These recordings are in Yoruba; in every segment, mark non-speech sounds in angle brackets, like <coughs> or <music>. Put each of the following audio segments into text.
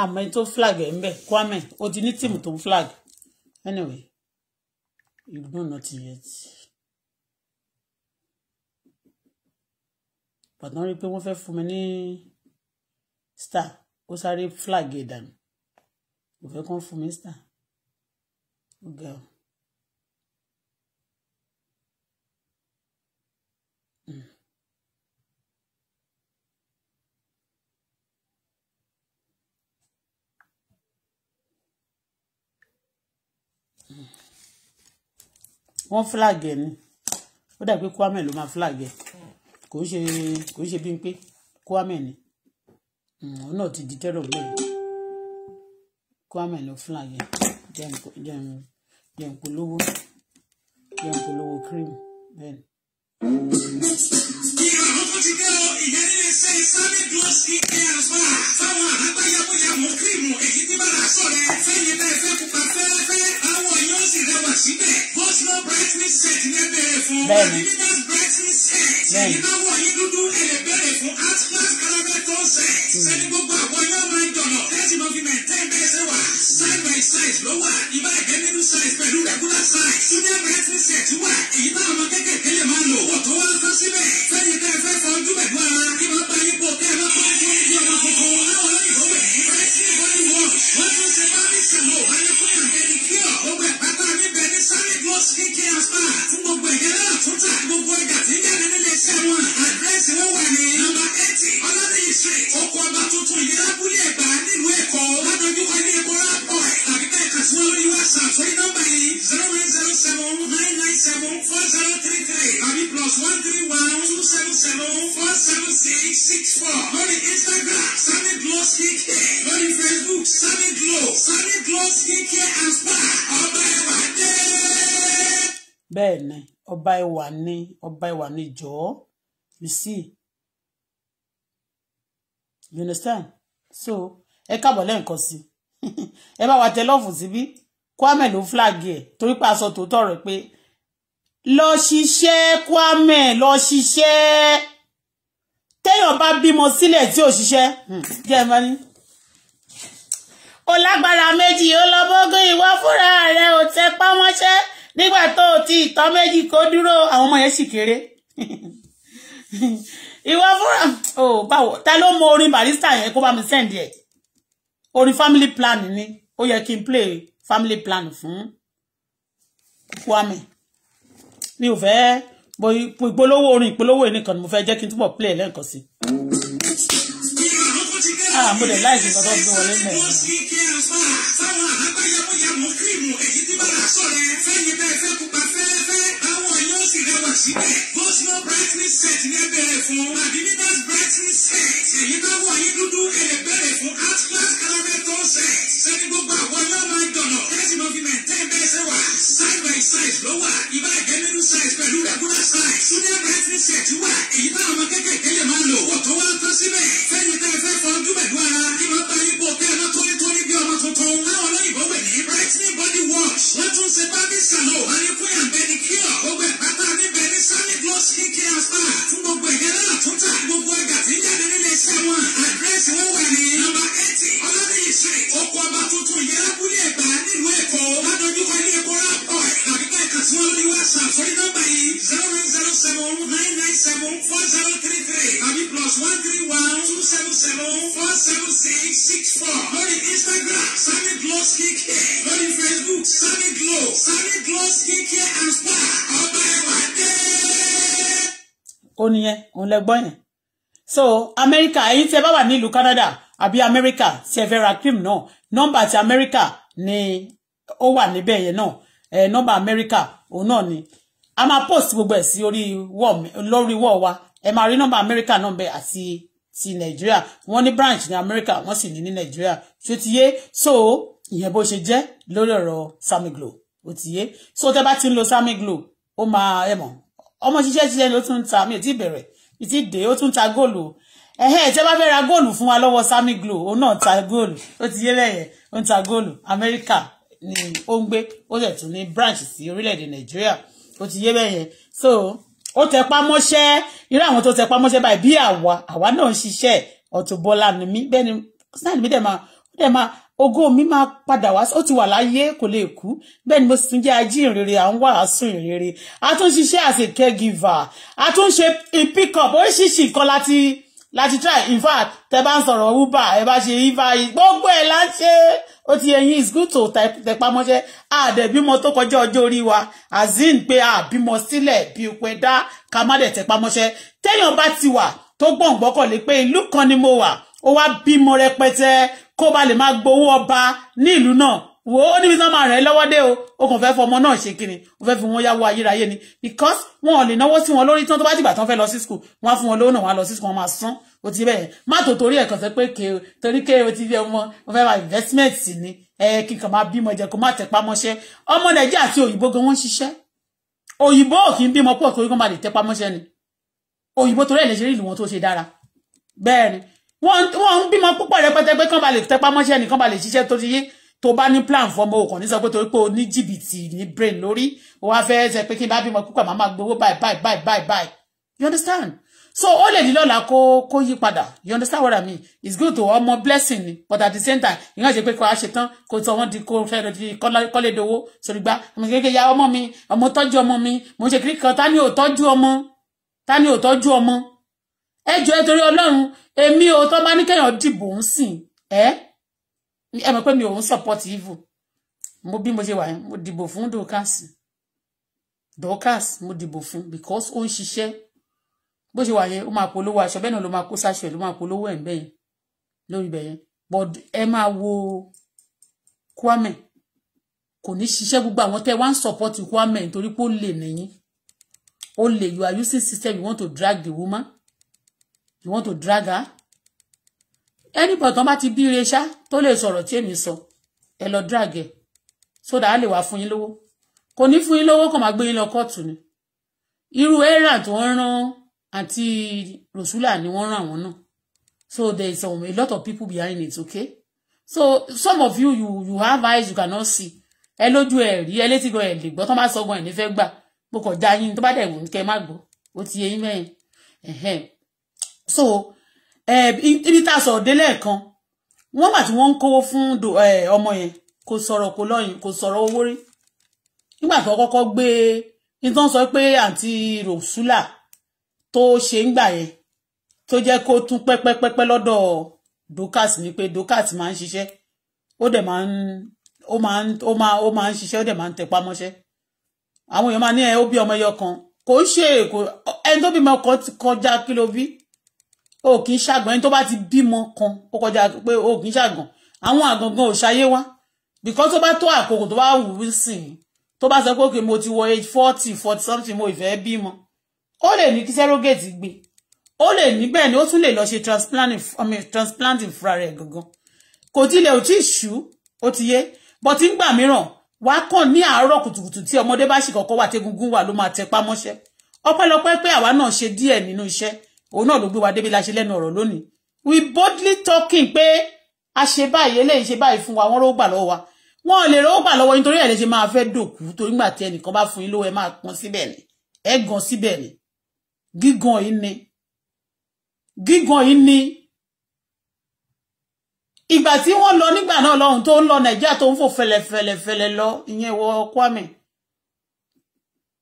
àmọ́ <coughs> ah, ẹni tó flag ẹ̀ ń bẹ̀ kwame o ti ní tíìmù tó ń flag anyway you do not yet bàtà wọn rí i pé wọ́n fẹ́ fún mi ní star ó sáré flag ẹ̀ dànù kò fẹ́ kán fún mi star ó ga ọ́. wọ́n flag ẹ̀ ni ó dàbí Kwame ló máa flag ẹ̀ kò ń ṣe kò ń ṣe bí n pé Kwame ni hmm, òun náà ti di tẹ́rọ̀ bẹ́ẹ̀ Kwame ló flag ẹ̀ jẹ̀ǹkú lówó jẹ̀ǹkú lówó cream bẹ́ẹ̀ ni. ìrànlọ́wọ́ ti dé cream fẹ́ yẹn náà fẹ́ ti la wà síbẹ̀ bọ́sùlọ́ brightness set ní ẹbẹ̀rẹ̀ fún adidas brightness set èyí náà wọ̀ yín dúdú ẹlẹ́bẹ̀rẹ̀ fún atlas calabaton set hmm. sẹ́ni gbogbo àwọn yóò máa jọ̀lọ̀ láti máa fi maintain bẹ́ẹ̀ sẹ́ wà side by side ló wà ibà ìjẹ́ nínú size pẹ̀lú regular size senior brightness set wà èyí náà ọmọ kékèké lè máa lò wọ́n tó wá ń sán síbẹ̀ fẹ́ni tẹ́ fẹ́ fọ ojú pẹ̀lú ara kí wọ́n pa yípo kẹ́ ẹ má pa yípo bí ọmọ kòkòrò láwọn olóyìnbó bẹ̀ brightness body wash wọ́n tún ṣe bá mi sàn transfer eighty ọlọ́dún street oko ọba tuntun yìí lábúlé ẹ̀gbá nílùú èkó ládojúkọ ilé epo rápọ̀ tàbí bẹ́ẹ̀ kà sí wọn lórí whatsapp sórí nọ́mbà zero nine zero seven nine nine seven four zero three three tàbí plus one three one two seven seven four seven six six four lórí instagram sani glow skin facebook sani glow sani glow skin care and spa ọba ẹ̀wà bẹ́ẹ̀ ni ọba ẹwà ni ọba ẹwà ni jọ̀ọ́ you see you understand so ẹ káàbọ̀ lẹ́ǹkan sí <laughs> ẹ bá wa tẹ lọ́ọ̀fù síbí kwame ló flag ẹ̀ torí pé aṣọ tòótọ́ rẹ̀ pé lọ ṣiṣẹ́ kwame lọ ṣiṣẹ́ téèyàn bá bímọ sílẹ̀ tí ò ṣiṣẹ́ hmm, jẹ́ ẹ bá ní ó lágbára méjì ó lọ bógún ìwọ fúnra rẹ̀ ò tẹpá mọ́ṣẹ́ nígbà tó o ti ìtọ́ méjì kó dúró àwọn ọmọ yẹn sì kéré ìwọ fúnra ò báwo ta ló mọ orin barista yẹn kó bá mi send ẹ orin family plan ni ó yẹ kí n play family plan fún Kwame mi ò fẹ́ ìpolówó orin ìpolówó yìí nìkan ni mo fẹ́ jẹ́ kí n túbọ̀ play lẹ́ẹ̀kan sí i. Ah, mo dẹ̀ láìsí nǹkan tó gbé wọlé mẹ́rin. Marasol, Felipe, sì rẹwà síbẹ̀. Gosma brightening set ni ẹ bẹ̀rẹ̀ fún. Madinitas brightening set. Èyí bá wọ̀ yín dúdú ẹ lè bẹ̀rẹ̀ fún Atlas Caloreton set. Sẹ́ni gbogbo àwọn náà máa dọ̀nà. Tẹ́sí máa fi maintain bẹ́ẹ̀ sẹ́ wà. Side by side ló wà. Ibà jẹ́ nínú size pẹ̀lú regular size. Sunday brightening set wà. Èyí bá àwọn kékèké lè máa lò. Wọ̀ tó wá tán síbẹ̀. Fẹ́ni tẹ́ fẹ́ fọ́njú pẹ̀lú ara. Ìmọ̀ bá yín bò kẹ́ ẹ má tónítóní bí ọmọ tuntun. Láwọn olóyìnbó wẹ̀ ní brightening body wash. Wọ́n tún ṣe bábí sàlọ̀. Wọ́n ní kúnyà bẹ́ẹ̀ ni kí ọ̀ alábàárà níbẹ̀ ní sunny gloss skincare and spa fún gbogbo ìdẹ́rẹ́ àtúntà gbogbo ọjà tí ń jáde nílé iṣẹ́ wọn. àdírẹ́sì wọn wà ní nọ́mbà eighty ọlọ́dún ìṣe oko ọba tuntun ìyẹ́lábúlé ẹ̀gbá nílùú Èkó ládojúkọ ilé ẹ̀kọ́ rà pọ̀ àbíkẹ́ ìkàtúwọ́n lórí wàsàn fún nọ́mbà yìí zero seven nine nine seven four zero three three tàbí plus one three one two seven seven four seven six six four lórí Instagram Sunny Glow Skincare lórí Facebook Sunny Glow Sunny Glow Skincare and Spa ọba ẹwà dé. ó nìyẹn òun lẹ gbọ́ yẹn so America ẹ̀yin tí ẹ bá wà nílùú Canada àbí America tí ẹ fẹ́ cream náà nọ́mbà ti America ni ó wà níbẹ̀ yẹn náà nọ́mbà America òun náà ni a máa post gbogbo ẹ̀ sí orí wall lórí wall wa ẹ máa rí nọ́mbà Amẹ́ríkà náà bẹ́ẹ̀ àti ti Nàìjíríà wọ́n ní branch ní Amẹ́ríkà wọ́n sì ní ní Nàìjíríà ṣé ti yé so ìyẹn bó ṣe jẹ́ lórí ọ̀rọ̀ Samiglo ó ti yé so tẹ́ bá ti ń lo Samiglo ó máa ẹ mọ̀ ọmọ ṣiṣẹ́ ṣiṣẹ́ ni ó tún ń ta mi ò tí ì bẹ̀rẹ̀ mi ti dé ó tún ń ta góòlù ẹ̀hẹ́ tẹ́ bá fẹ́ ra góòlù fún wa lọ́wọ́ Samiglo òun náà ta góòlù ó ti yé lẹ́yìn ó ń ta góòlù Amẹ́ríkà ni ó ń gbé ó dẹ̀ tún ní branch sí orílẹ̀ Nàìjíríà ó ti yé bẹ́ẹ̀ yẹn so ó tẹpá mọ́ṣẹ́ irú àwọn tó tẹpá mọ́ṣẹ́ báyìí bí àwa àwa náà ń ṣiṣẹ́ Auto Bola ni mí bẹ́ẹ̀ ni sáà mi dẹ̀ máa ó dẹ̀ máa ògo mi máa padà wá ó ti wà láyé kò lè kú bẹ́ẹ̀ ni mo sì tún jẹ́ ají ìrere à ń wàásù ìrere a tún ṣiṣẹ́ as a caregiver a tún ṣe pick up oríṣiríṣi nǹkan láti láti try in fact tẹ bá ń sọ̀rọ̀ uber ẹ bá ṣe uber gbogbo ẹ̀ la ṣe ó ti ẹyin is good to tẹpamọ́ṣẹ́ àdẹ̀bímọ tó kọjá ọjọ́ orí wa azin pé àbímọ sílẹ̀ bí pẹ́ dá ká má dẹ̀ tẹpamọ́ṣẹ́ téèyàn bá ti wà tó gbọ̀ngbọ́kọ̀lé pé ìlú kan ni mo wà ó wá bímọ rẹpẹtẹ kó ba lè máa gbowó ọba ní ìlú náà wo ó níbi tí wọ́n máa rẹ̀ lọ́wọ́ dé o ó kàn fẹ́ fọmọ náà ṣe kíni ó fẹ́ fi wọn yáwó ayérayé ni because wọn ò lè náwó sí wọn lórí tán tó bá dìgbà tán fẹ́ lọ sí school wọn á fún wọn lówó náà wọn á lọ sí school wọn máa san ó ti bẹ́ẹ̀ má tò torí ẹ̀kan sọ pé kè torí kè o ti fi ọmọ wọn fẹ́ máa investment ni ẹ kí nǹkan máa bímọ jẹ kó má tẹpá mọ́ṣẹ́ ọmọ nàìjíríà àti òyìnbó gan wọ́n ṣiṣẹ́ òyìnbó ò kì í bímọ pọ̀ torí kó má lè tẹpá mọ́ṣẹ́ ni òyìnbó torí ẹ̀ lè ṣe rí ìlú wọn tó ṣe dára bẹ́ẹ̀ ni wọ́n ń bímọ púpọ̀ rẹpẹtẹ pé kán ba lè tẹpá mọ́ṣẹ́ ni kán ba lè ṣiṣẹ́ torí yìí To bá ní plan fún ọmọ òkàn ní sọ pé torí pé o ní jìbìtì ní brain Lori. o wá fẹ́ ṣe pé kí n bá bímọ púpọ̀ màá máa gbowó báyìí báyìí báyìí báyìí you understand so ó lè ní lọ́la kó kó yí padà you understand what i mean it's good to have more blessing but at the same time ìyá ṣe pé kò á ṣe tán kò sọ wọn di kó fẹ́ di kọ́lé dowó sórí gbá àmì kékeré ya ọmọ mi ọmọ tọ́jú ọmọ mi mo ṣe kiri kan ta ni ò tọ́jú ọmọ ta ni ò tọ́jú ọmọ ẹ jọ ẹ torí ọlọ́run èmi ò tọ́ bá ní kéèyàn dìbò ń sìn ẹ́ ẹ mọ̀ pé mi ò ń support evil mo bí mo ṣe wà mo dìbò fún Dorcas Dorcas mo dìbò fún because ó ń ṣiṣẹ́ bó ṣe wà yẹn ó máa polówó aṣọ bẹ́ẹ̀ náà ló máa kó sáṣọ ẹ̀ ló máa polówó ẹ̀ ń bẹ́yẹn lórí bẹ́yẹn but ẹ máa wo Kwame kò ní ṣiṣẹ́ gbogbo àwọn tẹ́ wá support Kwame nítorí pé ó lè nìyí ó lè you are using system you want to drag the woman you want to drag her anybody tán bá ti bí ire ṣá tó lè sọ̀rọ̀ tí èmi sọ ẹ lọ drag So sódà á lè wá fún yín lówó kò ní fún yín lówó kàn máa gbé yín lọ kóòtù ni irú errand tó ń rán àti rosula ni wọ́n rán àwọn náà so there is a lot of people behind it okay so some of you you you have eyes you cannot see ẹ lójú ẹ rí ẹ létí gan ẹ lè gbọ́ tán bá sọgbọn ẹ ní fẹ́ gbà mo kàn dá yín tó bá dẹ̀ wù ní kẹ́ má gbọ́ ó ti yẹ yín mẹ́yìn so Eh, ibi tá a sọ̀rọ̀ délẹ̀ kan wọ́n mà tí wọ́n ń kówó fún eh, ọmọ yẹn kò sọ̀rọ̀ kò lọ́yìn kò sọ̀rọ̀ owó rí nígbà tó kọ́kọ́ gbé nítorí sọ pé àǹtí rosula tó ṣe ń gbà yẹn tó jẹ́ kó tún pẹ́pẹ́pẹ́pẹ́ lọ́dọ̀ Dorcas ni pé Dorcas máa ń ṣiṣẹ́ ó dẹ̀ máa ń ó máa ń ó máa ó máa ń ṣiṣẹ́ ó dẹ̀ máa ń tẹpá mọ́ṣẹ́ àwọn èèyàn máa ní ẹ ó bí ọmọ ẹyọ kan kò ń ṣe èkó ẹni tó bímọ kan ti kọjá kí ló bí o kì í ṣàgàn ẹni tó bá ti bímọ kan ó kọjá pé o kì í ṣàgàn àwọn àgangan ò ṣayé wá because tó bá tó àkókò tó bá wù ú sìn tó bá sọ pé òkè mo ti wọ age forty forty something mo ìfẹ́ bímọ ó lè ní kí sẹ́rógèètì gbé ó lè níbẹ̀ ni ó tún lè lọ ṣe transplanting fúnra rẹ̀ gangan kò tilẹ̀ ò tí ì ṣú ó ti yé bọ́ tí ń gbà mìíràn wá kàn ní àárọ̀ kùtùkùtù tí ọmọdé bá ṣì kọ́kọ́ wà tégúngún wà ló máa tẹpá mọ́ṣẹ́ ọpẹ́lọpẹ́ pé àwa náà ṣe díẹ̀ nínú iṣẹ́ òun náà ló gbé wa débi la ṣe lẹ́nu ọ̀rọ̀ lónìí we boldly talking pé a ṣe báyìí eléyìí ṣe báyìí fún wa wọ́n rówó gbà lọ́wọ́ wa wọn ò lè rówó gbà lọ́wọ́ nítorí ẹ̀ lè ṣe máa fẹ́ dòkú torí gbà tí ẹnìkan bá fún yín lówó ẹ máa pọn síbẹ̀ ni ẹ gan síbẹ̀ ni gígan yìí ni gígan yìí ni ìgbà tí wọ́n lọ nígbà náà lọ́hùn tó ń lọ nàìjíríà tó ń fò fẹlẹ̀fẹlẹ̀fẹlẹ̀ lọ ìyẹn wọ kwame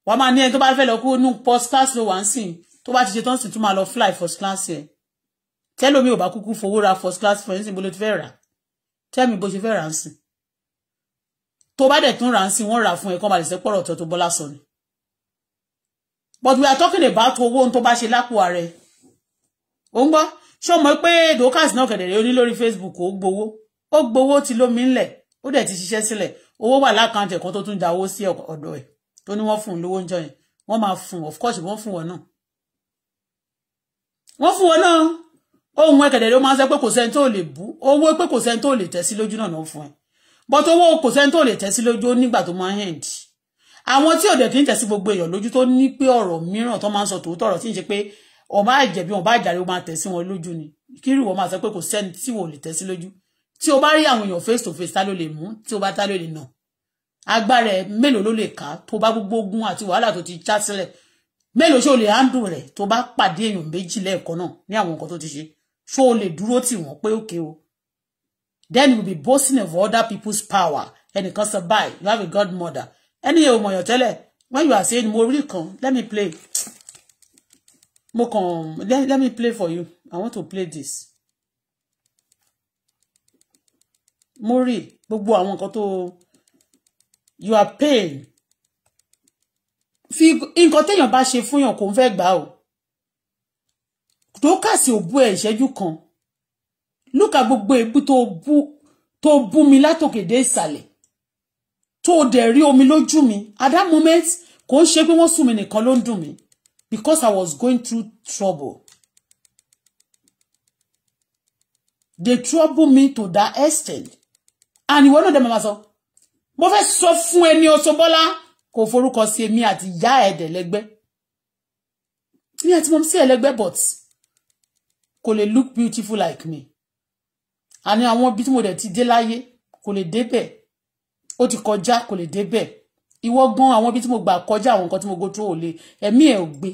wọ́n máa ní ẹni tó bá fẹ́ lọ kú inú podcast ló wà ń sìn tó bá ti ṣe tán sì tún máa lọ fly first class yẹn tẹ́lómi ò bá kúkú fowó ra first class for ẹ̀sìn bó ló ti fẹ́ rà tẹ́mi bó ṣe fẹ́ rà ń sìn tó bá dẹ̀ tún rà ń sìn wọ́n rà fún ẹ̀ kọ́ máa lè ṣe pọ̀rọ̀ tó tó bọ́lá sọ ni but we are talking about owó ohun tó bá ṣe lápò ààrẹ ò ń gbọ́ ṣé o mọ̀ pé Dorcas náà kẹ̀dẹ̀rẹ̀ ó ní lórí Facebook ó gbowó ó gbowó ti lómi ńlẹ̀ ó dẹ̀ ti ṣiṣẹ́ sílẹ̀ owó wà lákàntì ẹ̀kan tó tún da owó sí ọ̀dọ̀ ẹ̀ tó ní wọ́n fún un lówó oúnjẹ yẹn wọ́n máa fún of course wọ́n fún wọn náà wọ́n fún wọn náà ohun ẹ̀kẹ̀dẹ̀ ló máa ń sọ pé kò sẹ́ni tó lè bú owó pé kò sẹ́ni tó lè tẹ́ sí lójú náà fún ẹ but owó kò sẹ́ni tó lè tẹ́ sí lójú nígbà tó máa ń hẹ̀ǹd àwọn tí òde kì í tẹ́ sí gbogbo èèyàn lójú tó ní pé ọ̀rọ̀ mìíràn tó máa ń sọ tòótọ́ ọ̀rọ̀ tí ń ṣe pé wọn bá jẹ̀bi wọn bá jàre wọn máa tẹ̀ sí wọn lójú ni kírì wọn máa sọ pé kò sẹ́ni tí wọn ò lè tẹ́ sí lójú tí o bá rí àwọn èèyàn face to face ta ló lè mú tí o bá ta ló lè nà agbára ẹ mélòó ló lè ká tó bá gbogbo ogun àti wàhálà tó ti já sílẹ̀ mélòó ṣó lè handle rẹ̀ tó bá pàdé èèyàn méjì lẹ́ẹ̀kan náà ní àwọn nǹkan tó ti ṣe ṣó lè dúró tì wọ́n pé òkè o then you be boasting of other people's power ẹnìkan sọ báyìí you have a godmother ẹni yẹn ò mọ̀yàn tẹ́lẹ̀ when you are saying mo rí kan let me play mo kàn let, let me play for you i want to play this mo rí gbogbo àwọn nǹkan tó you are paying fi nǹkan téèyàn bá ṣe fún yàn kò ń fẹ́ gbà o tó kà sí òbú ẹ̀ ìṣẹ́jú kan lúkà gbogbo èébú tó bú tó bú mi látòkè dé ìsàlẹ̀ tó dẹ̀ rí omi lójú mi at that moment kò ń ṣe pé wọ́n sùn mí nìkan ló ń dùn mí because I was going through trouble they trouble me to that extent and ìwọ náà dẹ̀ mọ̀ máa sọ mo fẹ́ sọ fún ẹni ọ̀sọ́ bọ́lá kò forúkọ sí èmi àti ìyá ẹ̀dẹ̀ lẹ́gbẹ́ mi àti mọ̀mí sí ẹ̀ lẹ́gbẹ́ but kò lè look beautiful like me àní àwọn ibi tí mo dẹ̀ ti dé láyé kò lè débẹ̀ ó ti kọjá kò lè débẹ̀ ìwọ gan àwọn ibi tí mo gbà kọjá àwọn nǹkan tí mo go tó ò lè ẹ̀mí ẹ̀ ò gbé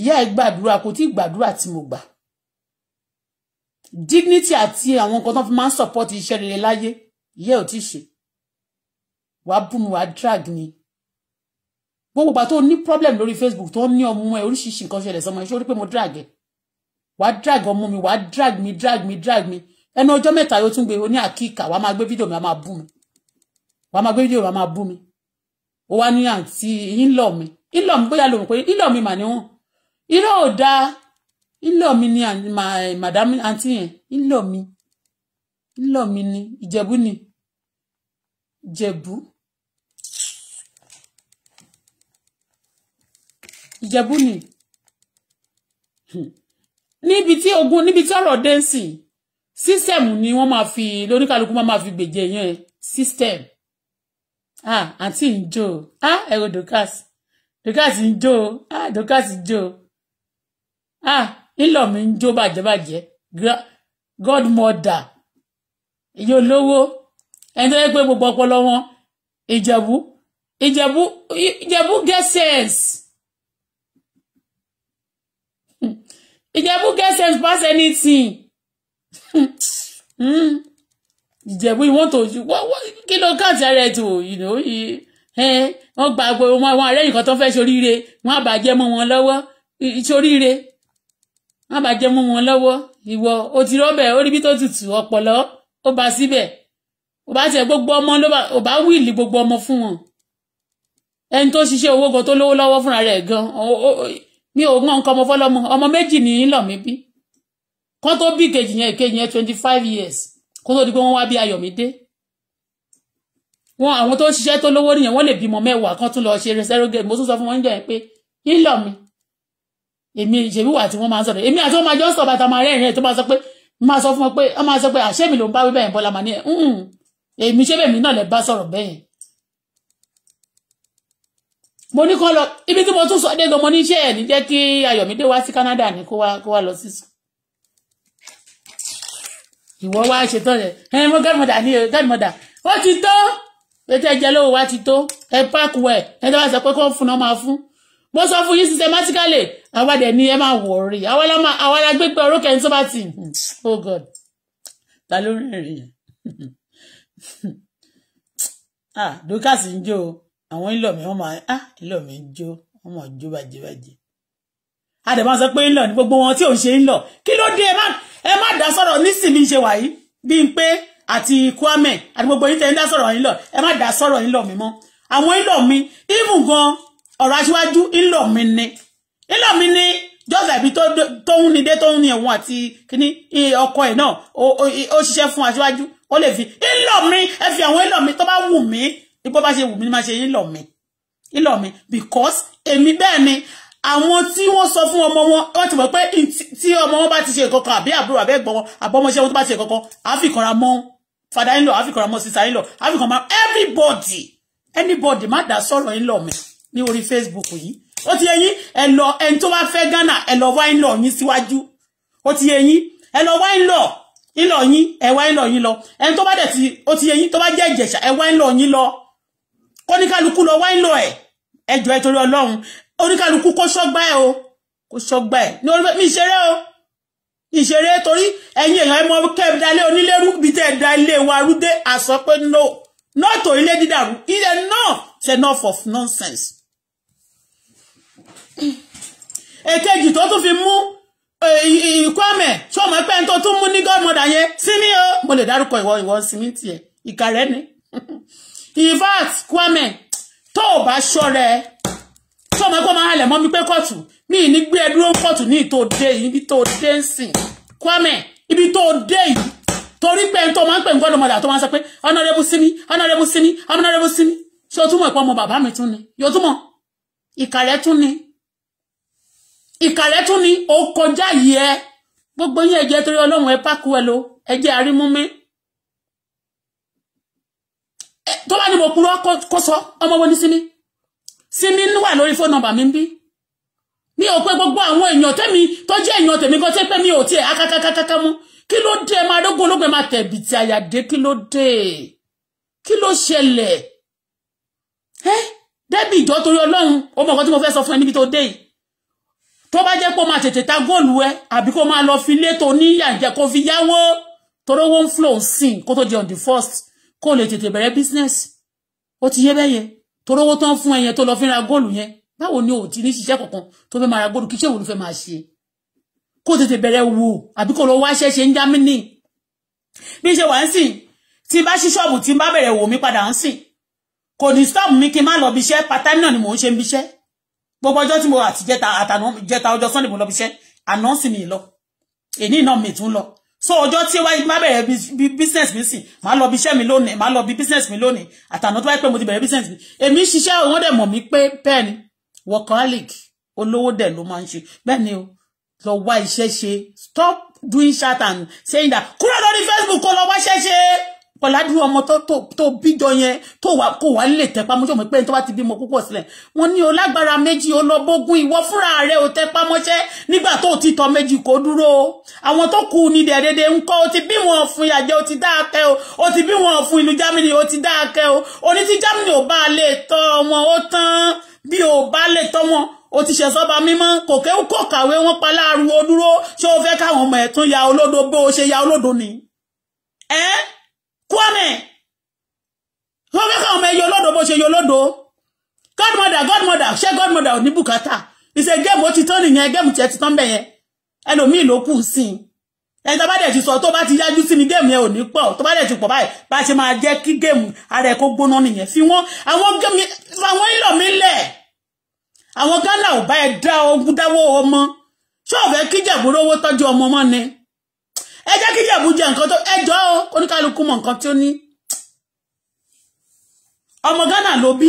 ìyá ẹ̀ gbàdúrà kò tí gbàdúrà tí mo gbà dignity àti àwọn nǹkan tó fi máa ń support iṣẹ́ rere láyé ìyá ẹ̀ ò tí ṣe wàá bú mi wàá drag mi gbogbo gbà tó ní problem lórí Facebook tó ní ọmọ ẹ oríṣiríṣi nǹkan ṣẹlẹ̀ sọmọ ẹ rí pé mo drag ẹ wàá drag ọmọ mi wàá drag mi drag mi drag mi ẹnu ọjọ́ mẹ́ta yóò tún gbé o ní àkíkà wàá máa gbé fídíò mi wàá máa bú mi wàá máa gbé fídíò mi wàá máa bú mi ó wá ní àǹtí ìlọ mi ìlọ mi bóyá lòun pé ìlọ mi mà níwọ̀n ìlọ ò dáa ìlọ mi ni màdám àǹtí yẹn ìlọ mi ìlọ mi ni ìjẹ̀bú ni ìjẹ̀bú. ìjẹ̀bú ni hmm. níbi tí ogun níbi tí ọ̀rọ̀ dé ń sìn system ni wọ́n máa fi lóníkàlùkù máa fi gbèjè yẹn system ah àǹtí ń ah ẹ̀rọ Dorcas Dorcas ń jó ah Dorcas ń jó ah ńlọ mi ń jó bàjẹ́bàjẹ́ godmother èyí olówó ẹni tó yẹ pé gbogbo ọpọlọ wọn ìjẹ̀bú ìjẹ̀bú ìjẹ̀bú get Ìjẹ̀bú get sense pass anything. mm. Ìjẹ̀bú you want to what what kí ló kàn ti ara you know you eh wọ́n gba gbogbo wọn àwọn àrẹ́yìn kan tó fẹ́ ṣoríire wọ́n á bàjẹ́ mọ́ wọn lọ́wọ́ ṣoríire wọ́n á bàjẹ́ mọ́ wọn lọ́wọ́ ìwọ o ti rọ́bẹ̀ ó rí bí tó tutù ọ̀pọ̀lọ́ ó bá síbẹ̀ ò bá tiẹ̀ gbogbo ọmọ ló bá ò bá wíìlì gbogbo ọmọ fún wọn ẹni tó ṣiṣẹ́ owó gan tó lówó lọ́wọ́ fúnra rẹ̀ gan mi ò mọ nǹkan ọmọ fọlọ́mọ ọmọ méjì ní ń lọ mí bí kán tó bí ìkejì yẹn ìkejì yẹn twenty five years kó tó di pé wọ́n wá bí Ayọ̀mídé wọn àwọn tó ń ṣiṣẹ́ tó lówó nìyẹn wọ́n lè bímọ mẹ́wàá kán tún lọ ṣe surrogate mo tún sọ fún wọn níjọ́ yẹn pé ń lọ mi èmi ìṣèlú wà tí wọ́n máa ń sọ̀rọ̀ èmi àti wọn máa jọ sọ bàtà máa rẹ́rìn ẹ̀ tó máa sọ pé máa sọ fún wọn pé wọ́n máa sọ pé àṣẹ mi ló ń bá wí bẹ́ẹ̀ bọ́lá màá ní ẹ̀ èmi ṣé mi náà lè bá sọ̀rọ̀ bẹ́ẹ̀ mo ní kọ́ lọ ibi tí mo tún sọ dé gan mo ní iṣẹ́ ẹ̀ ní jẹ́ kí Ayọ̀mídé wá sí Canada ní kó wá kó wá lọ sí sùn ìwọ wá ṣetán yẹn ẹ mo godmother ni o godmother ó ti tó ètò ẹ̀jẹ̀ lówó wá ti tó ẹ páàkì wẹ̀ ẹ tó bá sọ pé kó fún ọ máa fún mo sọ fún yín systematically àwa dẹ̀ ni ẹ máa wọ̀ rí àwa la máa àwa orókè ní sọ́ba tì oh god ta ló rìnrìn yẹn <laughs> ah dókàsì ń jó o àwọn ńlọ mi wọ́n máa ah ńlọ mi ń jó wọ́n máa jó bàjẹ́bàjẹ́ àdèmọ́ sọ pé ńlọ ní gbogbo wọn tí òun ṣe ńlọ kí ló dé ẹ má dá sọ̀rọ̀ nísìmí ṣe wàyí bí n pé àti Kwame àti gbogbo yín tẹ́ ń dá sọ̀rọ̀ ńlọ ẹ má dá sọ̀rọ̀ ńlọ mi mọ́ àwọn ńlọ mi even gan ọ̀rọ̀ aṣíwájú ńlọ mi ni ńlọ mi ni jọ́sẹ̀ ibi tó ń nidé tó ń ní ẹ̀wọ̀n àti kíní ọkọ ẹ̀ náà ó ṣiṣẹ́ fún aṣíwájú ó lè fi ńlọ mi ẹ fi àwọn ńlọ mi tó bá wù mí ipò bá ṣe wù mí ni máa ṣe yín lọ mi yín lọ mi because èmi bẹ́ẹ̀ ni àwọn tí wọ́n sọ fún ọmọ wọn wọ́n ti mọ̀ pé tí ọmọ wọn bá ti ṣe kankan àbí àbúrò àbẹ́ ẹ̀gbọ́n wọn àbọ́mọṣẹ́ wọn tó bá ti ṣe kankan àfikànra mọ́ father in law àfikànra mọ́ sister in law àfikànra mọ́ everybody anybody má dá sọ̀rọ̀ in law mi ní orí Facebook yìí ó ti yé yín ẹ lọ ẹni tó bá fẹ́ Ghana ẹ lọ in law yín síwájú ó ti yé yín ẹ lọ wá in law in law yín ẹ wá in law yín lọ ẹni tó bá dẹ̀ ti ó ti yé yín tó bá jẹ́ Ìjẹ̀ṣà ẹ wá in law lọ oníkálukú lọ wá ń lọ ẹ̀ ẹjọ́ ẹ torí ọlọ́run oníkálukú kó ṣọ́gbà ẹ̀ o kó ṣọ́gbà ẹ̀ ní orí mi ìṣeré o ìṣeré torí ẹ̀yin èèyàn ẹ mọ kẹ́ dalé onílérú bí tẹ́ da ilé wa rúdé àsọ pé no not to ilé dídàrú ilé náà ṣe enough of nonsense. èkejì tó tún fi mú ìkọ́mẹ̀ e, ṣọmọ pé n tó tún mú ní gọ́ọ̀mọ̀dà yẹn sí mi o mo lè dárúkọ ìwọ ìwọ sí mi tiẹ̀ ìkà rẹ ni <laughs> in fact Kwame tó o bá ṣọ́ra ẹ tó o mọ̀ pé o máa halẹ̀ mọ́ mi pé kóòtù mi ì ní gbé ẹ dúró ní ìtò dé yìí ibi tó o dé ń sìn Kwame ibi tó o dé yìí torí pé tó o máa ń pè ń gbọ́dọ̀ mọ̀dà tó máa ń sọ pé honorable simi honorable simi honorable simi ṣé o túmọ̀ ìpọ́nmọ bàbá mi tún ni yóò túmọ̀ ìkàrẹ́ tún ni ìkàrẹ́ tún ni ó kọjá yìí ẹ gbogbo yín ẹ̀jẹ̀ torí ọlọ́run ẹ pákó ẹ lo ẹ̀jẹ̀ àrímúmí Eh, tó bá ní mo kúrò kó sọ ọmọ wo ní sinmi sinmi wà lórí fóònù nọ́mbà mi ń bí mi ò pé gbogbo àwọn èèyàn tẹ́mi tó jẹ́ èèyàn tèmi kan tẹ́ pé mi o tiẹ̀ akakakakaka mú kí ló dé ẹ máa dógún olóògbé máa tẹ̀bì tí àyà de kí ló dé kí ló ṣẹlẹ̀ ẹ́ débì ìjọ torí ọlọ́run ó mọ̀ nǹkan tí mo fẹ́ sọ fún ẹ níbi tó dé yìí tó bá jẹ́ kó máa tètè ta góòlù ẹ àbí kó máa lọ fi lé tó níyà jẹ́ kó fi yáwó torówó ń flow sìn kó tó di on the first kó lè tètè bẹ̀rẹ̀ business ó ti yé bẹ́yẹn torówó tán fún ẹyẹn tó lọ fi ra góòlù yẹn báwo ni ò ti ní ṣiṣẹ́ kankan tó fẹ́ máa ra góòlù kí ṣé òun fẹ́ máa ṣe kó tètè bẹ̀rẹ̀ wò àbí kó lọ wá ṣẹ́ṣe ń jámínì bí ṣe wà ń sìn tí n bá ṣí ṣọ́ọ̀bù tí n bá bẹ̀rẹ̀ wò mí padà ń sìn kò ní stop mi kí n má lọ bí iṣẹ́ part time náà ni mò ń ṣe ń bí iṣẹ́ gbogbo ọjọ́ tí mo àti jẹta jẹta ọjọ́ sunday mo lọ bí àná sì mi lọ èní náà mi tún lọ so ọjọ́ tí wáyé má bẹ̀rẹ̀ bí business mi sìn má lọ bí iṣẹ́ mi lónìí má lọ bí business mi lónìí àtàná tó wáyé pé mo ti bẹ̀rẹ̀ business mi èmi ń ṣiṣẹ́ òun dẹ̀ mọ̀ mí pé bẹ́ẹ̀ ni workaholic olówó dẹ̀ ló máa ń ṣe bẹ́ẹ̀ ni o lọ wá iṣẹ́ ṣe stop doing chat and saying that kúrò lórí facebook pọ̀ládùn ọmọ tó bíjọ yẹn tó wà kó wà nílé tẹpá mọ́ṣẹ́ ọmọ pé tó bá ti bímọ púpọ̀ sílẹ̀ wọ́n ní o lágbára méjì o lọ bógun ìwọ fúnra rẹ o tẹpá mọ́ṣẹ́ nígbà tó ti tọ́ méjì kó dúró àwọn tó kù ní dẹ̀dẹ̀dẹ̀ ń kọ́ o ti bí wọn fún ìyàjẹ́ o ti dá akẹ́ o o ti bí wọn fún ìlú Germany o ti dá akẹ́ o oní tí Germany ò bá lè tọ́ wọn ó tán bí ò bá lè tọ́ wọn o ti ṣe sọ́ba mímọ́ kò kéwú kàwé wọn pa láàrú o ṣé o fẹ́ káwọn ọmọ ẹ̀ tún ya olódo bó o ṣe ya olódo ni. ẹ́ eh? Kwame wọ́n kẹ́kọ̀ọ́ ọmọ ẹyọ lọ́dọ̀ bó ṣe yọ lọ́dọ̀ godmother godmother ṣé godmother ò ní bùkátà ìṣe géèmù ó ti tán nìyẹn géèmù tiẹ̀ ti tán bẹ̀yẹn ẹlòmíì ló kù sí i ẹni tó bá dẹ̀ ti sọ tó bá ti yájú sí ni géèmù yẹn ò ní pọ̀ tó bá dẹ̀ ti pọ̀ báyìí bá ṣe máa jẹ́ kí géèmù ara ẹ̀ kó gbóná nìyẹn fi wọ́n àwọn géèmù àwọn ìlọ̀ mi lẹ̀ àwọn gánà ò bá ẹ dá ogun dáwọ́ ọmọ ṣé ò fẹ́ kí jẹ̀bú rówó tọ́jú ọmọ mọ́ ni ẹ jẹ́ kí Ìjẹ̀bú nǹkan tó ẹ o oníkálukú mọ nǹkan tí ó ní ọmọ Ghana ló bí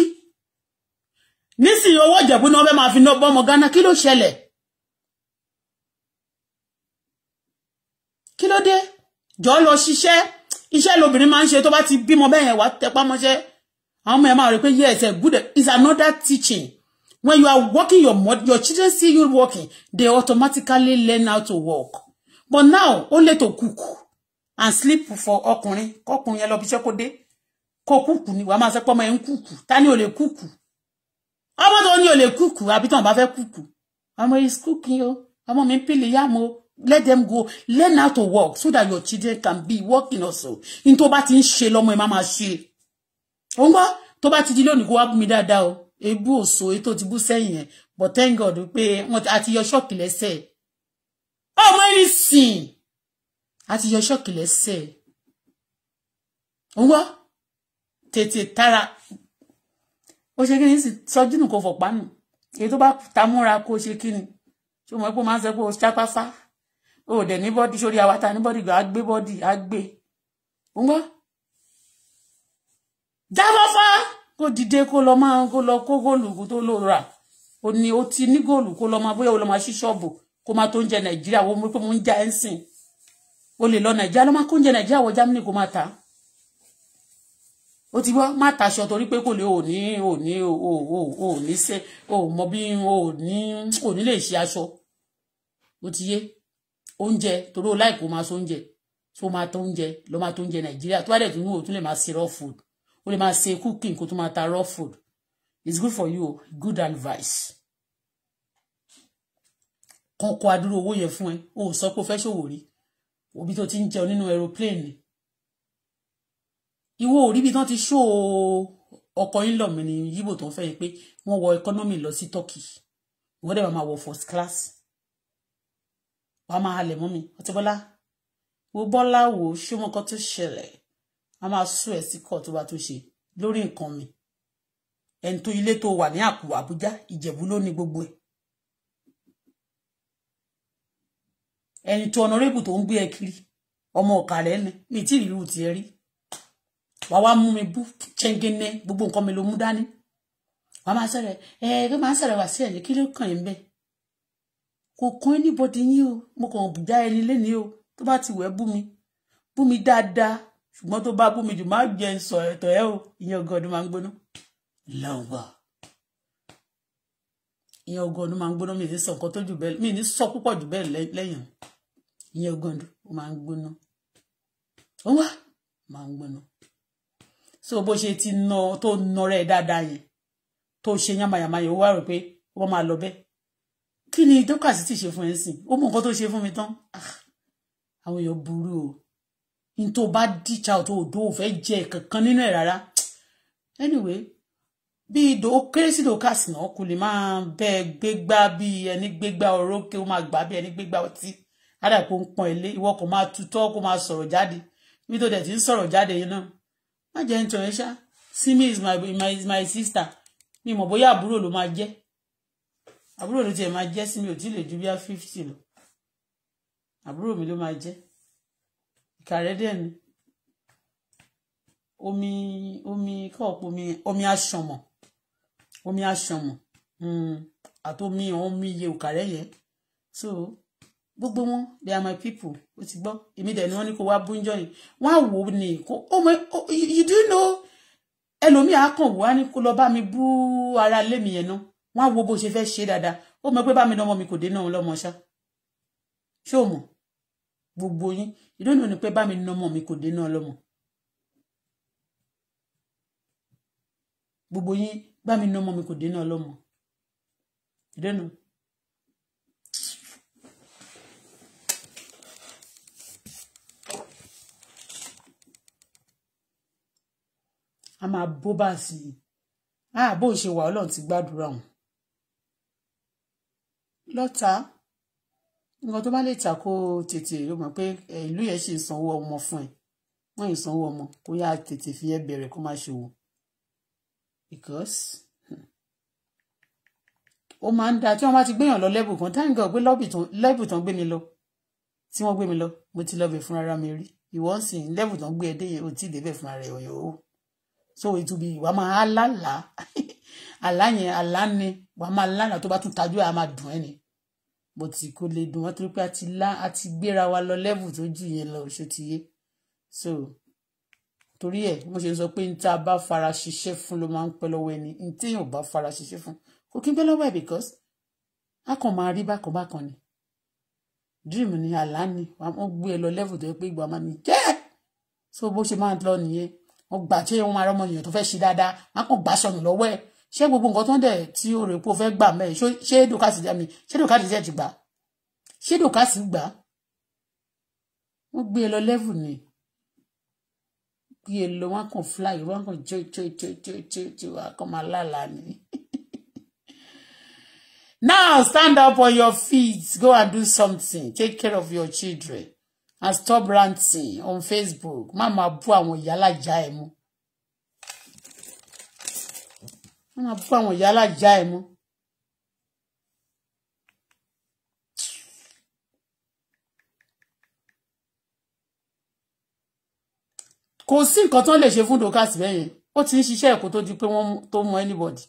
nísìnyí owó Ìjẹ̀bú ni wọ́n fẹ́ máa fi ná bọ́ ọmọ Ghana kí ló ṣẹlẹ̀ kí ló dé jọ lọ ṣiṣẹ́ iṣẹ́ lobìnrin máa ń ṣe tó bá ti bímọ bẹ́ẹ̀ wá tẹpá àwọn ọmọ ẹ̀ máa rí pé yes a eh, good eh, is another teaching when you are working your, your children see you working they automatically learn how to work but now ó lè tó cook and sleep for ọkùnrin kọkùnrin yẹn lọ bí iṣẹ́ kó dé kó Cook ni wàá máa sọ pé ọmọ cook. Tani kúkù ta ni ò lè kúkù ọmọ tó ní ò lè kúkù àbí tó ń is cooking o ọmọ mi ń pèlè mo let them go learn how to work so that your children can be working also in tó bá ti ń ṣe lọ́mọ ẹ má máa ṣe òun gbọ́ tó ti di lónìí kó wá mi dáadáa o ebú e to ti bu sẹ́yìn but thank God pé wọ́n ti shop le se ọmọ anything àti yọ ṣọ́ọ̀kì lẹ́sẹ̀ owó tètè tara ó ṣe kí ni sì sọjú nù kó fọ̀pá nù èyí tó bá ta múra kó ṣe kí ni ṣé mo ẹ pé ó máa ń sọ pé ó ṣàpáfá ó dẹ̀ ní bọ́dì sórí awata ní bọ́dì gbà á gbé bọ́dì á gbé owó jáfáfá kó dìde kó lọ máa kó lọ kó góòlù tó lò rà ó ní ó ti ní góòlù kó lọ máa bóyá ó lọ máa ṣí ṣọ́ọ̀bù kó máa tó ń jẹ nàìjíríà wọ́n mú pé mo ń já ẹ́ ń sìn o lè lọ nàìjíríà ló máa kó ń jẹ nàìjíríà wọ germany kó máa ta o ti wá má taṣọ torí pé kò lè ò ní ò ní ò ò ò ní ṣe ò mọ bí ò ní ò ní lè ṣe aṣọ o ti yé oúnjẹ torí o láì kó máa so oúnjẹ tó máa tó oúnjẹ ló máa tó oúnjẹ nàìjíríà tó bá dẹ̀ tún o tún lè máa ṣe raw food o lè máa ṣe cooking kó tún máa ta raw food it's good for you good advice kan kó adúrú owó yẹn fún ẹ o sọ pé o fẹ́ ṣòwò rí òbí tó ti ń jẹun nínú aeroplane ìwọ òrí bí tán ti ṣó ọkọ yín lọ mí ní yíbò tó ń fẹ́ yẹn pé wọ́n wọ economy lọ sí Turkey ìwọ́n dẹ̀ máa wọ first class wàá máa halẹ̀ mọ́ mi ọtí bọ́lá wo bọ́lá wo ṣé mọ́ nǹkan tó ṣẹlẹ̀ a máa sún ẹ̀ sí kọ̀ tó bá tó ṣe lórí nǹkan mi ẹni tó ilé tó wà ní Àkúrà Àbújá Ìjẹ̀bú ló gbogbo ẹ̀ ẹni tó ọ̀nàrẹ́bù tó ń gbé ẹ kiri ọmọ ọ̀kàlẹ́ ni mi tí ìlú tiẹ̀ rí wàá wá mú mi bú ṣẹ́ngẹ́nẹ́ gbogbo nǹkan mi ló mú dání wàá máa sọ̀rọ̀ ẹ ẹ ló máa sọ̀rọ̀ wá sí ẹ̀yìn kí ló kàn yín bẹ́ẹ̀ kò kún anybody yín o mo kàn já ẹni lénìí o tó bá ti wẹ̀ bú mi bú mi dáadáa ṣùgbọ́n tó bá bú mi jù má jẹ́ sọ ẹ̀tọ́ ẹ o ìyẹn ọgọ́ ọdún máa ń gbóná lọ́wọ́ ìyẹn ọgọ́ ọdún máa ń gbóná mi ní sọ púpọ̀ jù bẹ́ẹ̀ lẹ́yìn ìyẹn ògàndù ó máa ń gbóná ó wá máa ń gbóná so bó ṣe ti na tó nọrẹ dáadáa yẹn tó ṣe yánmayàmá yẹn ó wá rò pé ó máa lọ bẹ́ẹ̀ kí ni dókàsí ti ṣe fún ẹ sìn ó mọ nǹkan tó ṣe fún mi tán ah, àwọn èèyàn burú o n tó bá díjà tó òdo òfẹ́ jẹ kankan nínú ẹ̀ rárá anyway bí ìdò ó kéré sí dókàsí náà kò lè máa bẹ́ẹ̀ gbégbá bí ẹni gbégbá orókè ó máa gbà bí ẹni gbégbá ọtí àdàpọ̀ ń pọ́n ilé ìwọ kò máa tutọ́ kó máa sọ̀rọ̀ jáde mi tó dẹ̀ ń sọ̀rọ̀ jáde yìí náà má jẹ́ ń tọ̀rẹ́ ṣá simi is my, my, is my sister mi mọ̀ bóyá àbúrò ló máa jẹ́ àbúrò ló tiẹ̀ máa jẹ́ simi ò tí ì lè ju bíá fifty lọ àbúrò mi ló máa jẹ́ ìkàrẹ́ dẹ̀ ni omi omi kọ́ọ̀pù omi omi aṣọ̀mọ̀ omi aṣọ̀mọ̀ hmm. àti omi àwọn omi iye òkàrẹ́ yẹn so gbogbo wọn they are my people o ti gbọ́ èmi dẹ̀ ni wọ́n ní kó wá búnjọ́ ni wọ́n á wò ó ní kó oh my oh, you do know ẹlòmíì á kàn wá ní kó lọ bá mi bú ara lé mi yẹn náà wọ́n á wo bó ṣe fẹ́ ṣe dáadáa ó mọ̀ pé bá mi lọ́mọ mi kò dé náà lọ́mọ ṣá ṣé o mọ̀ gbogbo yín you don't know ni pé bá mi lọ́mọ mi kò dé náà lọ́mọ gbogbo yín bá mi lọ́mọ mi kò dé náà lọ́mọ you don't know. a máa bó bá sí i ah bó ṣe wà ọlọ́run ti gbàdúrà wọn. lọ́ta nǹkan tó bá lè ta kó tètè ló mọ̀ pé ìlú yẹn ṣì ń sanwó ọmọ fún ẹ wọ́n ń sanwó ọmọ kó yá tètè fi yẹn bẹ̀rẹ̀ kó má ṣòwò because ó máa ń da tí wọ́n bá ti gbéyàn lọ lẹ́bù kan táyìn gan pé lẹ́bù tán gbé mi lọ tí wọ́n gbé mi lọ mo ti lọ bẹ̀ fúnra mi rí ìwọ́nsìn lẹ́bù tán gbé ẹ dé yẹn ò tí ì débẹ̀ fúnra rẹ̀ ọ̀yọ́ so it will be wàá máa alálà àlá yẹn àlá ni wàá máa lánàá tó bá tún tajú àá máa dùn ẹ́ ni bó ti kó lè dùn wọ́n torí pé a ti lá a ti gbéra wa lọ level tó jù yẹn lọ ṣó ti so torí ẹ̀ mo ṣe ń sọ pé níta bá fara ṣiṣẹ́ fún ló máa ń pẹ́ lọ́wọ́ ẹni níta èèyàn bá fara ṣiṣẹ́ fún kò kí n pẹ́ lọ́wọ́ ẹ̀ because a kàn máa rí bákan bákan ni dream ni àlá ni wọ́n gbé ẹ lọ level tó yẹ pé ìgbà máa ní jẹ́ so bó ṣe máa lọ nìyẹn wọ́n tí wọ́n máa rọmọ èèyàn tó fẹ́ ṣe dáadáa wọ́n kàn gbà sọnù lọ́wọ́ ẹ̀ ṣé gbogbo nǹkan tó ń dẹ̀ tí o rè pé o gbà mẹ́ẹ̀ ṣé dòkásì jẹ́mi ṣé dòkásì jẹ́ ti gbà ṣé dòkásì gbà wọ́n gbé e lọ lẹ́vù ni gbé e lọ wọ́n kàn fly wọ́n kàn jó jó jó jó jó jó wọ́n kàn máa lálàá ni. <laughs> Now stand up on your feet go and do something take care of your children and stop ranting on Facebook má máa bú àwọn ìyálàjà ẹ̀ mọ́ má máa bú àwọn ìyálàjà ẹ̀ mọ́. kò sí nǹkan tó lè ṣe fún Dorcas bẹ́ẹ̀ yẹn ó ti ń ṣiṣẹ́ ẹ̀kọ́ tó di pé wọ́n tó mọ anybody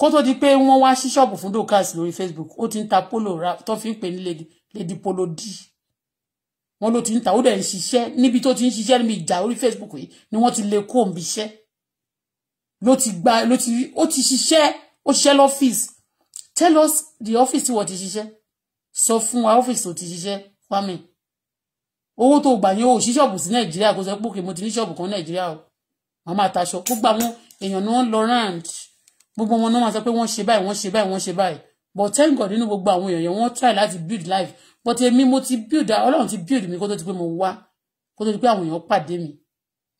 kó tó di pé wọ́n wá sí fún Dorcas lórí Facebook ó ti ń ta polo ra tó fi ń pè ní lady polo d wọn ló ti ń ta ó dẹ̀ ń ṣiṣẹ́ níbi tó ti ń ṣiṣẹ́ níbi ìjà orí Facebook yìí ni wọ́n ti lè kó òǹbi iṣẹ́ ló ti gba ló ti ó ti ṣiṣẹ́ ó ṣiṣẹ́ lọ́fíìsì tell us the office tí wọ́n ti ṣiṣẹ́ sọ fún wa ọ́fíìsì tó ti ṣiṣẹ́ Kwame owó tó gbà yẹn o sí ṣọ́ọ̀bù sí nàìjíríà kó sọ pé òkè mo ti ní ṣọ́ọ̀bù kan nàìjíríà o wọn máa taṣọ gbogbo àwọn èèyàn náà lọ round gbogbo wọn náà máa sọ pé wọ́n ṣe báyìí wọ́n ṣe báyìí wọ́n ṣe báyìí but thank God nínú gbogbo àwọn èèyàn wọ́n try láti build life but èmi mo ti build ọlọ́run ti build mi kó tó ti pé mo wá kó tó ti pé àwọn èèyàn pàdé mi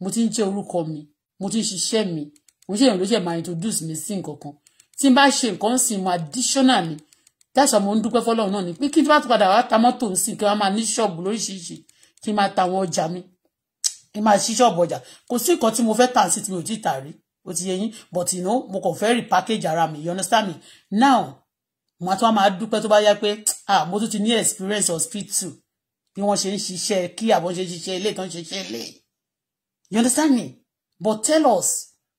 mo ti ń jẹ́ orúkọ mi mo ti ń ṣiṣẹ́ mi mo ṣe èèyàn ló ṣe máa introduce mi sí nǹkan kan tí n bá ṣe nǹkan sìn mo additional ni dáṣà mo ń dúpẹ́ fọlọ́run náà ni pé kí n bá padà wá ta mọ́tò ń sìn kí wọ́n máa ní ṣọ́ọ̀bù lóríṣiríṣi kí n máa ta àwọn ọjà mi kí n máa ṣí ṣọ́ọ̀bù ọjà kò sí nǹkan tí mo fẹ́ tà sí tí mi ò tí ì tà rí ó ti yẹ yín but you know mo kàn fẹ́ repackage ara mi you understand me now mo àti wọn máa dúpẹ́ tó bá yá pé ah mo tún ti ní experience hospital bí wọ́n ṣe ń ṣiṣẹ́ kí àbọ̀ ṣe ṣiṣẹ́ ilé tán ṣe ṣiṣẹ́ ilé you understand me but tell us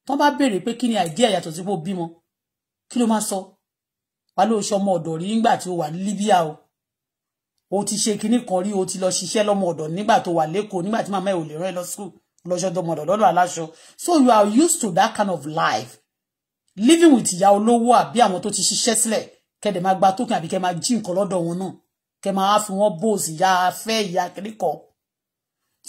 tó bá béèrè pé kí ni idea yàtọ̀ sí pé ó bímọ kí ló máa sọ wà ló ṣe ọmọ ọ̀dọ̀ rí nígbà tí ó wà ní Libya o o ti ṣe kinní kan rí o ti lọ ṣiṣẹ́ lọ́mọ ọ̀dọ̀ nígbà tó wà lẹ́kọ̀ọ́ nígbà tí màmá ẹ̀ ò lè rán ẹ lọ school lọ́jọ́ dọ́mọ ọ̀dọ̀ lọ́dọ̀ aláṣọ so you are used to that kind of life living with ìyá olówó àbí àwọn tó ti ṣiṣẹ́ sílẹ̀ kẹ́dẹ̀ máa gba tókìn àbí kẹ́ máa jí nǹkan lọ́dọ̀ wọn náà kẹ́ máa fi wọ́n bóòsì ya afẹ́ ìyá kíríkọ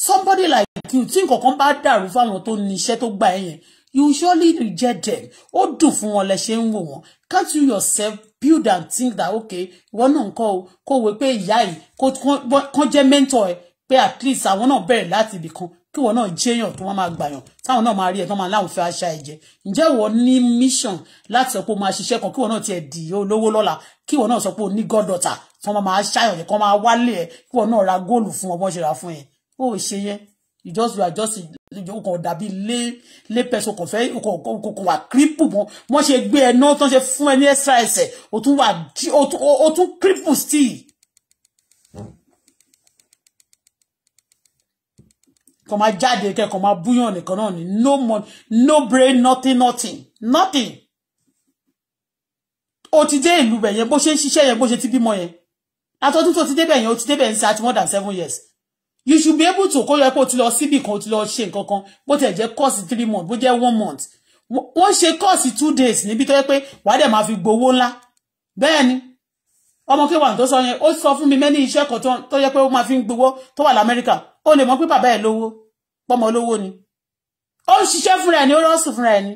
somebody like you tí nǹkan kan bá dàrú fáwọn tó ní iṣẹ́ tó gbà yẹn you surely reject them ó dùn fún wọn lẹ ṣe ń wò wọn can't you yourself build and think that okay ìwọ náà ń kọ o kó o wé pé ìyá yìí kó kán mentor ẹ pé at least àwọn náà bẹ̀rẹ̀ láti ibì kan kí wọn náà jẹyàn tó wọn máa gbàyàn táwọn náà máa rí ẹ tó máa láwọn fẹ́ aṣa ẹ̀jẹ̀ ǹjẹ́ wọn ní mission láti sọ pé o máa ṣiṣẹ́ kan kí wọn náà tiẹ̀ di olówó lọ́la kí wọn náà sọ pé o ní god daughter tí wọn máa ṣàyàn yẹn kí wọn máa wálé ẹ kí wọn náà ra góòlù fún ọmọ ṣe ra fún ẹ ó ṣe yẹn you just you are just o kàn dàbí lé lé pẹ̀sọ̀ kò fẹ́ o kò wà kírípù mọ́ wọ́n ṣe gbé ẹ náà tán ṣe fún ẹ ní ẹ̀sà ẹ̀sẹ̀ o tún wà o tún kírípù still kàn máa jáde kẹ́kọ̀ọ́ máa búyàn nìkan náà ni no money no brain nothing nothing nothing o ti dé ìlú bẹ̀ yẹn bó ṣe ń ṣiṣẹ́ yẹn bó ṣe ti bímọ yẹn atọ́dún tó ti débẹ̀ yẹn o ti débẹ̀ ń ṣe àti more than seven years you should be able to kó yẹ kó o ti lọ síbì kan o ti lọ ṣe nǹkan kan bó tẹ̀ jẹ́ course three months bó jẹ́ one month wọ́n ṣe course two days níbi tó yẹ pé wàá dẹ̀ máa fi gbowó ńlá bẹ́ẹ̀ ni ọmọ kí wà tó sọ yẹn ó sọ fún mi mẹ́ni iṣẹ́ kan tó yẹ pé ó máa fi ń gbowó tó wà lamẹ́ríkà ó lè mọ̀ pé bàbá ẹ̀ lówó pọ́mọ lówó ni ó ń ṣiṣẹ́ fúnra ẹ̀ ni ó rọ́ọ̀sùn fúnra ẹ̀ ni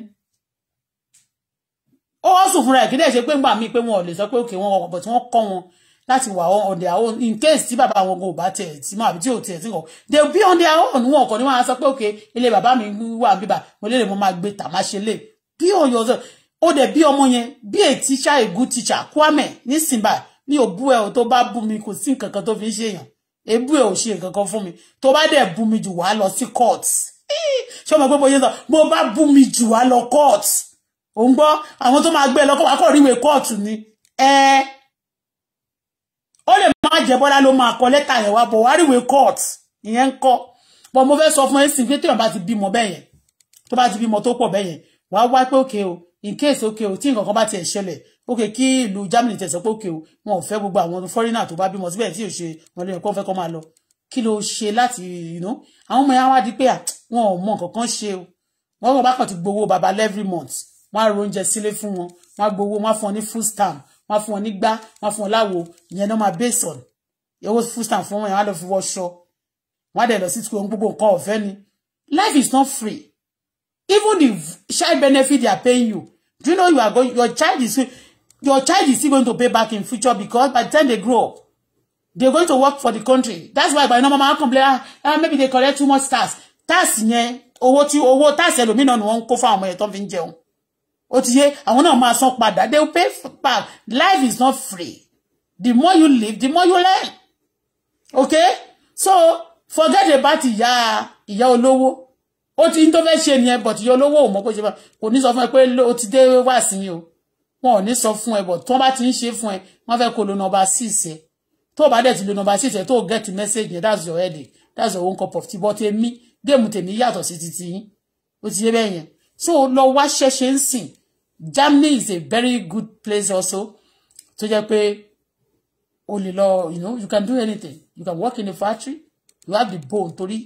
ó rọ́ọ̀sùn fúnra ẹ̀ kí dẹ̀ ṣe pé ń gbà mí pé wọn ò lè sọ pé òkè wọn ọkọ̀ bọ̀ tí wọ́n kọ́ wọn láti wà on their own in case tí bàbá wọn kò bá tiẹ̀ tí mọ̀ àbí tí ò tiẹ̀ tí kò they be on their own wọn kò ní wọn á sọ pé òkè ilé bàbá mi wà bíbà mo lè lè mo máa gbé tàmáṣe lè bí òyò ó dẹ̀ bí ọmọ yẹn bí a teacher a good teacher Kwame nísìnyí báyìí mi ò bú ẹ o tó bá bú mi kò sí nǹkan kan tó fi ń ṣèyàn ebú ẹ ò ṣe nǹkan kan fún mi tó bá dẹ̀ bú mi jù wá lọ sí court ṣé ọmọ gbogbo yẹn sọ bó bá bú mi jù wá lọ court ò ń gbọ́ àwọn tó máa gbé ẹ lọ́kọ̀ wá kọ̀ ríwèé court ni ẹ ó lè má jẹ́ bọ́lá ló máa kọ lẹ́tà yẹn wá bọ̀ wá ríwèé court ìyẹn ń kọ́ bọ́ mo fẹ́ sọ fún ẹ sìn pé téèyàn bá ti bímọ bẹ́yẹn tó bá ti bímọ tó pọ̀ bẹ́yẹn wàá wá pé òkè o in case òkè o tí nǹkan kan bá tiẹ̀ ṣẹlẹ̀ Okay, kí ìlú Germany tẹ̀sán pé òkè o wọn ò fẹ́ gbogbo àwọn fọ́rínà tó bá bímọ síbẹ̀ tí ò ṣe wọn lóyún kó fẹ́ kó máa lọ kí ló ṣe láti ìná àwọn ọmọ yẹn wá di pé ah, wọn ò mọ nǹkan kan ṣe o wọn wọn bá kàn ti gbowó baba every month wọn á ro oúnjẹ sílé fún wọn wọn á gbowó wọn á fún ọ ní food stamp wọn á fún ọ ní gbá wọn á fún ọ láwo ìyẹn náà máa base on owó food stamp fún wọn yẹn wọn á lọ fi wọṣọ wọn á dẹ̀ lọ sí ti gbogbo nǹkan ọ̀fẹ́ ni life is not free even the child benefit they are paying you do you know you are going your child is Your child is still going to pay back in future because by the time they grow up, they're going to work for the country. That's why by now mama complain, ah, ah, maybe they collect too much tax. Tax yeah. owó what you, tax what tax? wọ́n kó fáwọn no yẹn tó fi ń jẹun. Ó ti yé àwọn náà máa san padà. They will pay back. Life is not free. The more you live, the more you learn. Okay? So, forget about ìyá ìyá olówó. Ó ti ń tó fẹ́ ṣe but ìyá olówó ò mọ̀ kó ṣe bá. Kò ní sọ fún ẹ pé ó ti dé wá sí yìí wọn ò ní sọ fún ẹ bọ̀ tí wọ́n bá ti ń ṣe fún ẹ wọ́n fẹ́ kó lo nọmba six ẹ tó bá dẹ̀ ti lo nọmba six ẹ tó get message that's your headache that's your own cup of tea but èmi géèmù tèmi yàtọ̀ sí titi yín ó ti yé bẹ́ẹ̀ yẹn so lọ wá ṣẹ̀ṣẹ̀ ń sìn Germany is a very good place also tó jẹ́ pé o lè lọ you know you can do anything you can work in a factory you have the bone torí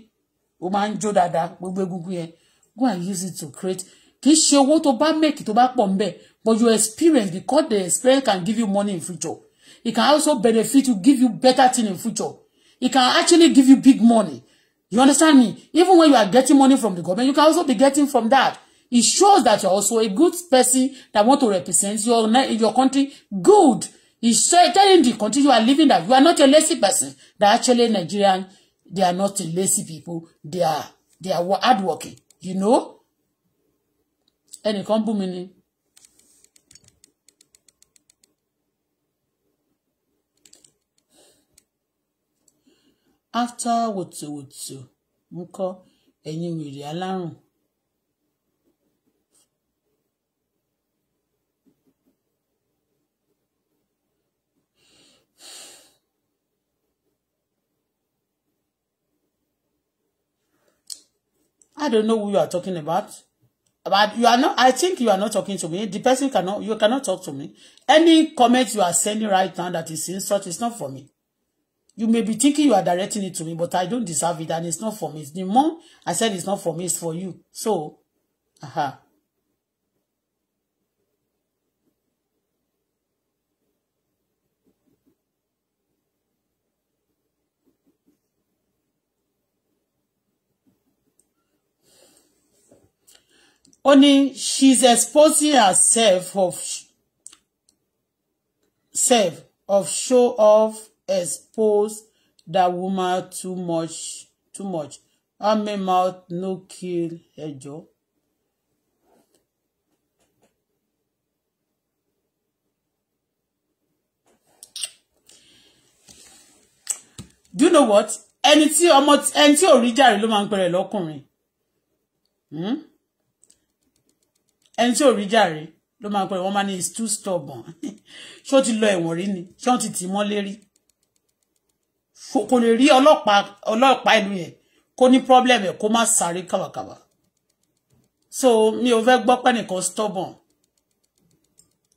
o máa ń jó dáadáa gbogbo egungun yẹn go and use it to create kì í ṣe owó tó bá make tó bá pọ̀ ńbẹ̀ But your experience, because the experience can give you money in future. It can also benefit you, give you better thing in future. It can actually give you big money. You understand me? Even when you are getting money from the government, you can also be getting from that. It shows that you're also a good person that want to represent your in your country good. It's telling the country you are living that you are not a lazy person. That actually Nigerian, they are not lazy people. They are they are hardworking. You know. Ẹnìkan bú mi ni. after wòtòwòtò ńkọ́ ẹ̀yin wèrè alárùn. I don't know who you are talking about. But you are not, I think you are not talking to me. The person cannot, you cannot talk to me. Any comment you are sending right now that is insult is not for me you may be thinking you are directing it to me but I don't deserve it and it's not for me the more I said it's not for me it's for you so aha. ó ní she's exposing herself of self of show off expose that woman too much too much army mouth no kill ẹjọ. do you know what ẹni tí ọmọ ẹni tí ò rí jàre ló máa ń pẹrẹ lọkùnrin hmm? ẹni tí ò rí jàre ló máa ń pẹrẹ wọn máa ní is too stubborn <laughs> ṣé ó ti lọ ẹ̀wọ̀n rí ni ṣé wọn ti tì í mọ́lé kò lè rí ọlọ́pàá ọlọ́pàá yẹn kó ní problem ẹ̀ kó má sáré kàbàkàbà so mi ò fẹ́ gbọ́ pé nìkan stubborn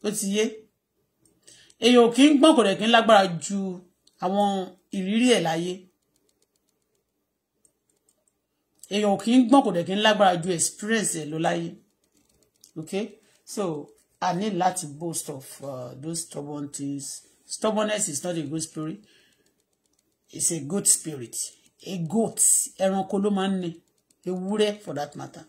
ó ti yé èèyàn kì í gbọ́n kò rẹ̀ kì í lágbára ju àwọn ìrírí ẹ̀ láyé èèyàn kì í gbọ́n kò rẹ̀ kì í lágbára ju experience ẹ̀ lọ láyé okay so I need láti boast of uh, those stubborn things stubbornness is not a good spirit is a good spirit a goat ẹranko ló máa ń ní ewúrẹ́ for that matter.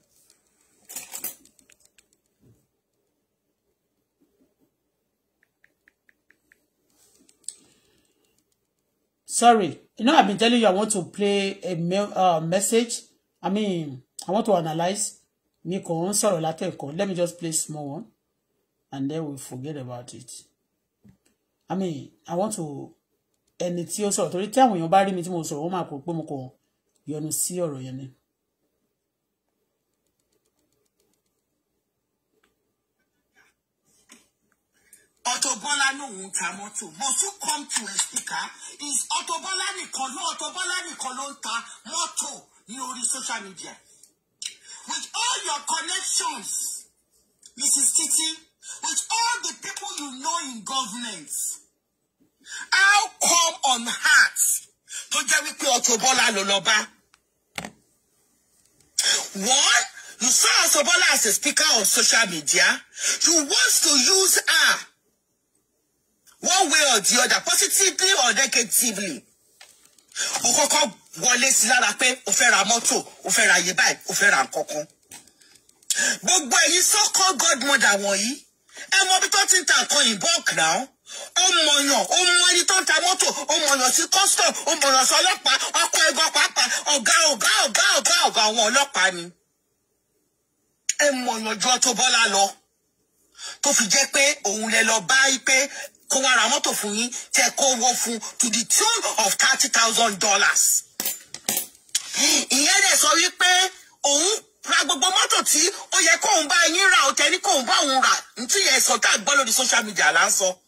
sorry you know i've been telling you i want to play a me uh, message i mean i want to analyze mi kò ń sọ̀rọ̀ látẹ̀kọ́ let me just play small one and then we we'll forget about it i mean i want to ẹni tí ó sọ̀rọ̀ torí tí àwọn èèyàn bá rí mi tí mo sọ̀rọ̀ wọ́n máa kó pé mo kò yọnu sí ọ̀rọ̀ yẹn ni. Auto Bola lòun ta mọ́tò mọ́tò come to a speaker is Auto Bola nìkan ló Auto Bola nìkan ló ń ta mọ́tò ní orí social media with all your connections Mrs. Titi with all the people you know in governance how come on heart tó jẹ́ wípé Auto Bola ló lọ One, you saw Auto Bola as a speaker on social media. You want to use her one way or the other, positively or negatively. O kọ́kọ́ wọlé sí lára pé o fẹ́ ra mọ́tò, o fẹ́ ra iye báyìí, o fẹ́ ra nǹkan Gbogbo ẹ̀yin so-called godmother wọ̀nyí, ẹ mọ bí tó ti ń ta nǹkan in bulk now ó mọ̀yàn ó mọ ẹni tó ń ta mọ́tò ó mọ̀yàn sí custom ó mọ̀yàn sí ọlọ́pàá ọkọ̀ ẹ̀gọ́ pàápàá ọ̀gá ọ̀gá ọ̀gá ọ̀gá ọ̀gá àwọn ọlọ́pàá ni ẹ mọ̀yàn ju Auto Bola lọ tó fi jẹ́ pé òun lè lọ bá yí pé kó wá ra mọ́tò fún yín tẹ kó wọ fún to the tune of thirty thousand dollars ìyẹn dẹ̀ sọ wípé òun ra gbogbo mọ́tò tí ó yẹ kóun bá yín rà ó tẹ́ ní kóun bá òun rà ní tí yẹn sọ tá a gbọ́ lórí social media là ń sọ. So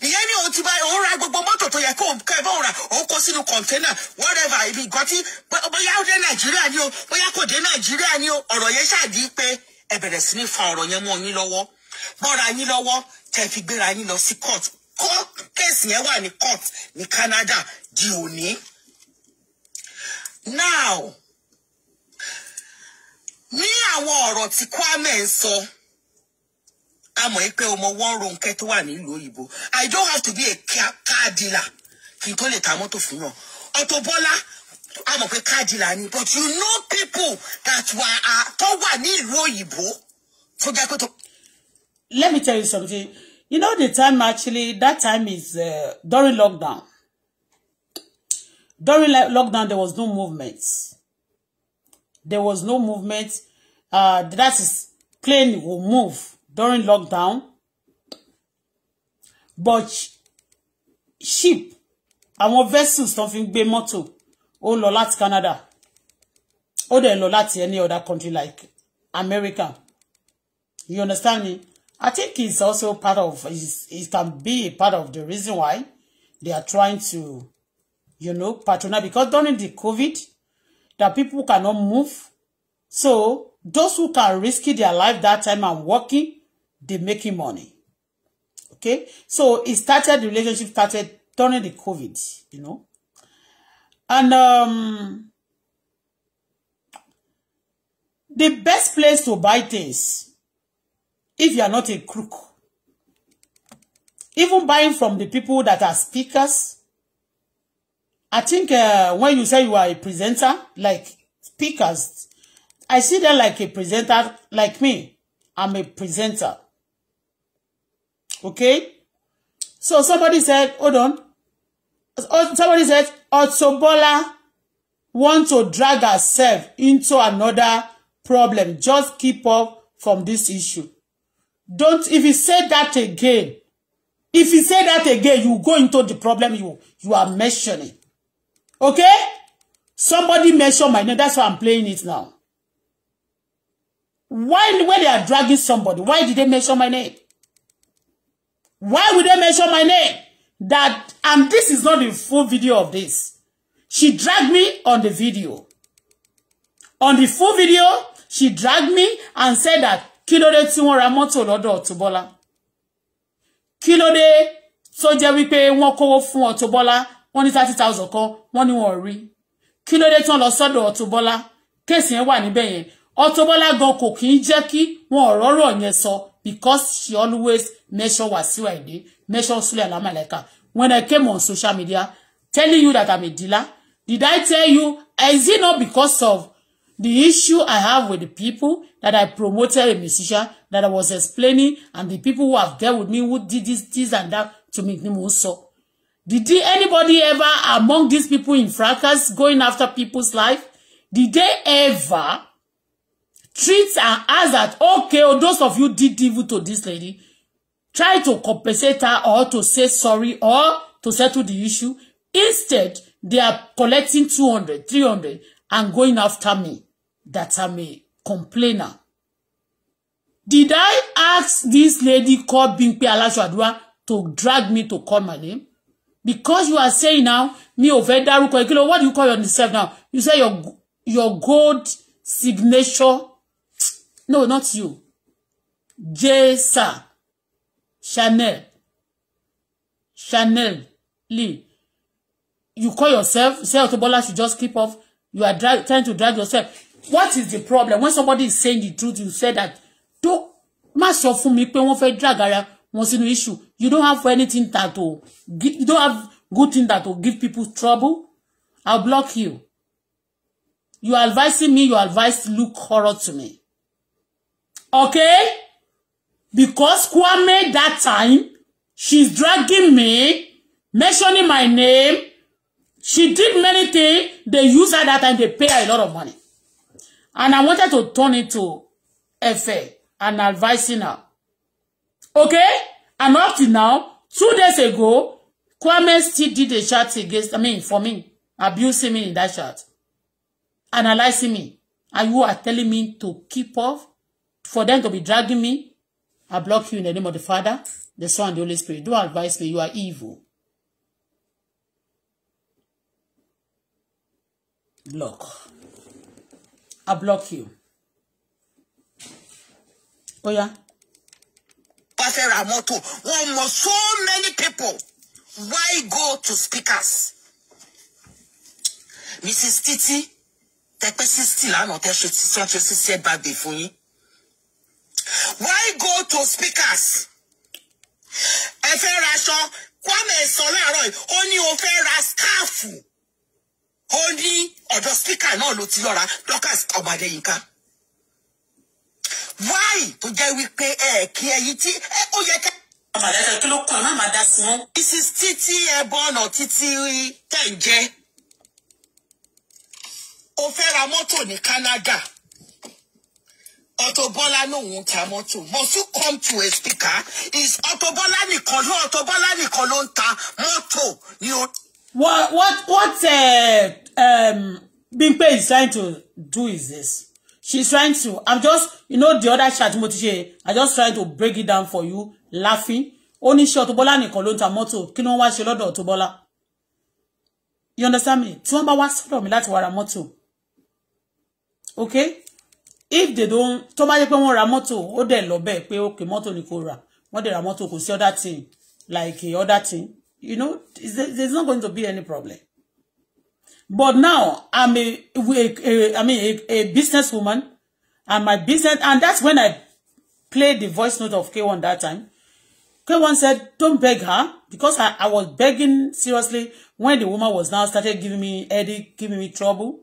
ìyẹn ní òun ti bá òun ra gbogbo mọ́tò tó yẹ kó kẹ́ ẹ bá òun rà kó sínú kọ̀ńténà whatever ibi nǹkan bóyá ó dé nàìjíríà ni o bóyá kò dé nàìjíríà ni o ọ̀rọ̀ yẹn ṣáàdí pé ẹ bẹ̀rẹ̀ sí ní fa ọ̀rọ̀ yẹn mọ́ yín lọ́wọ́ bọ́ra yín lọ́wọ́ tẹ́ fi gbéra yín lọ sí court kéèsì yẹn wà ní court ní Canada di òní. now ní àwọn ọ̀rọ̀ tí Kwame ń sọ. So, a mọ̀ pé o mọ wọ́n ronkẹ́ tó wà nílùú òyìnbó i don't have to be a car dealer kí n tó lè ta mọ́tò fún yàn Auto Bola a pé car dealer ni but you know people that were uh, tó wà nílùú òyìnbó tó jẹ́ pé tó. let me tell you something you know the time actually that time is uh, during lockdown during lockdown there was no movement there was no movement uh, that is plane will move during lockdown. But ship, àwọn vessels tó fi ń gbé mọ́tò, ó lọ láti Canada. Ó dẹ̀ lọ láti any other country like America. You understand me? I think it's also part of, it can be a part of the reason why they are trying to, you know, patronize. Because during the COVID, that people cannot move. So those who can risk their life that time and working, they making money. Okay, so it started the relationship started during the COVID, you know, and um, the best place to buy things if you are not a crook, even buying from the people that are speakers. I think uh, when you say you are a presenter, like speakers, I see them like a presenter, like me. I'm a presenter. Okay? So somebody said, hold on. Oh, somebody said, "Otobola bola want to drag herself into another problem. Just keep up from this issue. Don't, if he said that again, if he said that again, you go into the problem you, you are mentioning. Okay? Somebody mention my name. That's why I'm playing it now. Why, when they are dragging somebody, why did they mention my name? Why would they mention my name? That, and this is not the full video of this. She dragged me on the video. On the full video, she dragged me and said that, kilo de dé tí wọ́n ra mọ́tò lọ́dọ̀ Ọ̀túnbọ́lá. Kí ló dé tó jẹ́ wípé wọ́n kówó fún Ọ̀túnbọ́lá, wọ́n ní 30,000 kan, wọ́n ní wọ́n rí. Kí ló dé tán lọ sọ́dọ̀ Ọ̀túnbọ́lá, kéèsì yẹn wà níbẹ̀ yẹn. gan kò kì í jẹ́ kí wọ́n ọ̀rọ̀rọ̀ yẹn because she always make sure see mention Wasiu Ayinde, mention Sule Alamalaika. When I came on social media telling you that I'm a dealer, did I tell you, is it not because of the issue I have with the people that I promoted a musician that I was explaining and the people who have dealt with me who did this, this and that to make me also? Did anybody ever among these people in fracas going after people's life? Did they ever treat and as that, okay, oh, those of you did evil to this lady, try to compensate her or to say sorry or to settle the issue. Instead, they are collecting 200, 300 and going after me that I'm a complainer. Did I ask this lady called Bimpe Alashwadua to drag me to call my name? Because you are saying now, me over fẹ́ what do you call yourself now? You say your, your gold signature no not you jesa chanel chanel lee you call yourself say Auto Bola should just keep off you are drag, trying to drag yourself what is the problem when somebody is saying the truth you say that do má sọ fún mi pé wọ́n drag area. wọn sínú issue you don't have anything that will give, you don't have good thing that will give people trouble I'll block you you are advising me you advise look horror to me Okay? Because Kwame that time, she's dragging me, mentioning my name. She did many things. They use her that time. They pay her a lot of money. And I wanted to turn it to FA and advising her. Okay? And up to now, two days ago, Kwame still did a chat against, I mean, for me, abusing me in that chat, analyzing me. And you are telling me to keep off for them to be dragging me, I block you in the name of the Father, the Son, and the Holy Spirit. Do advise me, you are evil. Block. I block you. Oh yeah. Wọ́n fẹ́ ra mọ́tò, wọ́n mọ so many people. Why go to speakers? Mrs. Titi, tẹpẹ́ sixty lánàá tẹ́ ṣe sọ́n ṣe sixty ẹ̀ bá why go to speakers ẹ fẹ́ raṣọ Kwame sọ láàárọ̀ yìí ó ní o fẹ́ ra skáàfù ó ní ọ̀dọ̀ spíkà náà ló ti lọ́ra Dorcas ọmọ why tó jẹ́ wípé ẹ kí ẹyin tí ẹ ó yẹ ká. àbàdàtà kí ló kọ ẹ má máa dá sí wọn. mrs títí ẹbọn ọ̀nà tẹ̀ ń jẹ́ o fẹ́ ra mọ́tò ní Canada. Auto no won ta mọ́tò. Must you come to a speaker? Is Otobola Bola nìkan ló Auto Bola nìkan ló ni o. What what what uh, um Bimpe is trying to do is this. She's trying to I'm just you know the other chat mo ti I just try to break it down for you laughing. only ní Otobola Auto Bola nìkan ló ń ta mọ́tò kí ni You understand me? Tí wọ́n bá wá sọ́dọ̀ mi láti wá ra Okay? if they don't tó bá jẹ́ pé wọ́n ra mọ́tò ó dẹ̀ lọ bẹ́ẹ̀ pé okay mọ́tò ni kò rà wọ́n dẹ̀ ra mọ́tò kò sí other thing like eh, other thing you know there's not going to be any problem but now i'm a, a, a i mean a, a business woman and my business and that's when i played the voice note of K1 that time K1 said, don't beg her because I, I was begging seriously when the woman was now started giving me headache, giving me trouble.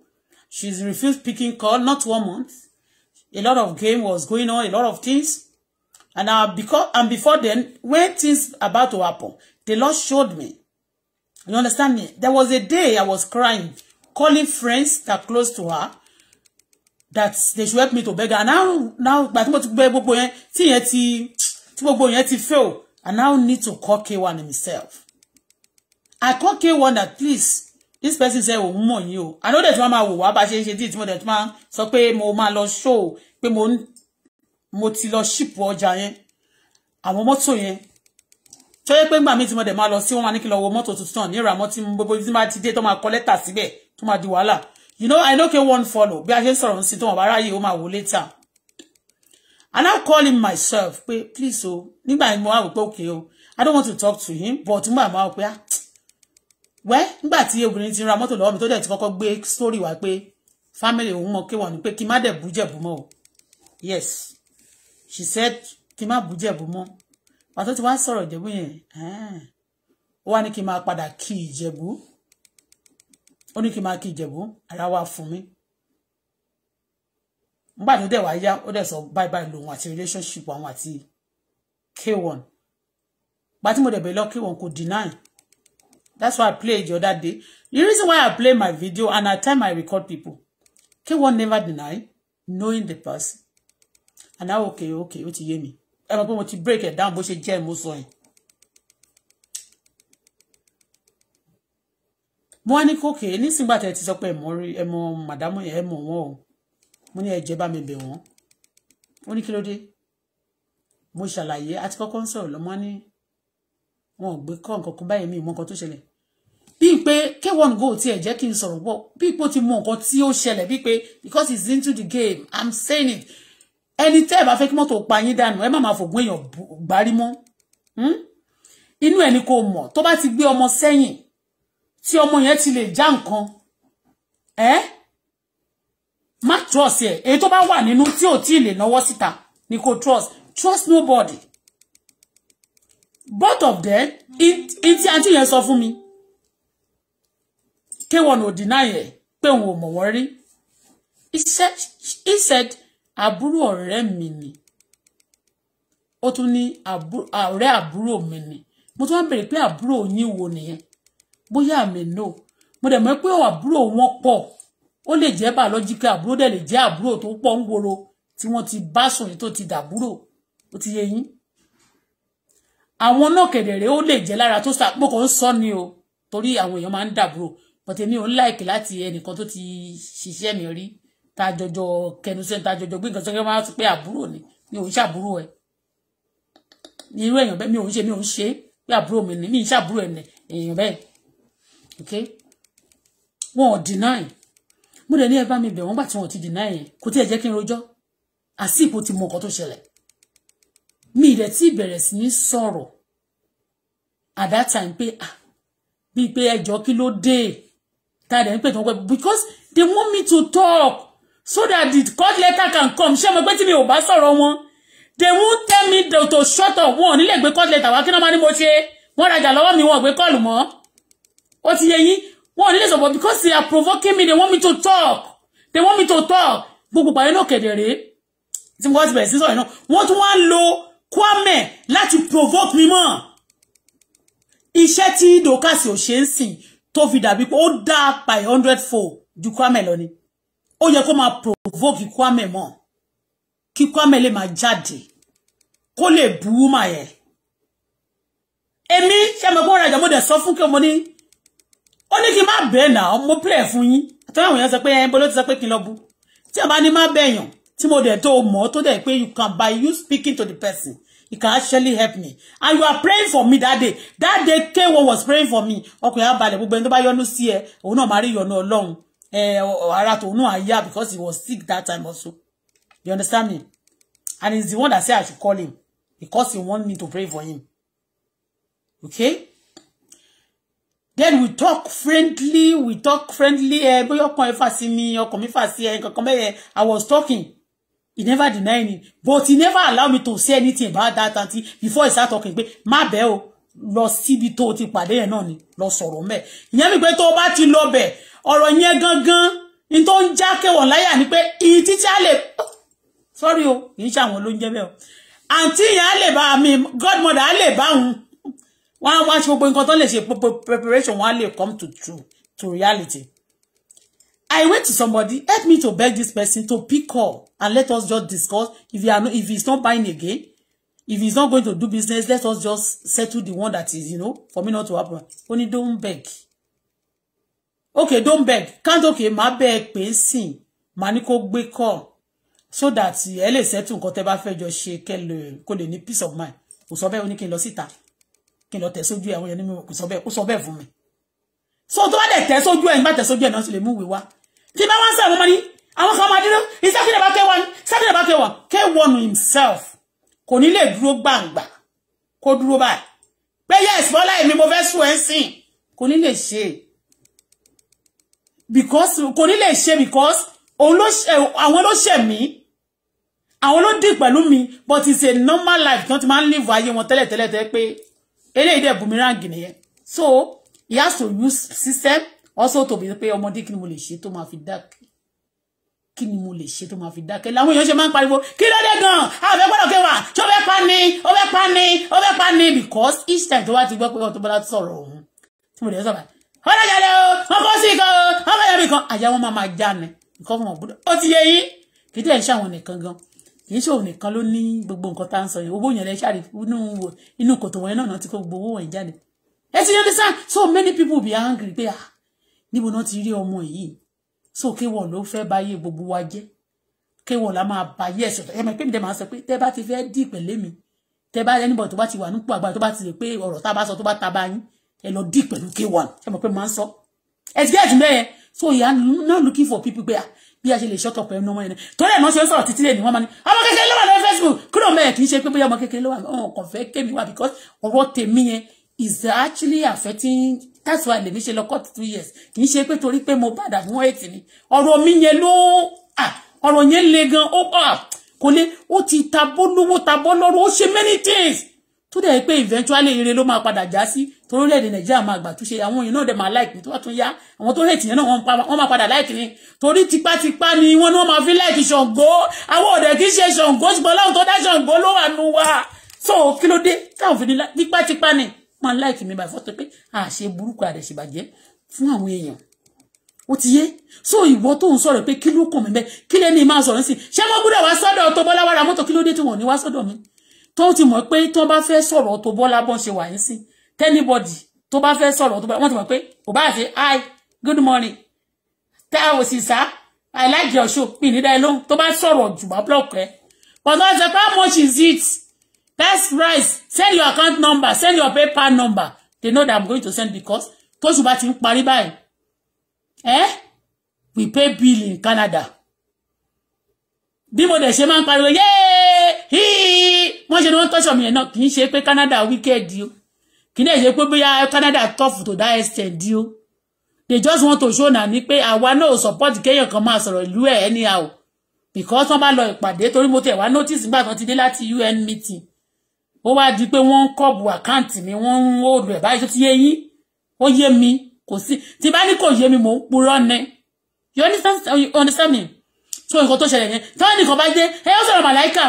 She's refused picking call, not one month. A lot of game was going on, a lot of things. And now uh, because and before then, when things about to happen, the Lord showed me. You understand me? There was a day I was crying, calling friends that close to her that they should help me to beg her. And now, now, but what to gbé gbogbo yẹn tí yẹn ti tí gbogbo fail. I now need to call K1 himself. I call K1 that please this person say, òun oh, mọ̀ yín o àná dẹ̀ tí wọ́n máa wò wá bá ṣe ń ṣe díì tí mo dẹ̀ tí máa sọ pé mo máa lọ show pé mo mo ti lọ ṣìpù ọjà yẹn àwọn mọ́tò yẹn tó yẹ pé ńgbà mi tí mo dẹ̀ máa lọ sí wọn máa ní kí lọ wo mọ́tò tuntun náà ní ìràmọ́ tí gbogbo tí máa ti dé tó máa kọ lẹ́tà síbẹ̀ tó máa di wàhálà you know I know get one follow bí a ṣe ń sọ̀rọ̀ sí tó wọn bá ráyè ó máa wò and I call him myself pé please o nígbà yẹn mo wá wò pé okay o I don't want to talk to him but nígbà mo wá wò pé ah wẹ́ nígbà tí obìnrin ti ra mọ́tò lọ́wọ́ mi tó dẹ̀ ti kọ́kọ́ gbé sórí wa pé family òun mọ̀ kí wọ́n ní pé kí má dẹ̀ jẹ̀bú mọ́ o yes she said kí má bú jẹ̀bú mọ́ pàtó ti wá sọ̀rọ̀ ìjẹ̀bú yẹn ó wá ní kí n máa padà kí ìjẹ̀bú ó ní kí n máa kí ìjẹ̀bú ara wa fún mi nígbà tó dẹ̀ wá yá ó dẹ̀ sọ bye bye lòun àti relationship àwọn àti k1 pàtí mo dẹ̀ bẹ̀ lọ k1 kò deny That's why I played the other day. The reason why I play my video and at time I record people, k one never deny knowing the person. And now, okay, okay, what you hear me? I'm mọ̀ to break it down but ṣe jam mo sọ yẹn. Mo wá ní kókè nísìngbà tẹ́ ti sọ pé ẹ̀mọ́ rí ẹ̀mọ́ màdámù yẹn ẹ̀mọ́ wọn o. Mo ní ẹ̀jẹ̀ bá mi bẹ̀ wọ́n. Ó ní kí Mo ṣàlàyé àti kọ́kọ́ ń sọ̀rọ̀ lọ́mọ́ wọn ò gbé kọ́ nǹkan kan báyìí mi mọ nǹkan tó ṣẹlẹ̀ bíi pé k1 go tiẹ̀ jẹ́ kí n sọ̀rọ̀ pọ̀ bíi pé ó ti mọ nǹkan tí ó ṣẹlẹ̀ bíi pé because he's into the game i'm saying it ẹni tẹ́ ẹ̀ bá fẹ́ kí mọ́tò pa yín dànù ẹ má máa fògùn èèyàn gbárí mọ́ hmm? inú ẹni kò mọ̀ tó bá ti gbé ọmọ sẹ́yìn tí ọmọ yẹn ti lè já nǹkan ẹ má trust ẹ èyí tó bá wà nínú tí ò tí ì lè náwó síta ni kò trust trust nobody both of them in tí àǹtí yẹn sọ fún mi k1 ò deny ẹ̀ pé òun ò mọ̀ wọ́n rí he said he said àbúrò ọ̀rẹ́ mi ni ó tún ní ọ̀rẹ́ àbúrò mi ni mo tún wá ń bèrè pé àbúrò yín wo nìyẹn bóyá àmì no mo dẹ̀ mọ̀ pé àbúrò wọn pọ̀ ó lè jẹ́ biological àbúrò dẹ̀ lè jẹ́ àbúrò tó pọ̀ ń gbòòrò tí ti bá sùn tó ti dàbúrò ó ti yé yín àwọn náà kẹ̀dẹ̀rẹ́ ó lè jẹ́ lára tó sà pọ̀ kò ń sọ ni o torí àwọn èèyàn máa ń dàbúrò but èmi ò ń láìkì láti ẹnìkan tó ti ṣiṣẹ́ mi rí ta jọjọ kẹnusẹ́ ta jọjọ gbé nǹkan sọ́kẹ́ máa ń pé àbúrò ni mi ò ń ṣàbúrò ẹ̀ irú èèyàn bẹ́ẹ̀ mi ò ń ṣe mi ò ń ṣe pé àbúrò mi ni mi ń ṣàbúrò ẹ̀ èèyàn bẹ́ẹ̀ ok wọn ò deny mo dẹ̀ ní ẹ bá mi bẹ̀ wọ́n gbà tí wọn ò ti deny yẹn kò tí ẹ jẹ́ kí n rojọ́ àsìkò ti mọ nǹkan tó ṣẹlẹ̀ mi ìdẹ̀ tí ìbẹ̀rẹ̀ sí ní sọ̀rọ̀ at that time pé ah bíi pé ẹjọ́ kí ló dé tá a dẹ̀ ń pè tó ń because they want me to talk so that the court letter can come ṣé ọmọ pé tí mi ò bá sọ̀rọ̀ wọn they won't tell me to shut up wọn nílẹ̀ gbé court letter wá kí náà máa ní mo ṣe wọ́n rajà lọ́wọ́ mi wọ́n gbé kọ́ọ̀lù mọ́ ó ti yẹ yín wọn nílẹ̀ sọ̀bọ̀ because they are provoking me they want me to talk they want me to talk gbogbo pàyẹ́ náà kẹ̀dẹ̀ rèé tí mo bá ti bẹ̀rẹ̀ sí sọ̀rọ̀ náà wọ́n tún wá ń lo Kwame láti provoke mi mọ́ iṣẹ́ tí Dorcas ò ṣe ń sìn tó fi dàbí pé ó dá by hundred fold ju Kwame lọ ni ó yẹ kó máa provoke Kwame mọ́ kí Kwame lè máa jáde kó lè buwú mà yẹ èmi ṣe mọ̀ pé ó rajà mo dẹ̀ sọ fún kí ọmọ ní ó ní kí n má bẹ́ẹ̀ nà ọmọ pílẹ̀ fún yín àtàwọn èèyàn sọ pé ẹ̀ ń bọ́ ló ti sọ pé kí n lọ bu tí a bá ní má bẹ̀yàn tí mo dẹ̀ tó mọ̀ tó dẹ̀ pé you can by you speaking to the person You can actually help me and you are praying for me that day that day k one was praying for me ọkùnrin abalẹ̀ gbogbo ẹni tó bá yọ́nú sí ẹ òun náà máa rí ìyọ́nú Eh, ara tòun náà yá because he was sick that time also you understand me and he's the one that said I should call him because he want me to pray for him okay then we talk friendly we talk friendly Eh, bóyá ọkàn ẹ fà sí mi ọkàn mi fà sí ẹ nǹkan kan bẹ́ẹ̀ I was talking He never deny me. But he never allow me to say anything about that auntie before he start talking. Pé má bẹ̀ o lọ síbi tó ti pàdé yẹn náà ni lọ sọ̀rọ̀ mẹ́. Ìyẹn mi pé tó o bá ti lọ bẹ̀ ọ̀rọ̀ yẹn gangan ní tó ń já kéwọ̀n láyà ni pé ìyí títí á lè sorry o kì í ṣe àwọn ló ń jẹ́ bẹ́ẹ̀ o. Àǹtí yẹn á lè bá mi godmother á lè bá òun. Wọ́n á wá ṣe gbogbo nǹkan tó lè preparation wọ́n á come to true to reality. I went to somebody, help me to beg this person to pick up and let us just discuss. If he are not, if he's not buying again, if he is not going to do business, let us just settle the one that is, you know, for me not to happen. Only don't beg. Okay, don't beg. Can't okay, My beg pé sin. Má call. So that ẹ lè settle nǹkan tẹ́ bá fẹ́ jọ ṣe peace of mind. Ó sọ bẹ́ẹ̀ ó ní kí n lọ síta. Kí n lọ tẹ̀ sójú àwọn ènìyàn so tó bá dẹ̀ tẹ́ sójú ẹ̀ So tẹ́ sójú ẹ̀ náà sì lè mú ìwé wá tí bá wá ń sàmọ́ máa ní àwọn kan máa dúró ìsákìlẹ̀ bá kẹwàá ìsákìlẹ̀ bá kẹwàá kẹwọ́nù himself kò ní lè dúró gbàǹgbà kó dúró báyìí yes bọ́lá èmi mo fẹ́ sùn ẹ̀ ń sìn kò ní lè ṣe because kò ní lè ṣe because àwọn ló ṣẹ̀ mí àwọn ló dì pẹ̀lú mi but it's a normal life tí wọ́n ti máa ń live ayé wọn tẹ́lẹ̀tẹ́lẹ̀ tẹ́ pé eléyìí dẹ̀ bùmíràn gìnìyẹn so he has to use system also to be pé ọmọdé kí ni mo lè ṣe tó máa fi dákẹ́ kí mo lè ṣe tó máa fi dákẹ́ làwọn èèyàn ṣe máa ń pariwo kí ló dé gan àfẹ́ gbọ́dọ̀ kẹwàá tí ó fẹ́ pa ni ó fẹ́ pa ni ó fẹ́ pa ni because each time tó bá ti gbọ́ pé Auto Bola sọ̀rọ̀ òun tí mo lè sọ̀rọ̀ ọlọ́jàlẹ̀ o wọn kọ́ sí ikọ̀ o wọn bẹ̀rẹ̀ mi kan àyà wọn máa máa já ni nǹkan fún wọn gbọ́dọ̀ ó ti yẹ yín kì í dẹ̀ ń ṣàwọn nìkan gan kì í ṣe òun nìkan ló ní gbogbo nǹkan tá à ń sọ yìí owó yẹn lẹ́ ṣàrí inú kòtò wọn náà ti kó gbogbo owó wọn jáde ẹ ti understand so many people be angry there. ah níbo náà ti rí ọmọ yìí so kéwọ ló fẹ́ báyé gbogbo wa jẹ́ kéwọ la máa báyé ẹ̀sọ̀ ẹ mọ̀ pé mi dẹ̀ máa sọ pé tẹ́ bá ti fẹ́ dì pẹ̀lẹ́ mi tẹ́ bá ẹni bọ̀ tó bá ti wà nípò àgbà tó bá ti lè pé ọ̀rọ̀ tá a bá sọ tó ta bá yín ẹ lọ dì pẹ̀lú kéwọ ẹ mọ̀ pé máa ń sọ ẹ ti gẹ́ẹ̀tì so you are not looking for people there. ah bí a ṣe lè ṣọ́tọ̀ pẹ̀lú ọmọ yẹn torí ẹ̀ mọ́ ṣe ń sọ̀rọ̀ títí lè ní wọ́n máa ní ọmọ kékeré ló wà lórí Facebook kúrò mẹ́ẹ̀ kì í ṣe pé bóyá ọmọ kékeré ló wà ọ̀hún kàn fẹ́ kémi wà because ọ̀rọ̀ tèmi yẹn is actually affecting that's why lèmi ṣe lọ cut two years kì í ṣe pé torí pé mo padà fún ẹ̀tì ni ọ̀rọ̀ mi yẹn ló ah, ọ̀rọ̀ yẹn le gan ó ah, kò lè ó ti tabọ́ lówó tabọ́ lọ́rọ̀ ó ṣe many things tó dẹ̀ pé eventually ire ló máa padà já sí torílẹ̀-èdè nàìjíríà máa gbà túnṣe àwọn èèyàn náà dẹ̀ máa láìpẹ́ tó bá tún yá àwọn tó rètì yẹn náà wọ́n máa padà láìpẹ́ ni torí tipátipá ni wọ́n ní wọ́n máa fi láìpẹ́ ṣàngó àwọn ọ̀dẹ̀ kì í ṣe ṣàngó ṣùgbọ́n láwọn tó dá ṣàngó ló wà nù wá so kí ló dé táwọn fi ní tipátipá ni máa láìkì mi bá fọ́tò pé àṣe burúkú àdẹ̀ṣèbàjẹ́ fún àwọn èèyàn ó ti yé so ìwọ tó ń sọ̀rọ̀ pé kí ló kàn mí bẹ́ẹ̀ kí lẹ́ni máa sọ̀rọ̀ sí ṣé wọ́n gbúdọ̀ wá sọ́dọ̀ tó bọ́lá wàrà mọ́tò kí ló dé tí wọ́n ní wá sọ́dọ̀ mi tó ti mọ̀ pé tó bá fẹ́ sọ̀rọ̀ tó bọ́lá bọ́n ṣe wà yín sí tẹ́nibọ́dì tó bá fẹ́ sọ̀rọ̀ tó bọ́lá wọ́n ti mọ̀ pé kò bá ṣe hi good morning tẹ́ ò sì sá I like your show mi nídàá ẹ lóhùn tó bá sọ̀rọ̀ jù bá blọ̀kẹ́ but wọ́n sọ pé how much is it Best price, send your account number, send your PayPal number. They know that I'm going to send because tóṣù bá ti ń buy báyìí. Eh? We pay bill in Canada. Bí mo dẹ̀ ṣe máa ń pariwo, yéé, híí, wọ́n ṣe ni wọ́n tọ́ṣọ̀ mi yẹn náà kì í Canada wicked o. Kì í dẹ̀ ṣe Canada tough to die extend you. They just want to show na ni I want náà support the kan máa sọ̀rọ̀ ìlú anyhow. Because wọ́n bá lọ ìpàdé torí mo tẹ̀ wá notice nígbà tó ti dé láti UN meeting ó wá di pé wọ́n ń kọ́ọ̀bù àkáǹtì mi wọ́n ń hóòdù ẹ̀ báyìí tó ti yé yín ó yé mi kò sí tí bá ní kò yé mi mò ń purọ́ ni you understand, oh, you understand me so nǹkan tó ṣẹlẹ̀ yẹn táwọn nìkan bá dé ẹ ó sọ̀rọ̀ màláìkà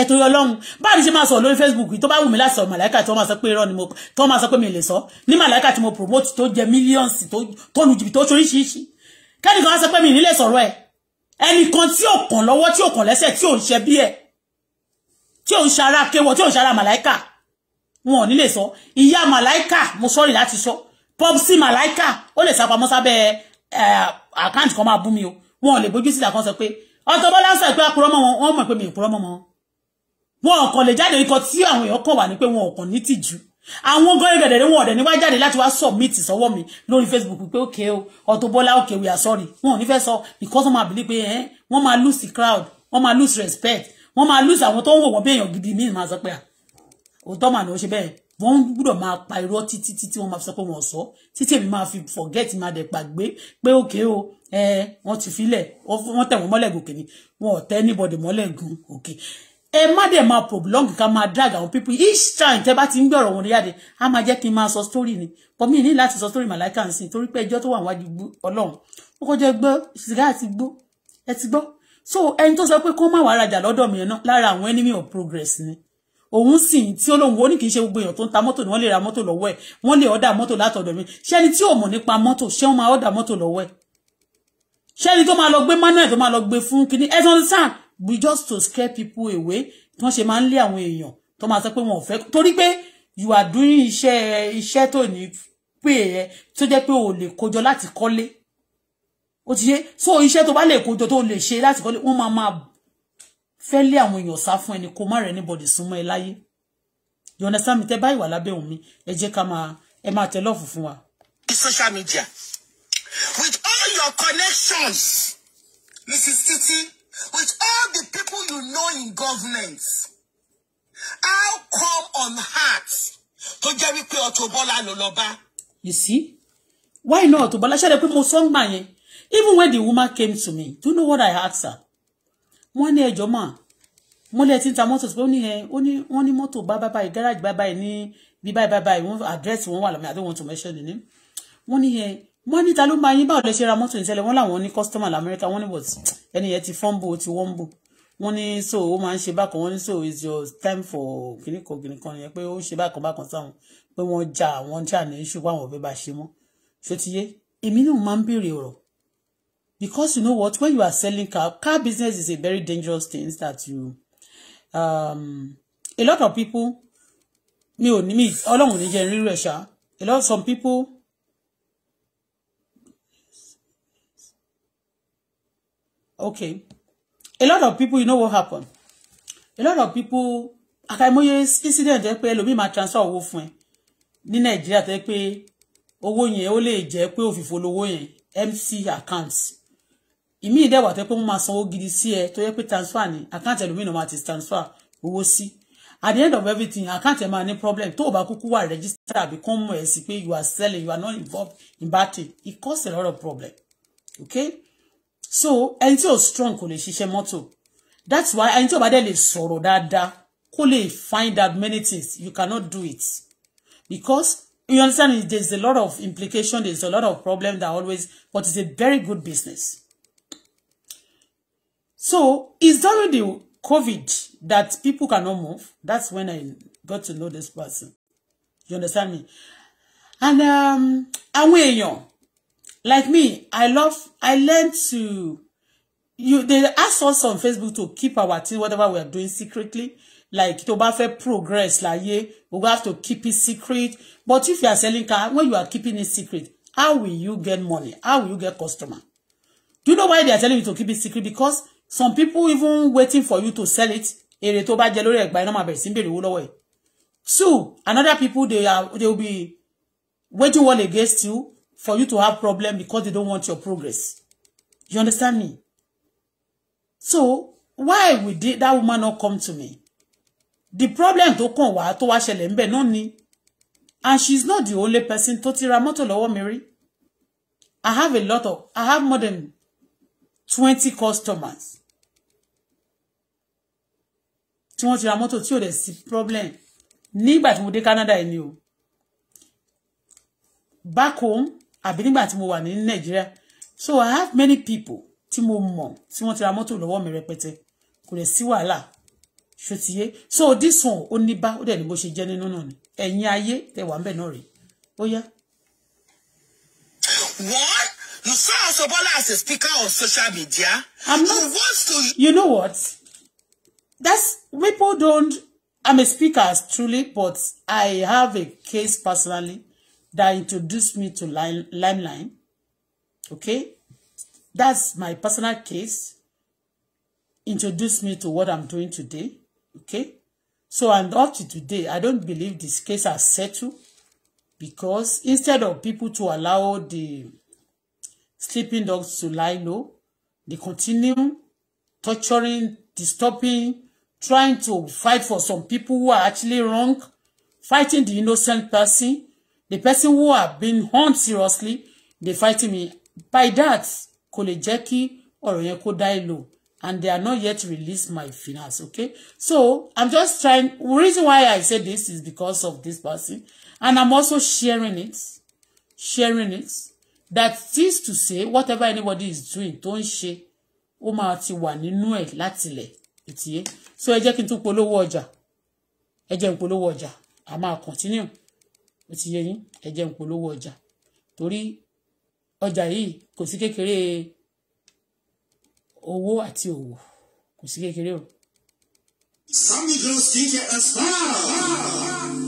ẹ̀tò ọlọ́run báyìí ṣe máa sọ lórí facebook tó bá wù mí láti sọ màláìka tí wọ́n máa sọ pé irọ́ ni mo tí wọ́n máa sọ pé mi lè sọ ní màláìka tí mo promote tó jẹ millions tó lu jìbìtì oríṣiríṣi kẹ́nìkan á sọ pé mi nílé sọ̀rọ̀ ẹ̀ ẹnìkan tí ò kàn lọ́wọ́ tí ò kàn lẹ́sẹ̀ tí ò ń ṣe bí ẹ̀ tí ò ń ṣara kéwọ tí ò ń ṣara màláìkà wọn ò ní lè sọ ìyá màláìkà mo sọ́ọ̀rì láti sọ pọ́psì màláìkà ó lè sapamọ́ sábẹ́ àkáǹtì kan máa bú mi o wọn ò lè bójú síta kan sọ pé Auto Bola ń sọ pé àpòrọ́ mọ́ wọn wọn mọ̀ pé mi ìpòrọ́ mọ́ wọn wọn kàn lè jáde ikọ̀ tí àwọn èèyàn kàn wà ní pé wọn ò kàn ní tìjú àwọn gan ìrẹ̀lẹ̀ wọn ọ̀dẹ̀ ní wá jáde láti wá submit sọ́wọ́ mi lórí Facebook pé ókè o Auto Bola ókè we are sorry wọn ò ní fẹ́ sọ because wọ́n máa believe pé máa lose the crowd wọ́n máa lose respect wọ́n máa lose àwọn tó ń wò wọ́n bí èèyàn gidi míì máa sọ pé à òótọ́ màá ní ó ṣe bẹ́ẹ̀ wọ́n gbúdọ̀ máa pa irọ́ títí títí wọ́n máa fi sọ pé wọ́n sọ títí èmi máa fi forget máa dẹ̀ gbàgbé pé òkè o ẹ wọ́n ti filẹ̀ wọ́n tẹ̀ wọ́n mọ́lẹ̀ gòkè ni wọn ò tẹ́ anybody mọ́lẹ̀ gun òkè ẹ má dẹ̀ máa prolong ká máa drag àwọn people each time tẹ́ bá ti ń gbọ̀rọ̀ wọn ní yáde á máa jẹ́ kí n máa sọ story ni but mi ní láti sọ story màláìka nsìn torí pé ẹjọ́ tó wà wájú ọlọ́run ó kọjá gbọ́ sìgá àti gbó ẹ ti gbọ́ so ẹni tó sọ pé kó má wàá rajà lọ́dọ̀ mi náà lára àwọn enemy of progress ni òun sì tí ó lóun ó ní kì í ṣe gbogbo èèyàn tó ń ta mọ́tò ni wọ́n lè ra mọ́tò lọ́wọ́ ẹ̀ wọ́n lè ọ̀dà mọ́tò látọ̀dọ̀ mi ṣẹ́ni tí ò mọ̀ nípa mọ́tò ṣé wọ́n máa ọ̀dà mọ́tò lọ́wọ́ ẹ̀ ṣẹ́ni tó máa lọ gbé manuel tó máa lọ gbé fún kínní ẹ̀ tó sàn we just to scare people away tí wọ́n ṣe máa ń lé àwọn èèyàn tó máa sọ pé wọn ò fẹ́ torí pé you are doing iṣẹ́ iṣẹ́ tó ní pè ẹ́ tó jẹ́ pé o lè kójọ láti kọ́lé ó ti yé so iṣẹ́ tó bá lè kójọ tó lè ṣe láti kọ́lé wọ́n máa máa fẹ́ lé àwọn èèyàn sá fún ẹni kó má anybody súnmọ́ ẹ láyé you understand mi tẹ́ báyìí wà lábẹ́ òun mi ẹ jẹ́ ká máa ẹ máa tẹ lọ́ọ̀fù wa. social media with all your connections Mrs. Titi with all the people you know in government how come on heart tó jẹ́ wípé Auto Bola ló you see why not Auto Bola ṣẹ́ni pé mo sọ́ngbà yẹn even when the woman came to me do you know what I asked her wọ́n ní ẹjọ́ mà wọ́n tin ti ń ta mọ́tò tó ní ẹ wọ́n bye mọ́tò bye bá báyìí bye bá báyìí ní bí báyìí bá báyìí wọ́n àdírẹ́sì wọn wà lọ́mọ àti wọn tó mẹ́ṣẹ́ nìní wọ́n ní ẹ wọ́n ní ta ló máa yín báwo lẹ ṣe ra mọ́tò ìtẹ́lẹ̀ wọ́n làwọn ní kọ́sítọ́mà lamẹ́ríkà wọ́n ní but ẹni yẹn ti fọ́nbù ti wọ́nbù wọ́n ní so ó máa ń ṣe bákan wọ́n ní so is your time for kìnnìkan kìnnìkan yẹn pé ó ń ṣe bákan bákan sáwọn pé wọ́n jà wọ́n jà ní ṣùgbọ́n àwọn ọ̀bẹ bá ṣe mọ́ ṣó ti yé èmi náà máa ń béèrè ọ̀rọ̀ because you know what when you are selling car car business is a very dangerous thing that you um, a lot of people mi ò ní mi ọlọ́run ní jẹ́ ń rírú a lot some people okay a lot of people you know what happen a lot of people akaimoye incident jẹ́ pé ẹlòmíì máa transfer owó fún ẹ ní nàìjíríà tẹ́ pé owó yẹn ó lè jẹ́ pé òfìfo lówó yẹn mc accounts ìmí ìdẹ́wà tó yẹ pé wọ́n máa sanwó gidi sí ẹ tó yẹ pé transfer ni àkáǹtì ẹlòmíràn máa ti transfer owó sí at the end of everything àkáǹtì ẹ máa ní problem tó o bá kúkú wà register àbí kán mọ̀ ẹ́ sí pé you are selling you are not involved in bad thing it cause a lot of problem okay so ẹni tí ò strong kò lè ṣiṣẹ́ mọ́tò that's why ẹni tí ò bá dẹ̀ lè sọ̀rọ̀ dáadáa kó lè find out many things you cannot do it because you understand There is a lot of implication There is a lot of problem that always but it's a very good business So it's already COVID that people cannot move. That's when I got to know this person. You understand me? And um, àwọn èèyàn like me, I love, I learned to, you, they asked us on Facebook to keep our thing, whatever we are doing secretly. Like, tó bá fẹ́ progress Like láyé, we have to keep it secret. But if you are selling car, when you are keeping it secret, how will you get money? How will you get customer? Do you know why they are telling you to keep it secret? Because some people even waiting for you to sell it èrè tó bá jẹ lórí ẹ̀gbà iná máa bẹ̀rẹ̀ sí béèrè owó lọ́wọ́ two another people they are they will be waiting one against you for you to have problem because they don't want your progress you understand me so why we did that woman not come to me the problem tó kàn wá tó wá ṣẹlẹ̀ ńbẹ̀ no ni and she's not the only person tó ti ra mọ́tò lọ́wọ́ i have a lot of i have more than twenty customers tí wọ́n ti ra mọ́tò tí ò dẹ̀ sí problem nígbà tí mo dé Canada yìí ni o back home àbí nígbà tí mo wà ní Nàìjíríà so I have many people tí mo mọ̀ tí wọ́n ti ra mọ́tò lọ́wọ́ mi rẹpẹtẹ kò dẹ̀ sí wàhálà ṣòtìyé so this one ó ní bá ó dẹ̀ ní bó ṣe jẹ́ nínú náà ni ẹ̀yin ayé tẹ wà ń bẹ̀ náà rèé ó yá. What? You saw Auto Bola as a speaker on social media. I'm not. You to. You know what? that's people don't I'm a speaker truly, but I have a case personally that introduced me to Lime, Limeline. Okay? That's my personal case. Introduced me to what I'm doing today. Okay? So, and up to today, I don't believe this case has settled because instead of people to allow the sleeping dogs to lie low, they continue torturing, disturbing, trying to fight for some people who are actually wrong, fighting the innocent person, the person who have been harmed seriously, they fighting me. By that, kò lè jẹ́ kí ọ̀rọ̀ die low and they are not yet released my finance, okay? So, I'm just trying, the reason why I say this is because of this person and I'm also sharing it, sharing it, that is to say, whatever anybody is doing, don't share. ṣe, ó máa ti wà nínú ìtìyé so ẹ jẹ́ kí n tún polówó ọjà ẹ jẹ́ n polówó ọjà a máa continue ó ti yé yín ẹ jẹ́ n polówó ọjà torí ọjà yìí kò sí kékeré owó àti òwò kò sí kékeré o. Sami girls think you're a star.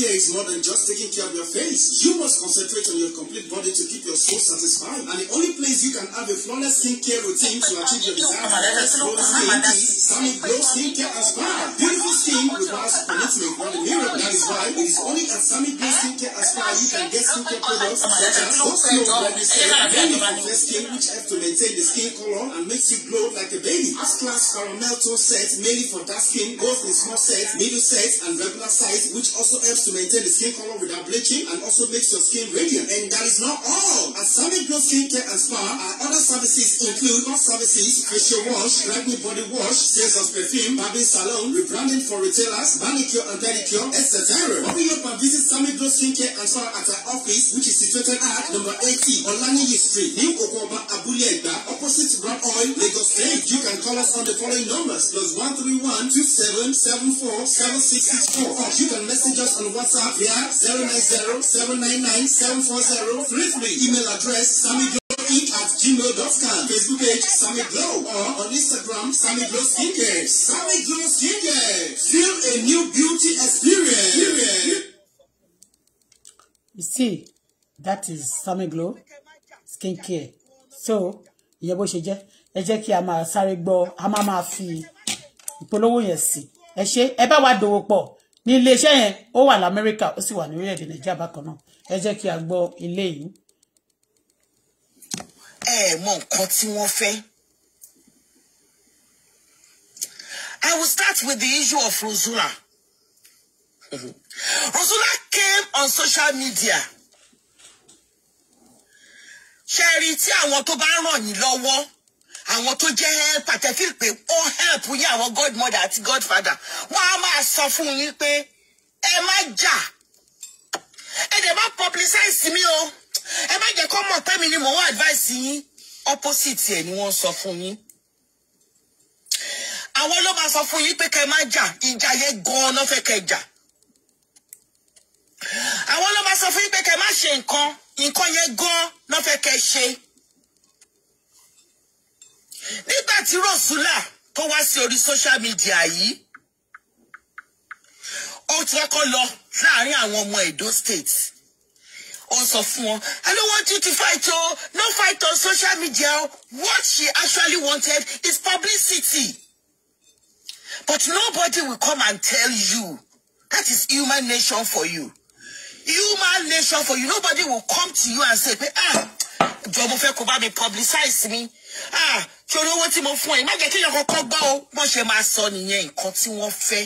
care is more than just taking care of your face. You must concentrate on your complete body to keep your soul satisfied. And the only place you can have a flawless skincare routine to achieve your desired flawless skin is Sami Glow Skincare and Spa. Beautiful skin requires commitment, not a mirror. That is why it is only at Sami Glow Skincare and Spa you can get skincare products such as hot glow body serum, mainly for skin which helps to maintain the skin color and makes you glow like a baby. As class caramel tone sets mainly for dark skin, both in small sets, middle sets, and regular size, which also helps to to maintain the skin color without bleaching and also makes your skin radiant. And that is not all. At Summit Glow Skincare and Spa, our other services include all services, facial wash, lightning body wash, sales of perfume, barbing salon, rebranding for retailers, manicure and pedicure, etc. Hurry up and visit Summit Glow Skincare and Spa at our office, which is situated at number 80 Olaniyi Street, New Okoba, Abule opposite Rock Oil, Lagos State. You can call us on the following numbers, plus 131 2774 7664. Or you can message us on WhatsApp here, 090-799-740. me. Email address, sammyglow at gmail.com. Facebook page, Sammy Glow. Or on Instagram, Sammy Glow Skincare. Sammy Glow Skincare. Feel a new beauty experience. You see, that is Sammy Glow Skincare. So, ìyẹn bó ṣe jẹ́ ẹ jẹ́ kí a máa sáré gbọ́ a máa máa fi ìpolówó yẹn sí ẹ ṣe ẹ bá wa dòwò pọ̀ ní iléeṣẹ́ yẹn ó wà lamẹ́ríkà ó sì wà ní orílẹ̀-èdè nàìjíríà bákan náà ẹ jẹ́ kí a gbọ́ ilé yìí. ẹ ẹ mọ nǹkan tí wọ́n fẹ́. I will start with the issue of Rosula. Rosula came on social media. ṣe rí tí àwọn tó bá ràn yín lọ́wọ́ àwọn tó jẹ́ helper tẹ́ fi pé ó help yín àwọn godmother àti godfather wọ́n á máa sọ fún yín pé ẹ má jà ẹ dẹ̀ má publicize mi o ẹ má jẹ́ kó mọ̀ pé mi ni mò ń advice yín opposite ẹ̀ ni wọ́n sọ fún yín àwọn ló máa sọ fún yín pé kẹ́ má jà ìjà yẹn gan-an ló fẹ́ kẹ́ jà àwọn ló máa sọ fún yín pé kẹ́ má ṣe nǹkan nǹkan yẹn gan-an fẹ́ kẹ́ ṣe nígbà tí Rọ̀súlà tó wá sí orí social media yìí ó ti kọ́kọ́ lọ láàrin àwọn ọmọ Edo State ó sọ fún wọn I don't want you to fight o oh, no fight on social media o what she actually wanted is publicity but nobody will come and tell you that is human nation for you human nation for you nobody will come to you and say ah jọ̀ọ́ mo fẹ́ kó bá mi publicize me." Ah, kí olówó tí mo fún ẹ má jẹ́ kí èèyàn kọ́kọ́ gbọ́ o wọ́n ṣe máa sọ nìyẹn nǹkan tí wọ́n fẹ́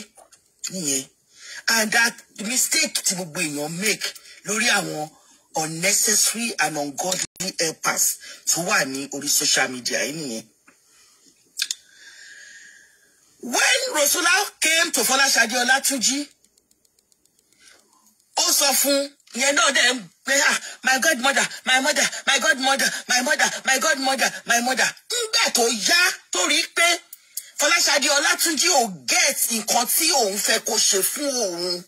nìyẹn and that mistake tí gbogbo èèyàn make lórí àwọn unnecessary and ungodly helpers tó wà ní orí social media yìí nìyẹn. When Rosula came to Fọláṣadé Ọlátúnjí ó sọ fún You know them, my godmother my mother my godmother my mother my godmother my mother ńgbà ya yá tó rí pé Fọláṣadé Ọlátúnjí ò get in tí o fẹ́ kó ṣe fún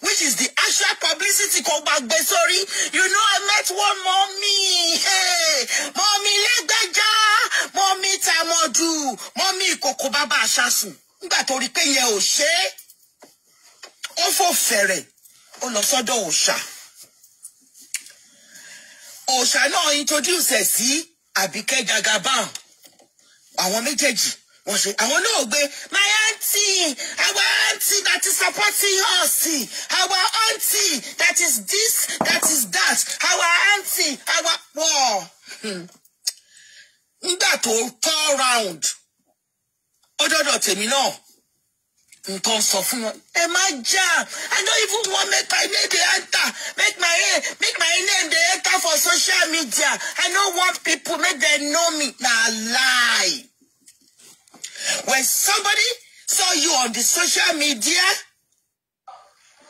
which is the actual publicity kò gbà gbé sórí you know I met one mommy hey, mommy lẹ́gbẹ̀já mommy tamọ́dù mommy ìkòkò bàbá àṣàsùn nígbà tó rí pé yẹn ò ṣe é ó fò fẹ̀rẹ̀ ó lọ sọ́dọ̀ òòṣà òòṣà náà introduce ẹ̀ sí àbíkẹ́ jagaban àwọn méjèèjì wọ́n ṣe àwọn náà gbé my auntie. our auntie that is supporting us our auntie that is this that is that our auntie, our wọ́ọ̀ hmm. nígbà tó turn round ó dọ́dọ̀ tèmi náà nǹkan sọ fún wọn ẹ má jà i no even wan make my name dey enter make my make my name dey enter for social media i no want people make dem know me na lie when somebody saw you on the social media.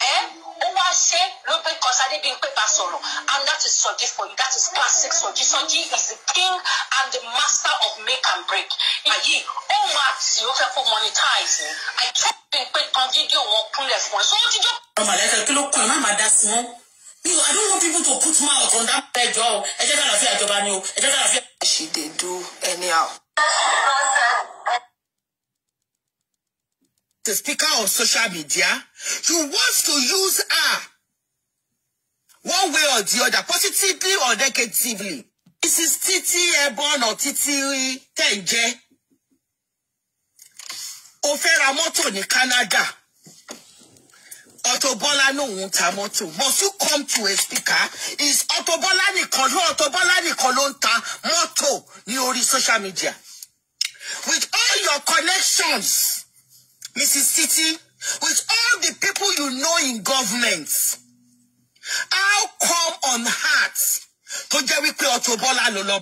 Eh? ó wá ṣe ló pé kọ́sádé bí pé sọ̀rọ̀ and that is Soji for you that is classic Soji Soji is the king and the master of make and break èyí ó máa tì ó fẹ́ kó monetize i tell you pé kan fídíò wọn kúnlẹ̀ fún ẹ so ó ti jọ. ọmọ àlẹ́ kí ló kún un má máa dá sí wọn i don't want people to put mouth on that ẹjọ́ o ẹ jẹ́ ká lọ sí àjọba ni o ẹ jẹ́ ká lọ sí. she dey do anyhow the speaker of social media, you want to use her one way or the other, positively or negatively. This is Titi Ebon or Titi Tenje. Ó fẹ́ ra mọ́tò ní Canada. Autobola no ń ta mọ́tò. Must you come to a speaker? Is autobola Bola nìkan Autobola Auto Bola nìkan ló ń ta mọ́tò ní orí social media. With all your connections. Mrs. City, with all the people you know in government, how come on heart tó Jerry wípé Auto Bola ló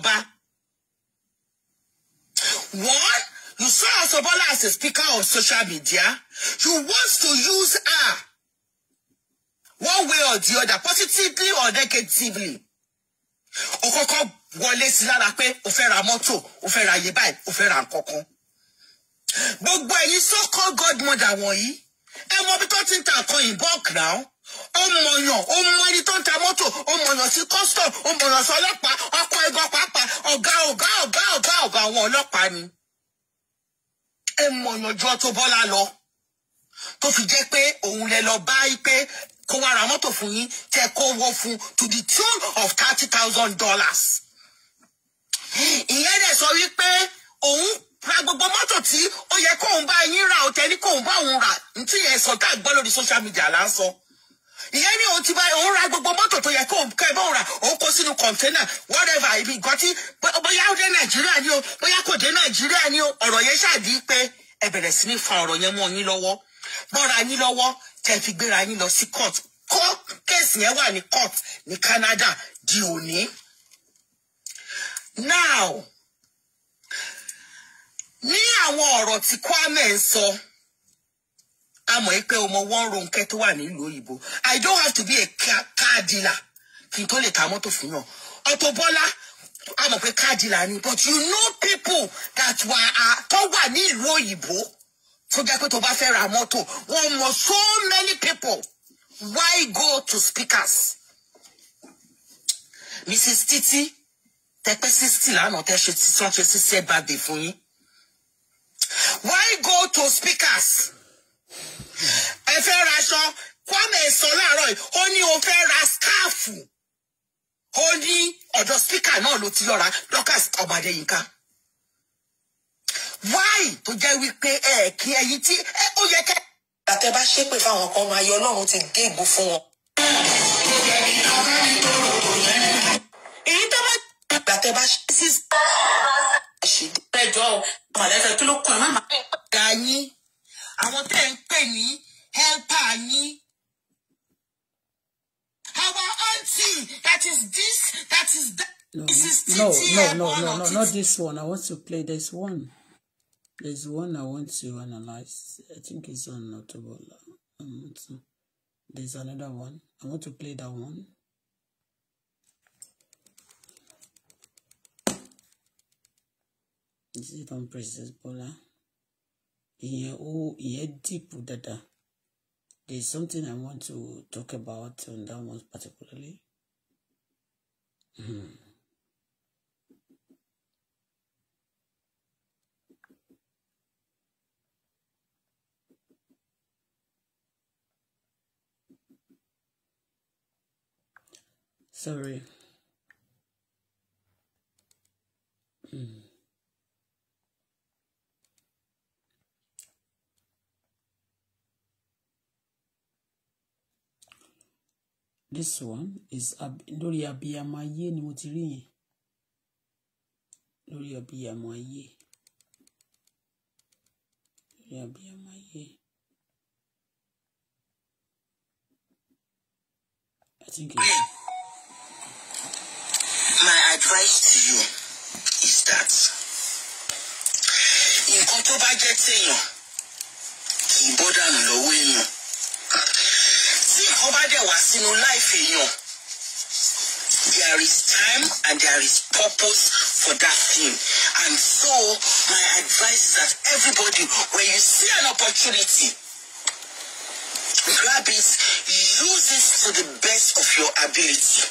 One, you saw Auto as a speaker on social media. You want to use her one way or the other, positively or negatively. Okoko kọ́kọ́ si la lára pé o fẹ́ ra mọ́tò, o fẹ́ ra ayé gbogbo ẹ̀yin sọ́kọ́ godmother wọ̀nyí ẹ mọ bí tó ti ń ta nǹkan ìbọn kìlá ọ́ ó mọ̀yàn ó mọ ẹni tó ń ta mọ́tò ó mọ̀yàn sí custom ó mọ̀yàn sí ọlọ́pàá ọkọ̀ ẹ̀gọ́ pàápàá ọ̀gá ọ̀gá ọ̀gá ọ̀gá ọ̀gá àwọn ọlọ́pàá ni ẹ mọ̀yàn ju Auto Bola lọ tó fi jẹ́ pé òun lẹ lọ bá yí pé kó wá ra mọ́tò fún yín tẹ kó wọ́ fún to the tune of thirty thousand dollars ìyẹn dẹ̀ sọ wípé òun ra gbogbo mọ́tò tí ó yẹ kóun bá yín rà ó kó kóun bá òun rà ntí yẹn sọ lórí social media là ń sọ ìyẹn ní òun ti bá òun ra gbogbo mọ́tò tó yẹ kóun kẹ́ bóun rà òun kó sínú kọ̀ǹténà whatever ibi nǹkan tí bóyá ó nàìjíríà ni o bóyá kò dé nàìjíríà ni o ọ̀rọ̀ yẹn ṣàdí pé ẹ sí ní fa yẹn yín Canada di òní. ní àwọn ọ̀rọ̀ tí Kwame ń sọ a mọ̀ pé ọmọ wọn ronkẹ́ tó wà nílùú òyìnbó I don't have to be a car dealer kí n tó lè ta mọ́tò fún yàn Auto Bola a mọ̀ pé car dealer ni but you know people that were tó wà nílùú òyìnbó tó jẹ́ pé tó bá fẹ́ ra mọ́tò wọ́n mọ̀ so many people why go to speakers Mrs Titi tẹpẹ́ sixty lánàá tẹ́ ṣe tí wọ́n ṣe sí sẹ́ẹ̀ fún yín why go to speakers ẹ fẹ́ raṣọ Kwame sọ láàárọ̀ yìí ó ní o fẹ́ ra skáàfù ó ní ọ̀dọ̀ spíkà náà ló ti lọ́ra Dorcas Ọbadéyínká why tó jẹ́ wípé ẹ kí ẹyin tí ó yẹ kẹ́. àtẹ bá ṣépè fáwọn kan máa yọ Ọlọ́run ti gé ìgbó fún wọn. èyí tó bá gbàtẹ ṣe sí àṣìdí. ẹjọ́ àmàlẹ́fẹ́ kí ló kún ẹ má má pè é yín àwọn tẹ́ ń pè ní helper yín. our aunty that is this that is that. No, no, no, no, no, no, not this one. I want to play. this one. There's one I want to analyze. I think it's on Notable. there's another one. I want to play that one. This is from Princess Bola. deep There is something I want to talk about on that one particularly. Hmm. Sorry. Hmm. this one is lórí abiyamọ ayé ni mo ti rí yẹn lórí abiyamọ ayé lórí abiyamọ ayé I think it My advice to you is that nǹkan tó bá jẹ́ téèyàn kì í bọ́dà lọ́wọ́ èèyàn tó bá dẹ̀ wá sínú life èèyàn there is time and there is purpose for that thing and so my advice is that everybody when you see an opportunity grab it use it to the best of your ability.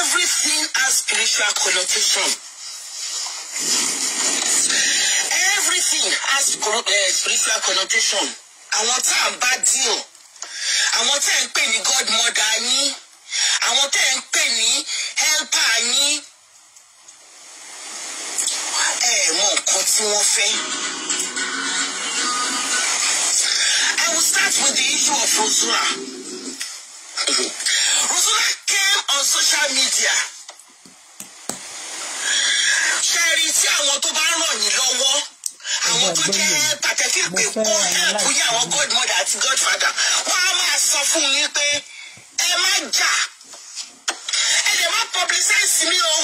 Everything has spiritual connotation. Everything has uh, spiritual connotation àwọn tá à ń bá díò àwọn tẹ́ ń pè ní godmother yín àwọn tẹ́ ń pè ní helper yín ẹ mọ nǹkan tí wọ́n fẹ́. I will start with the issue of Rosula. Rosula came on social media. ṣe rí tí àwọn tó bá àwọn tó jẹ́ pàtẹ́fì pé wọ́n hàn bóyá àwọn godmother àti godfather wọ́n á máa sọ fún yín pé ẹ má jà ẹ lè má publicize mi o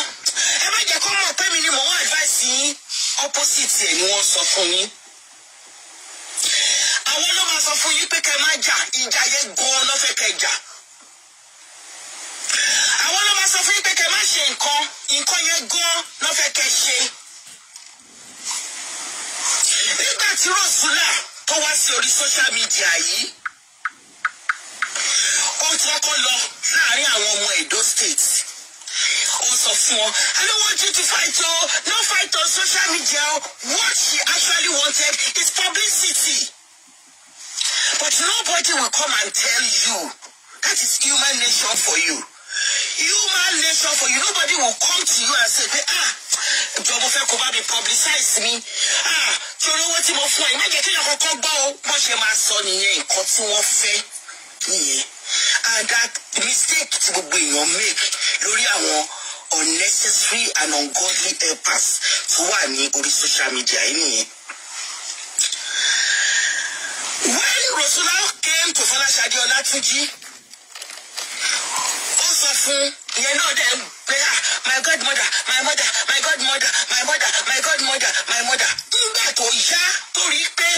ẹ má jẹ́ kó mọ̀ pé mi ni mò ń advice yín opposite ẹ̀ ni wọ́n sọ fún yín àwọn ló máa sọ fún yín pé kẹ́ má jà ìjà yẹn gan-an ló fẹ́ kẹ́ jà àwọn ló máa sọ fún yín pé kẹ́ má ṣe nǹkan nǹkan yẹn gan-an ló fẹ́ ṣe. tí Rosula tó wá sí orí social media yìí ó tọkọ lọ láàrin àwọn ọmọ Edo State ó sọ fún ọ I don't want you to fight o no fight on social media o what she actually wanted is publicity but nobody will come and tell you that is human nature for you human nature for you nobody will come to you and say ah jọ fẹ́ kó bá mi publicize mi tí ah, olówó tí mo fún ẹ má jẹ́ kéèyàn kọ́kọ́ gbọ́ o wọ́n ṣe máa sọ nìyẹn nǹkan tí wọ́n fẹ́ nìyẹn and that mistake tí gbogbo èèyàn make lórí àwọn unnecessary and ungodly helpers tó wà ní orí social media yìí nìyẹn. when Rosula came to Fọláṣadé Ọlátúnjí ó sọ fún ìyẹn náà dẹ̀ ń pé ah my godmother my mother my godmother my mother my godmother my mother nígbà tó yá tó rí pé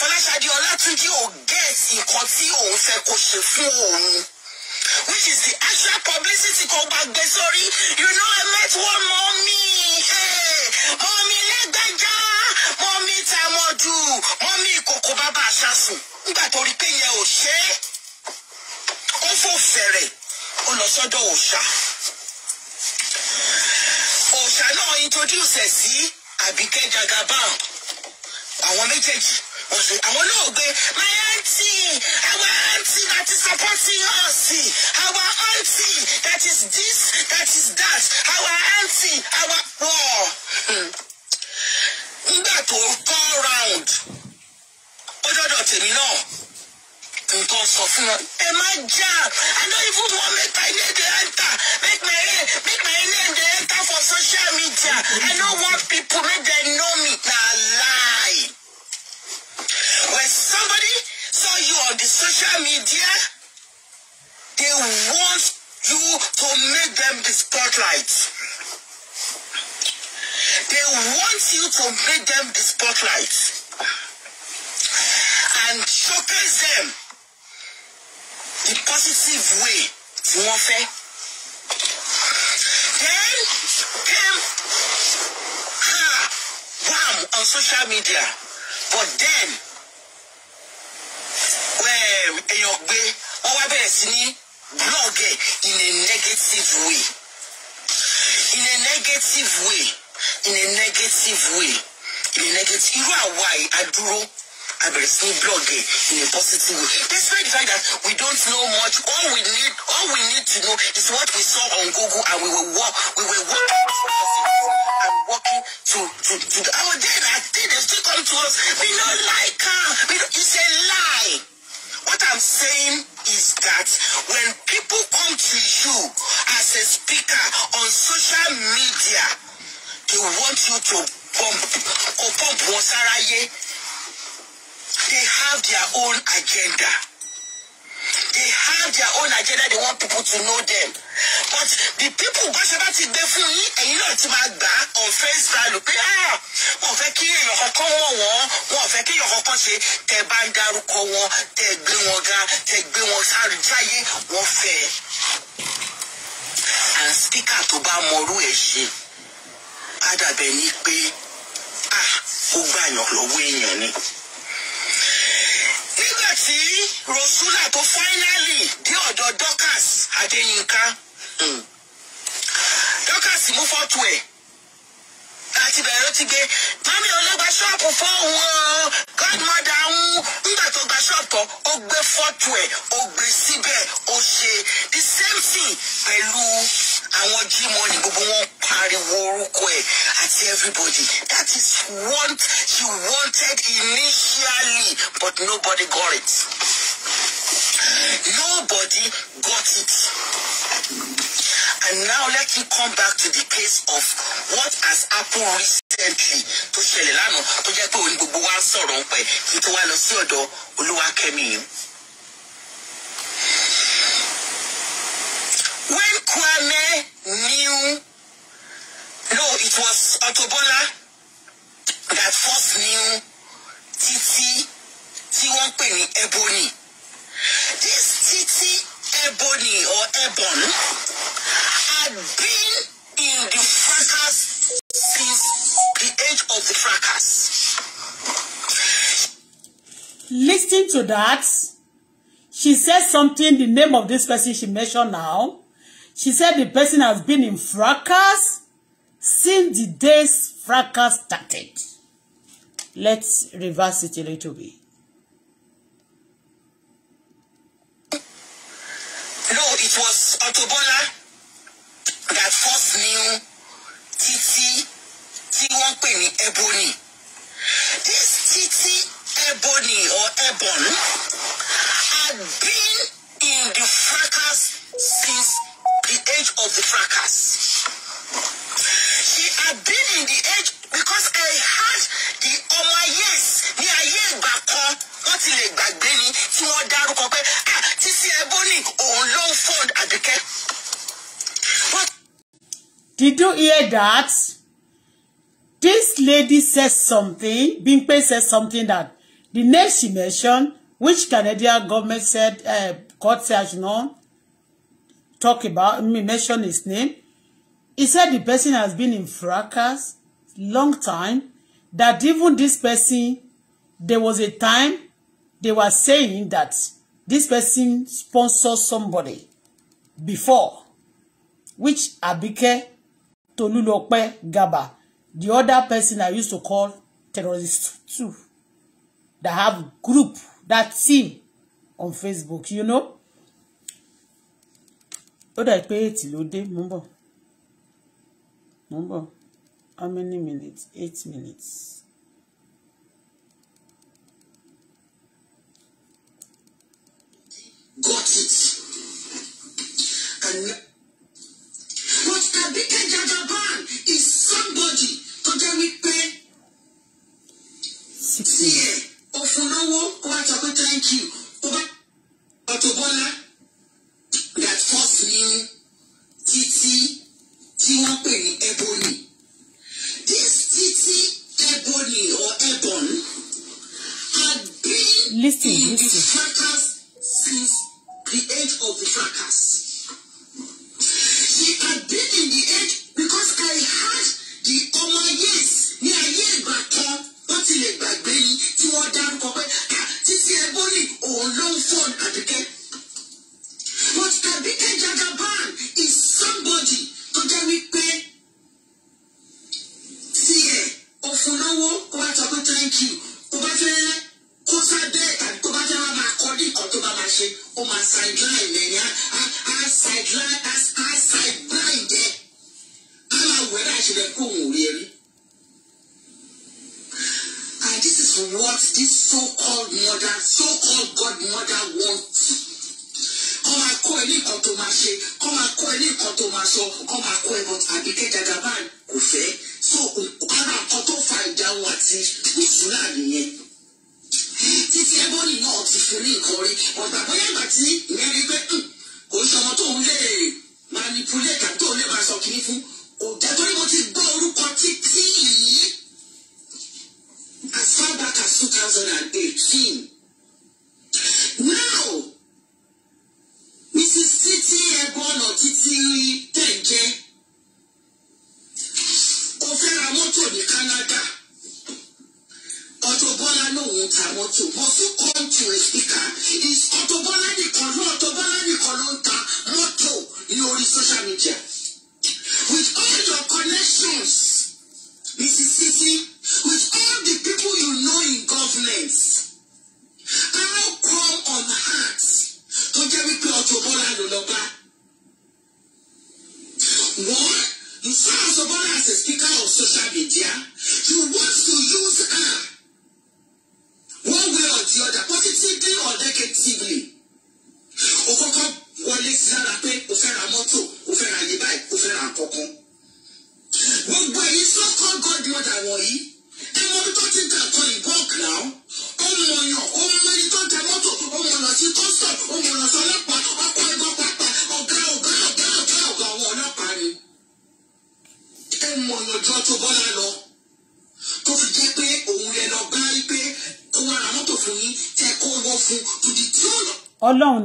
Fọláṣadé Ọlátúnjí ò gẹ̀ẹ́sì nǹkan tí òun fẹ́ kó ṣe fún òun which is the actual publicity kò gba gbé sórí you know I met one mommy hey, mommy lẹ́gbẹ̀já mommy tamọ́jú mommy ìkòkò bàbá aṣáṣùn nígbà tó rí pé yẹn ò ṣe é ó fò fẹ̀rẹ̀ ó lọ sọ́dọ̀ òòṣà òòṣà náà introduce ẹ̀ sí àbíkẹ́ jagaban àwọn méjèèjì wọ́n sì àwọn náà gbé my auntie, our auntie that is supporting us our auntie that is this that is that our auntie, our war hmm. nígbà tó kọ́ round ó dọ́dọ̀ tèmi náà nǹkan sọ fún wọn. ẹ má jà i no even want make my name dey enter make my make my name dey enter for social media i no want people make dem know me na lie. when somebody saw you on the social media they want you to make them the spotlight. They want you to make them the spotlight and showcase them the positive way tí wọ́n fẹ́. then came her ah, wham on social media but then um, èèyàn gbé wọ́n wá bẹ̀rẹ̀ sí ní blog ẹ̀ in a negative way in a negative way in a negative way in a negative irú àwa yìí a bẹ̀rẹ̀ sí in a positive way despite the fact that we don't know much all we need all we need to know is what we saw on Google and we were work we were working and working to to to the, our day na day dey still come to us we don't like am we no it's a lie what i'm saying is that when people come to you as a speaker on social media they want you to pump or pump wọn They have their own agenda. They have their own agenda. They want people to know them. But the people gbàsẹ́bá ti gbé fún and ẹ̀yin náà ti máa gbà on face value Ah, on fẹ́ kí èèyàn kankan wọ̀ wọ́n wọ́n fẹ́ kí èèyàn kankan ṣe tẹ́ bá ń dárúkọ wọn tẹ́ gbé wọn ga tẹ́ gbé wọn sáré jáyé wọ́n fẹ́ and speaker tó bá mọrú ẹ̀ ṣe á ah ní pé ó gbàyàn lọ́wọ́ èèyàn tí Rosula tó fáínálì dé ọ̀dọ̀ Dorcas Adéyínká hmm. Dorcas mú fọ́tò ẹ̀ àti bẹ̀rẹ̀ ló ti gbé mami olóògbà ṣọ́ọ̀pù fóun o godmother ń nígbà tó gba ṣọ́ọ̀pù ó gbé fọ́tò ẹ̀ ó gbé síbẹ̀ ó ṣe the same thing pẹ̀lú àwọn gmon gbogbo wọn pariwo orúkọ ẹ àti everybody that is what she wanted initially but nobody got it nobody got it and now let me come back to the case of what has happened recently tó ṣẹlẹ̀ lánàá tó jẹ́ pé òun gbogbo wa ń sọ̀rọ̀ ń pẹ́ kí tó wá lọ sí ọ̀dọ̀ Olúwakẹ́mi yìí. Kwame knew, no, it was Otobola that first knew Titi, tí wọ́n Ebony. This Titi Ebony or Ebon had been in the fracas since the age of the fracas. Listen to that. She said something, the name of this person she mentioned now. She said the person has been in fracas since the day's fracas started. Let's reverse it a little bit. No, it was Otobola that first knew Titi, tí wọ́n pè ní Ebony. This Titi Ebony or Ebon had been in the fracas since the age of the fracas. He had been in the age because I had the ọmọ yes ní ayé ìgbà kan wọ́n ti lè gbàgbé ni tí wọ́n dárúkọ pé ah Títí Ebony òun ló ń fund Àbíkẹ́. Did you hear that? This lady says something, Bimpe says something that the name she mentioned, which Canadian government said, uh, court said, you know, talk about me mention his name. He said the person has been in fracas long time. That even this person, there was a time they were saying that this person sponsored somebody before, which Abike Tolulope Gaba, the other person I used to call terrorist too, that have group, that team on Facebook, you know ó dà pé ètì ló dé mú bọ̀ mú bọ̀ how many minutes eight minutes. got it and what kabike jajaban is somebody tó jẹ́ wípé tí ẹ̀ ọ̀fun lówó ó bá sọ pé thank you ó bá Auto Bola. tí wọ́n pè ní ebony this titi ebony or ebon had been listen, in listen. the fracas since the age of the fracas.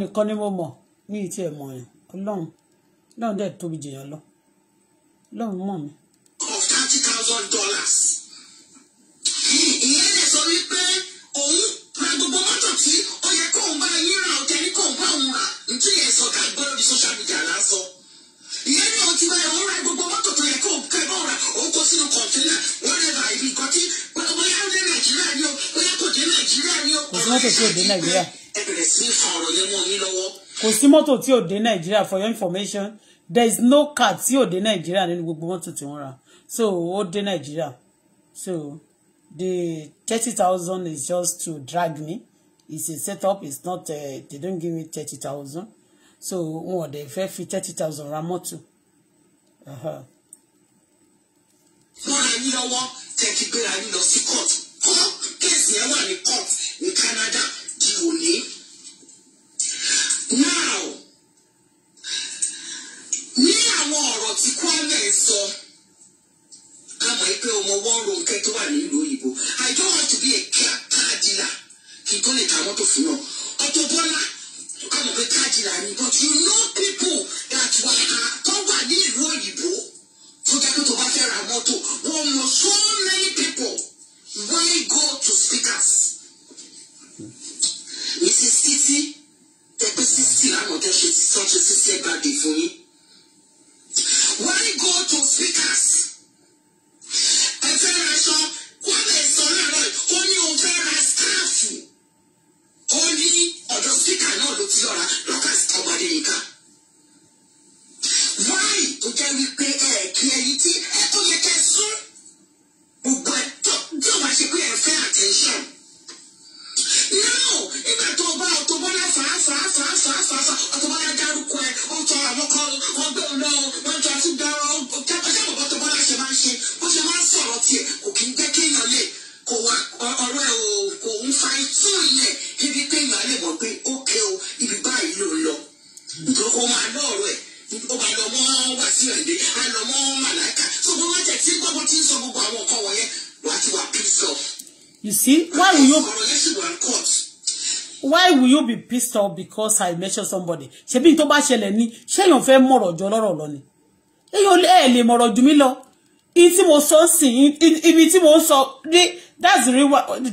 nìkan ni mo mọ̀ ní ìtì ẹ̀mọ́ yẹn ọlọ́run náà dẹ̀ tóbi jìyàn lọ ọlọ́run mọ̀ mi. of thirty thousand dollars ìyẹn lè sọ wípé òun ra gbogbo mọ́tò tí ó yẹ kóun bá yín ra ọ̀tẹ́ ní kóun bá òun rà nítorí yẹn social media lásán ìyẹn ní ọtí báyìí òun ra gbogbo mọ́tò tó yẹ kó kẹ́kọ̀ọ́ ra òun kó sínú kọ̀ǹtínà wọ́n rẹ̀ bá ibi ìkọ́tí bóyá ó dé nàìjíríà ni o kò sí mọ́tò tí ò dé nàìjíríà bẹ̀rẹ̀ sí fa ọ̀rọ̀ yẹn mọ́ mi lọ́wọ́. kò sí mọ́tò tí ò dé nàìjíríà for your information there is no car tí ò dé nàìjíríà nínú gbogbo mọ́tò tí wọ́n rà so ó dé nàìjíríà so the thirty thousand is just to drag me it's a set up it's not uh, they don't give me thirty thousand so wọn ò dẹ̀ fẹ́ fi thirty thousand ra mọ́tò. wọ́n ra yín lọ́wọ́ tẹ́ gbéra yín lọ sí court kọ́ kéèsì yẹn wà ní court ní Canada di òní now ní àwọn ọ̀rọ̀ tí Kwame ń sọ a mọ̀ pé ọmọ wọn ro nǹkan tó wà nílùú òyìnbó I don't want to be a car dealer kí n tó lè ta mọ́tò fún ọ Auto Bola a mọ̀ pé car dealer ni but you know people that wà á tó wà ní ìlú òyìnbó tó jẹ́ pé tó bá fẹ́ ra mọ́tò wọ́n mọ̀ so many people wey go to speakers Mrs. Titi tẹ́pẹ́ sixty lánàá tẹ́ ṣe sọ́ọ̀ṣẹ́ sixty birthday fún yín. why go to speakers? ẹ fẹ́ ra aṣọ Kwame sọ náà lọ́ọ̀ ó ní òun fẹ́ ra scarf. máa tú ilẹ̀ pé èèyàn lè mọ̀ pé ó kẹ́ o ibi báyìí ló ń lọ nǹkan kó máa lọ́ọ̀rọ̀ ẹ̀ ó bá lọ mọ́ wàsí ọ̀dẹ́ á lọ mọ́ màláìka tó bó wọ́n tí gbọ́dọ̀ ti ń sọ gbogbo àwọn nǹkan wọ̀nyẹn wà á ti wà pissed off. you see why will you why will you be pissed off because i mention somebody ṣebí tó bá ṣẹlẹ̀ ni ṣéyàn fẹ́ mọ̀rọ̀ jọ lọ́rọ̀ lọ ni èyàn ẹ lè mọ̀rọ̀ jù mí lọ ibi tí mo sọ sí ibi tí mo sọ that's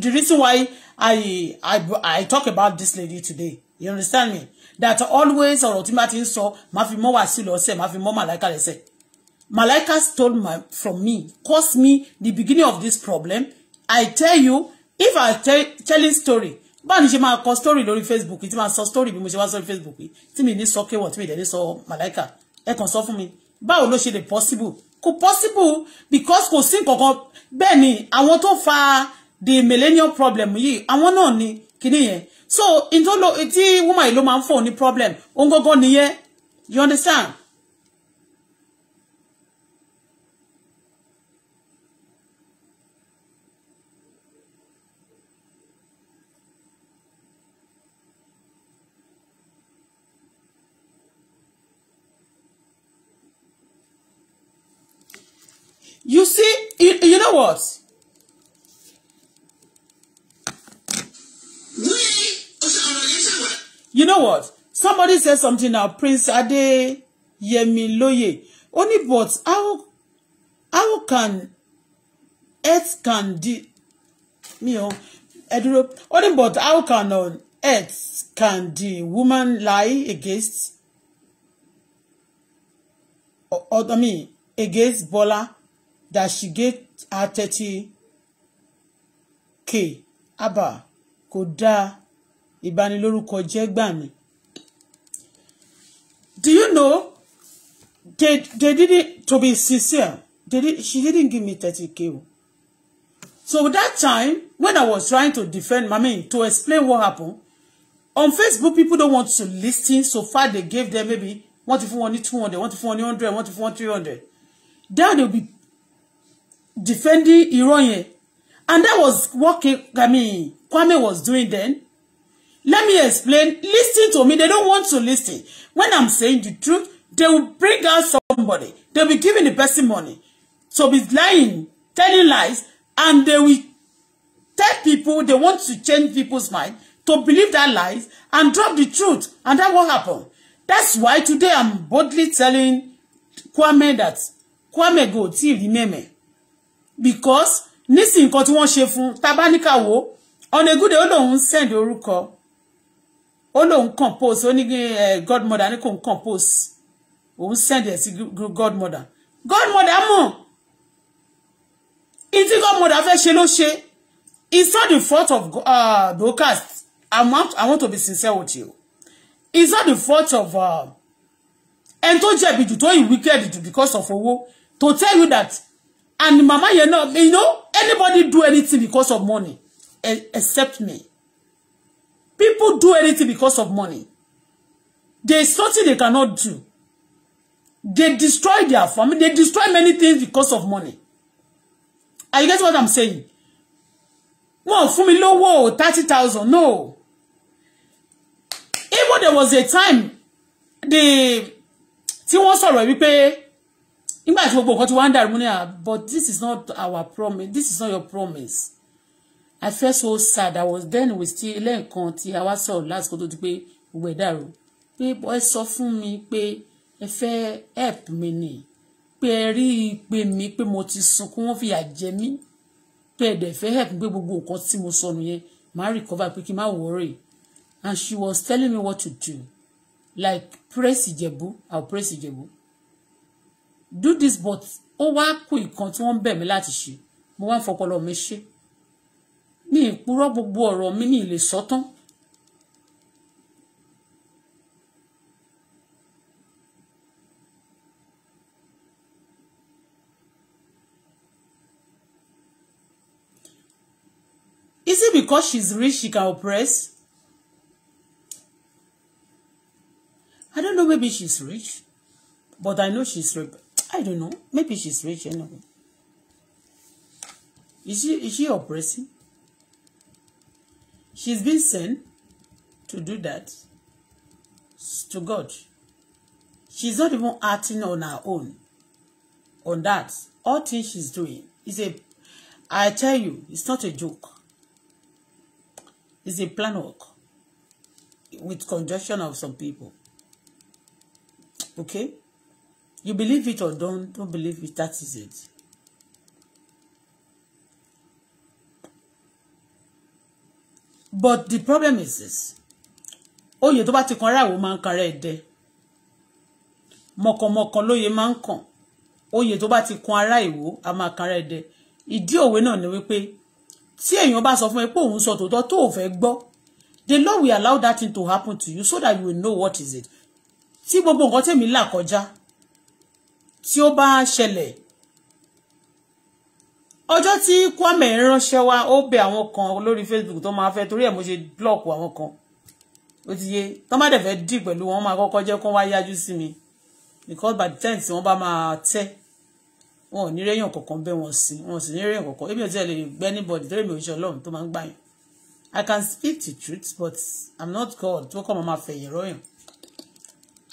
the reason why I, I, I talk about this lady today. You understand me? That always or tí máa ti ń sọ, máa fi mọ́ wá sí lọ́sẹ̀, máa fi mọ́ màláìka Malaika stole my, from me, caused me the beginning of this problem. I tell you, if I tell telling story, báwo ni ṣe máa story lórí Facebook tí máa sọ story bí mo ṣe wá sórí Facebook tí mi ní sọ kéwọ̀n tí mi dẹ̀ ní sọ Malaika ẹ kàn sọ fún mi báwo ló ṣe lè possible kò possible because kò sí nǹkan kan bẹ́ẹ̀ ni àwọn tó fa the millennial problem yìí àwọn náà ni kinní yẹn so ìtọ́lọ tí woman yìí ló máa ń fọ̀ ní problem òun gangan nìyẹn you understand. You see, you, you know what? You know what? Somebody said something now, Prince Adeyemi Loye. Only but how how can earth can de me on? only but how can on earth can the woman lie against or, or I mean against Bola that she get her thirty k abba kò dáa ìbanilórúkọ jẹ́ gbà mí. Do you know they they didn't to be sincere they did, she didn't give me thirty k o. So that time, when I was trying to defend, Mami to explain what happened, on Facebook, people don't want to listen. So far, they gave them maybe one to one, two hundred, one to one, hundred, one to one, three hundred. Then they'll be defending irọ́ yẹn. And that was what I mean, Kwame was doing then. Let me explain. Listen to me. They don't want to listen. When I'm saying the truth, they will bring out somebody. They'll be giving the person money. So be lying, telling lies, and they will tell people they want to change people's mind to believe that lies and drop the truth. And that what happened. That's why today I'm boldly telling Kwame that Kwame go till remember. Because nísìnyí nǹkan tí wọ́n ṣe fún tabaníkàwó ọ̀nẹ́gúdẹ ó lòun send orúkọ ó lòun compose o ní eh, godmother ní kò ń compose òun send ẹ̀ sí godmother godmother mo ìtí godmother fẹ́ ṣe ló ṣe it's not the fault of uh, broadcast I want, I want to be sincere with you it's not the fault of uh, ẹni tó jẹ̀bi jù tó wicked because of owo to tell you that and mama you know, you know anybody do anything because of money e, except me people do anything because of money there is something they cannot do they destroy their family they destroy many things because of money are you getting what i'm saying wọn fún mi lówó thirty thousand no even there was a time the tí wọ́n sọ̀rọ̀ pay nígbà tí gbogbo nǹkan ti wá ń dàrú ní à ah, but this is not our promise this is not your promise I felt so sad I was then we still lẹ́ẹ̀kan tí a wá sọ̀rọ̀ lásìkò tó ti pé gbogbo ẹ̀ dàrú pé ẹ sọ fún mi pé ẹ fẹ́ help me. ni pé ẹ rí i pé mi pé mo ti sunkún wọ́n fìyà jẹ mí pé ẹ dẹ̀ fẹ́ help mi pé gbogbo nǹkan tí mo sọnù yẹn màá recover pé kí n má worry and she was telling me what to do like praise Ijebu I will praise Ijebu do this but ó wá kù nǹkan tí wọ́n ń bẹ̀ mí láti ṣe mo wá ń fọpọlọ mi ṣe ní ìpúrọ́ gbogbo ọ̀rọ̀ mi ní ilé sọ́tán Is it because she's rich she can oppress? I don't know, maybe she's rich, but I know she's rebel. I don't know. Maybe she's rich anyway. Is she is she oppressing? She's been sent to do that to God. She's not even acting on her own. On that, all things she's doing is a I tell you, it's not a joke. It's a plan work with conjunction of some people. Okay? you believe it or don't don't believe it that is it. but the problem is this oyè tó bá ti kan ráàwó máa ń kan rẹ̀ dẹ mọ̀kànmọ̀kàn lóye máa ń kàn oyè tó bá ti kan ará ìwò a máa kan rẹ̀ dẹ ìdí òwe náà ni wípé tí èèyàn bá sọ fún mi pé òun sọ tòótọ́ tó ò fẹ́ gbọ́ the Lord will allow that thing to happen to you so that you will know what is it tí gbogbo nǹkan tèmi là kọjá tí ó bá ṣẹlẹ̀ ọjọ́ tí Kwame ránṣẹ́ wa ó bẹ àwọn kan lórí Facebook tó máa fẹ́ torí ẹ̀ mo ṣe blọọkù àwọn kan ó ti yé tán bá dẹ̀ fẹ́ dì pẹ̀lú wọn máa kọ́kọ́ jẹ́ kó wá yájú sí mi because by the time tí wọ́n bá máa tẹ́ wọn ò ní réyàn kankan bẹ́ wọn sí wọn sì ní réyàn kankan èmi ò tiẹ̀ lè gbẹ́ anybody torí mi ò ṣe ọlọ́run tó máa ń gbàyàn I can speak the truth but I'm not God tó kọ́ máa fẹ̀yẹ̀ rọ́yàn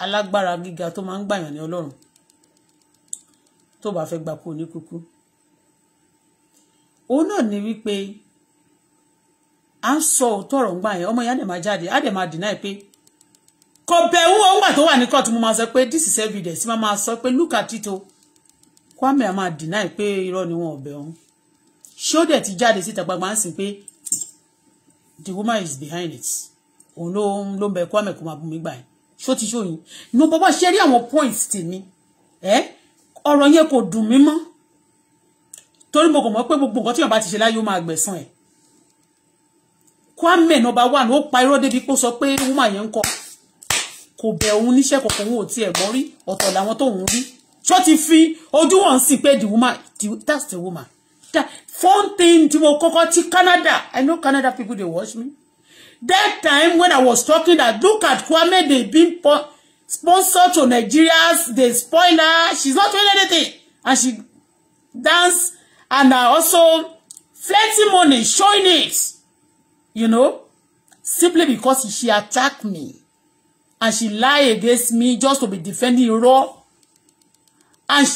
alágbára gíga tó máa ń gbàyàn ní ọlọ́run tó bá fẹ́ gbapò ní kúkú òun náà ní wípé à ń sọ òótọ́ ọ̀rọ̀ ń gbà yẹn ọmọ yẹn á dẹ̀ máa jáde á dẹ̀ máa deny pé kò bẹ̀ wúwo ńgbà tó wà ní kóòtù mo máa sọ pé this is evidence máa máa sọ pé look at it o Kwame a máa deny pé irọ́ ni wọn ò bẹ̀ òun ṣé ó dẹ̀ ti jáde síta gbangba ń sìn pé the woman is behind it òun ló ń ló ń bẹ Kwame kó máa bú mi gbà yẹn ṣó ti ṣóyin ní mo bọ́ ṣe rí àwọn points tèmi ẹ́ ọ̀rọ̀ yẹn kò dùn mí mọ́ torí mo kò mọ̀ pé gbogbo nǹkan tí yọ̀nba ti ṣe láyé ó máa gbẹ̀san ẹ̀ Kwame number one ó pa irọ́ débi pé ó sọ pé woman yẹn ń kọ kò bẹ̀ òun níṣẹ́ kankan òun ò tiẹ̀ mọ́ rí ọ̀tọ̀ làwọn tóun rí tó ti fi ojú wọn sí pé the woman the, that's the woman that phone thing tí mo kọ́kọ́ ti Canada I know Canada people dey watch me that time when I was talking that look at Kwame dey been point sponsor to Nigerians. the spoil She's not doing anything. And she dance and also flirting money, showing it. You know? Simply because she attacked me. And she lied against me just to be defending irọ́. And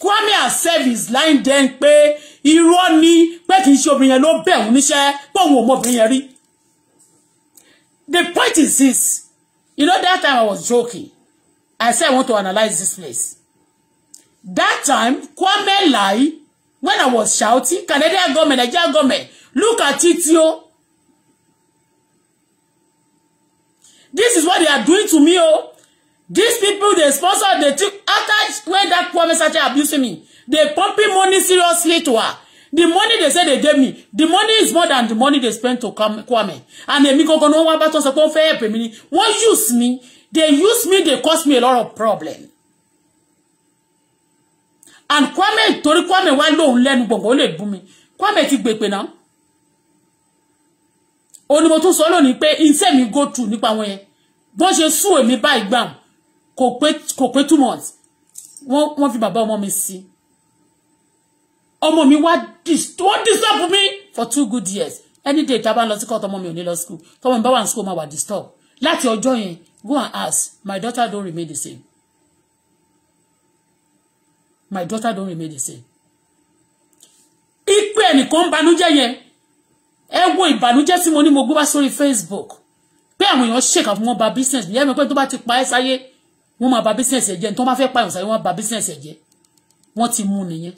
Kwame herself is lying then pay. irọ́ ni pé kì í ṣe obìnrin yẹn ló bẹ̀ òun níṣẹ́ pé òun ò The point is this. You know that time I was joking. I said I want to analyze this place. That time, Kwame lie when I was shouting, Canadian government, Nigerian government, look at it, yo. This is what they are doing to me, oh. These people, they sponsor, they took, after when that woman started abusing me, they pumping money seriously to her. The money they said they gave me, the money is more than the money they spent to Kwame. And they make no one bá tún sọ pé ó fẹ́ help mi ni. use me. They use me, they cause me a lot of problem. And Kwame, Tori, Kwame wá lóhun lẹ́nu gbọ̀ngàn ó lè bú mi. Kwame ti gbèpè pe Ó ní mo tún sọ lónìí pé iṣẹ́ mi go through nípa wọn yẹn. Bó ṣe sún èmi báyìí gbàm kò pé kò pé two months. Wọ́n fi bàbá ọmọ mi sí. Ọmọ mi wá wọ́n disturb me for two good years. Any day tá a bá lọ sí kọ́ọ̀tù ọmọ mi oni ní school. Tọ́mọ mi ba wa ní school máa wa disturb. Láti ọjọ́ yẹn Go and ask. My daughter don't remain the same. My daughter don't remain the same. Ipe ẹnìkan banújẹ́ yẹn. Ẹ wo ìbànújẹ́ tí mo ní mo gbọ́ wá sórí Facebook. Pé àwọn èèyàn shake up wọn ba business. Ye mo pé tó bá ti pa ẹ́ sáyé wọ́n máa ba business ẹ̀ jẹ́ tó máa fẹ́ pààyàn sáyé wọ́n ba business ẹ̀ jẹ́ wọ́n ti mú nìyẹn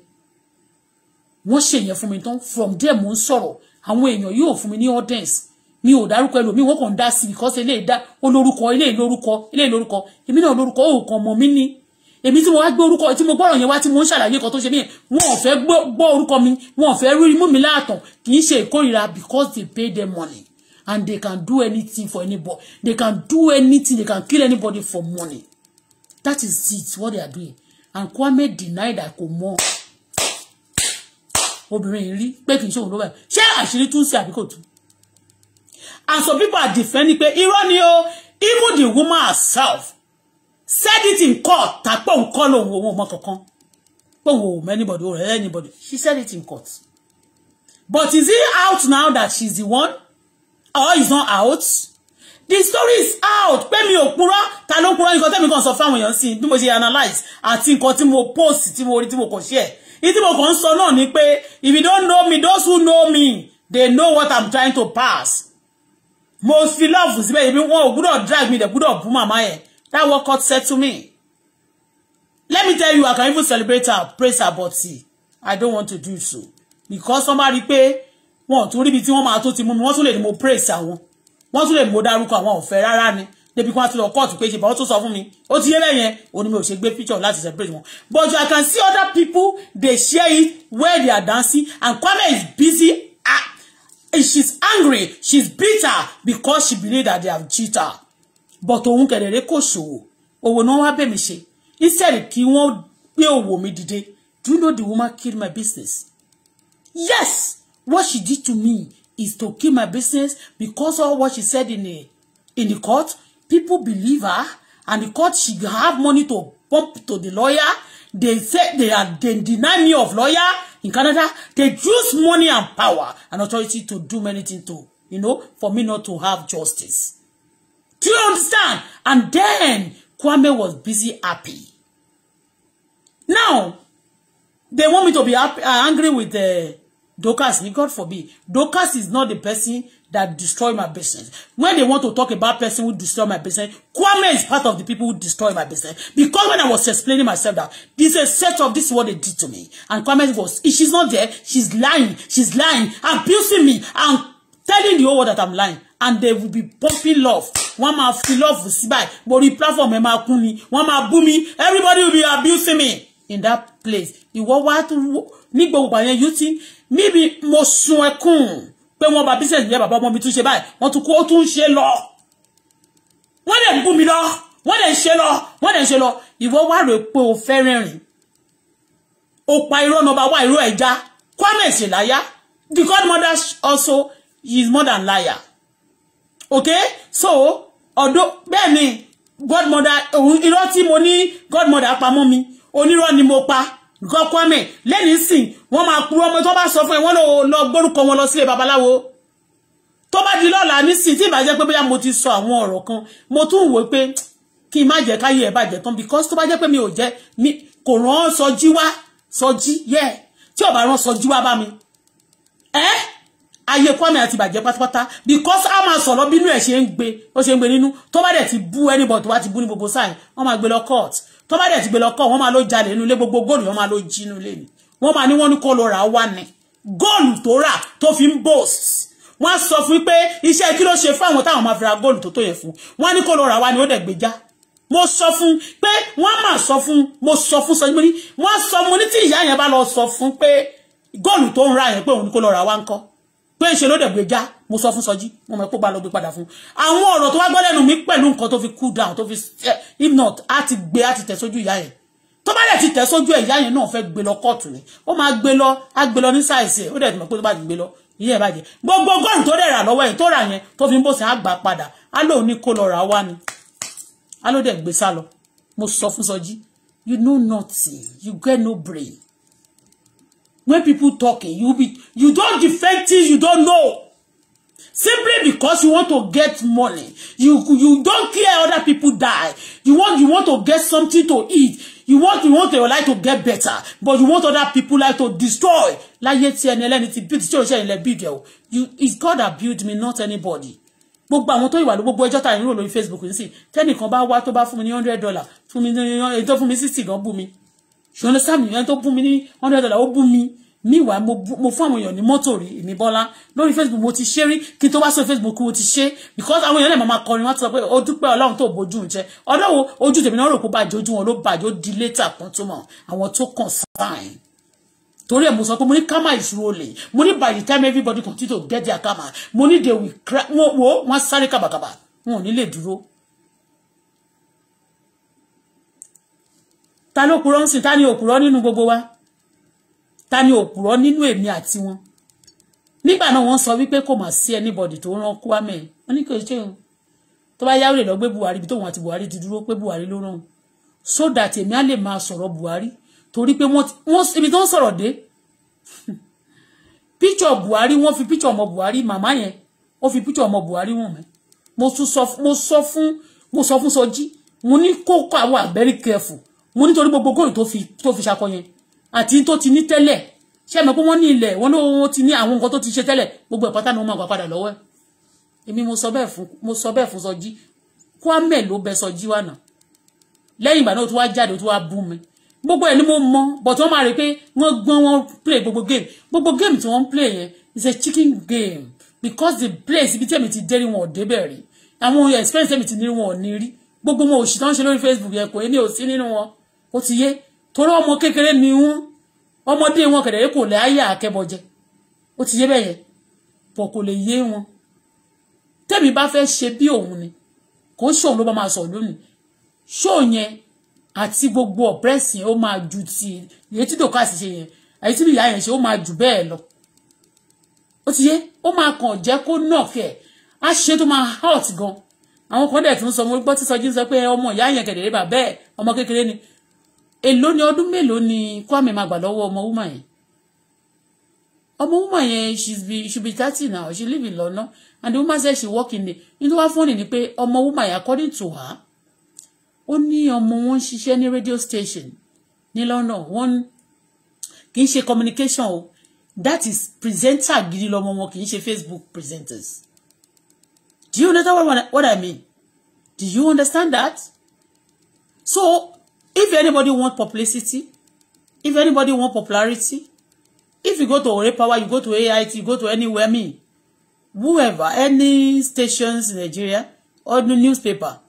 wọ́n ṣèyẹn fún mi tán from there mo ń sọ̀rọ̀ àwọn èèyàn yóò fún mi ní audience mi ò dárúkọ ẹlòmíì wọ́n kàn dá sí i because eléyìí dá olórúkọ eléyìí lórúkọ eléyìí lórúkọ èmi náà lórúkọ ò kàn mọ̀ mí ni èmi tí mo wá gbé orúkọ tí mo gbọ́rọ̀ yẹn wá tí mo ń ṣàlàyé kan tó ṣe mí wọn ò fẹ́ gbọ́ orúkọ mi wọn ò fẹ́ rí imú mi láàtàn kì í ṣe ìkórìíra because they pay them money and they can do anything for anybody they can do anything they can kill anybody for money that is it what they are doing and Kwame deny that kò mọ̀ obìnrin rí pé kì í ṣe òun ló wà ṣé àṣírí tún ṣe àbíkò tún and some people are defending pé irọ́ ni o even the woman herself said it in court tàpọ̀ nǹkan lòun òun ọmọ kankan òun ò anybody or anybody she said it in court but is it out now that she's the one or is not out the story is out pé mi ò purọ́ ta ló purọ́ nǹkan tẹ́mi kan sọ fáwọn èèyàn sí bí mo ṣe analyse àti nǹkan tí mo post tí mo rí tí mo kàn share ní tí mo kàn ń sọ ni pé if you don't know me those who know me they know what i'm trying to pass Most fi lọ́ọ̀fù síbẹ̀ yìí bí wọ́n ò gbúdọ̀ drag me dẹ̀ gbúdọ̀ bú màmá yẹn that what God said to me let me tell you I can even celebrate her praise her but see, I don't want to do so because somebody máa rí i pé wọn ò tún ríbi tí wọ́n máa tó ti mú mi wọ́n tún lè mo praise àwọn wọ́n tún lè mú mo dárúkọ àwọn ọ̀fẹ́ rárá ni débi kan àti lọ kóòtù pé ṣe bá wọ́n tó sọ fún mi ó ti yé bẹ́yẹn ó ní mi ò ṣe gbé picture láti celebrate wọn but I can see other people they share it where they are dancing and Kwame is busy at she's angry she's bitter because she believe that they have cheated her but òun kẹ̀rẹ̀rẹ̀ kò ṣòwò òwò náà wá bẹ̀mí ṣe instead kí wọ́n gbé òwò mi dìde do you know the woman kill my business yes what she did to me is to kill my business because of what she said in the in the court people believe her and the court she have money to pump to the lawyer They say they are they deny me of lawyer in Canada. They use money and power and authority to do many things to, you know, for me not to have justice. Do you understand? And then Kwame was busy happy. Now, they want me to be happy, uh, angry with the uh, Dokas, God forbid. Dokas is not the person that destroy my business. When they want to talk about person who destroy my business, Kwame is part of the people who destroy my business. Because when I was explaining myself that this is a set of this is what they did to me. And Kwame was, if she's not there, she's lying, she's lying, abusing me, and telling the whole world that I'm lying. And they will be pumping love. one man feel love sí báyìí. But the platform ẹ máa kún ni. Wọ́n Everybody will be abusing me in that place ìwọ wá ní gbogbo àyẹn you think maybe mo sun ẹkún pé wọ́n ba business ìyá bàbá ọmọ mi tún ṣe báyìí wọ́n tún kó ó tún ṣe lọ wọ́n lè gún mi lọ wọ́n lè ṣe lọ wọ́n lè ṣe lọ ìwọ wá rò pé o fẹ́ rẹ́rìn o pa irọ́ nọba wá irọ́ ẹja Kwame is a liar the godmother also is more than liar okay so although bẹ́ẹ̀ godmother irọ́ tí mo ní godmother pamọ́ mi onírọ́ ni mo pa gọ́kọ́mẹ̀ lẹ́yìn sìn wọ́n máa kú ọmọ tó bá sọ fún ẹ wọ́n lọ gbórúkọ wọn lọ sílé babaláwo tó bá di lọ́la nísìn tí ìbàjẹ́ pé bóyá mo ti sọ àwọn ọ̀rọ̀ kan mo tún wò pé kí n má jẹ́ káyé ẹ̀ bàjẹ́ tán because tó bá jẹ́ pé mi ò jẹ́ mi kò rán sọjí wá sọjí yẹ tí ò bá rán sọjí wá bá mi ẹ́ ayé Kwame àti ìbàjẹ́ pátápátá because a máa sọ̀rọ̀ bínú ẹ̀ ṣe ń gbé ó ṣe ń gbé nínú tó bá dẹ̀ ti bú anybody tó bá ti bú ní gbogbo sáì wọ́n máa gbé lọ court tó bá dẹ̀ ti gbé lọ́kọ̀ wọ́n máa ló jalè nulẹ̀ gbogbo góòlù wọ́n máa ló jí nulẹ̀ ni wọ́n máa ní wọ́n ní kó lọ rà wá ni góòlù tó rà tó fi ń boast wọ́n á sọ fún pé iṣẹ́ kí ló ṣe fáwọn táwọn máa fi ra góòlù tó tó yẹ fún wọ́n á ní kó lọ rà wá ni ó dẹ̀ gbé já mo sọ fún pé wọ́n máa sọ fún mo sọ fún sọjú ní wọ́n sọ mo ní tí ìyá yẹn bá lọ sọ fún pé góòlù tó ń ra yẹn pé òun kó lọ rà wá ńkọ́ pé ń ṣe ló dẹ̀ gbèjà mo sọ fún sọjí mo mọ̀ pé ó bá lọ gbé padà fún àwọn ọ̀rọ̀ tó wá gbọ́ lẹ́nu mi pẹ̀lú nǹkan tó fi cool down tó fi eh, if not á ti gbé á ti tẹ̀ sójú ìyá yẹn tó bá dẹ̀ ti tẹ̀ sójú ìyá yẹn náà fẹ́ gbé lọ kóòtù rẹ̀ ó máa gbé lọ á gbé lọ ní sáìsì ẹ̀ ó dẹ̀ mọ̀ pé tó bá ti gbé lọ ìyá ẹ̀ bàjẹ́ gbogbo gọ́ọ̀nù tó dẹ̀ rà lọ́wọ́ ẹ̀ tó rà yẹn tó fi ń bòsìn á gbà padà á ni á ló dẹ̀ gbé sá lọ mo you know nothing you get no brain when people talking eh, you be you don defend things you don know simply because you want to get money you you don care other people die you want you want to get something to eat you want you want your life to get better but you want other people life to destroy láyé tí ẹni ẹlẹ́ni ti build tí òṣèlú ilẹ̀ build ẹ̀ o you it's God that build me not anybody gbogbo àwọn tó ìwà ló gbogbo ẹjọ́ tà ń rò lórí Facebook nísìnyí tẹ́nìkan bá wá tó bá fún mi ní hundred dollar fún mi ní tó fún mi sixty gan bú mi you understand me ẹni tó bú mi ní hundred dollar ó bú mi míwà mo fún àwọn èèyàn ní mọ́tò rí èmi Bọ́lá lórí Facebook mo ti ṣe rí kí n tó wá sórí Facebook mo ti ṣe because àwọn èèyàn náà máa kọrin wá ti sọ pé ó dúpẹ́ Ọlọ́run tó bójú jẹ ọlọ́wọ́ ojú tèmi náà rò pé bàjẹ́ ojú wọn ló bàjẹ́ ó di létà kan tó mọ̀ àwọn tó kàn sáàyìn torí ẹ̀ mo sọ pé mo ní karma is rolling mo ní by the time everybody continue to get their karma mo ní they will cry wọ́n sáré kàbàkàbà wọn ò ní lè dúró ta ló purọ́ ń sìn ta ni òpùrọ́ nínú gbogbo wa ta ni òpùrọ́ nínú èmi àti wọn nígbà náà wọ́n sọ wípé kò mà sí anybody tó rán Kwame wọ́n ní kò ṣe o tó bá yáwó lè lọ gbé Buhari ibi tóun àti Buhari ti dúró pé Buhari ló rán so that èmi á lè máa sọ̀rọ̀ Buhari torí pé wọ́n ibi tó ń sọ̀rọ̀ dé <laughs> píchọ̀ Buhari wọ́n fi píchọ̀ ọmọ Buhari màmá yẹn ó fi píchọ̀ ọmọ Buhari wọ̀n mẹ́ mo sọ fún mo sọ fún Sọjí mo ní kókó àwọn àgbẹ̀rí kẹfù mo nítorí gbogbo góòlù tó fi tó fi ṣakọ yẹn àti tó ti ní tẹ́lẹ̀ ṣé mọ̀ pé wọ́n ní ilẹ̀ wọ́n ló wọ́n ti ní àwọn nǹkan tó ti ṣe tẹ́lẹ̀ gbogbo ẹ̀ pátá ni wọ́n máa gbà padà lọ́wọ́ ẹ̀ èmi mo sọ bẹ́ẹ̀ fún mo sọ bẹ́ẹ̀ fún Sọjí Kwame ló bẹ Sọjí wà náà lẹ́yìn ìgbà náà tó wá jáde tó wá mi gbogbo ẹ̀ ni mo mọ but wọ́n máa rí pé wọ́n gbọ́n wọ́n play gbogbo game gbogbo game tí wọ́n play yẹn is a chicken game because the place ibi tẹ̀mí ti dérí wọn ò débẹ̀ rí experience tẹ̀mí ti ní wọn ò ní rí gbogbo wọn òṣì tán ṣe lórí Facebook yẹn kò ní òsí nínú wọn ó ti yé torí ọmọ kékeré ni ń ọmọdé wọn kẹ̀dẹ̀ kò lè ayé àkẹ́bọ̀jẹ ó ti yé bẹ́yẹn pọ̀ kò lè yé wọn tẹ́mi bá fẹ́ ṣe bí òun ni kò ń ṣòun ló bá máa sọ lónìí ṣóò yẹn àti gbogbo ọ̀pẹ́sìn ó máa ju ti èyí tí dòkà sì ṣe yẹn èyí tí ìyá yẹn ṣe ó máa jù bẹ́ẹ̀ lọ ó ti yé ó máa kàn jẹ́ kó nà kẹ̀ á ṣe tó máa hot gan àwọn kan dẹ̀ tún sọ mo gbọ́ tí sọjí ń sọ pé ọmọ ìyá yẹn kẹ̀dẹ̀ bàbá ẹ̀ ọmọ kékeré ni èló ni ọdún mélòó ni Kwame máa gbà lọ́wọ́ ọmọ wúmà yẹn ọmọ woman yẹn she's be she be thirty now she live in London and the woman say she work in the nítorí wá fún ni ni pé ọmọ woman yẹn according to her ó ní ọmọ wọn ń ṣiṣẹ́ ní radio station ní London wọn kì í ṣe communication o that is presenter gidi lọmọ wọn kì í ṣe Facebook presenters do you understand what I mean do you understand that so If anybody want publicity, if anybody want popularity, if you go to Ore Power, you go to AIT, you go to anywhere, me, whoever, any stations in Nigeria, or the newspaper,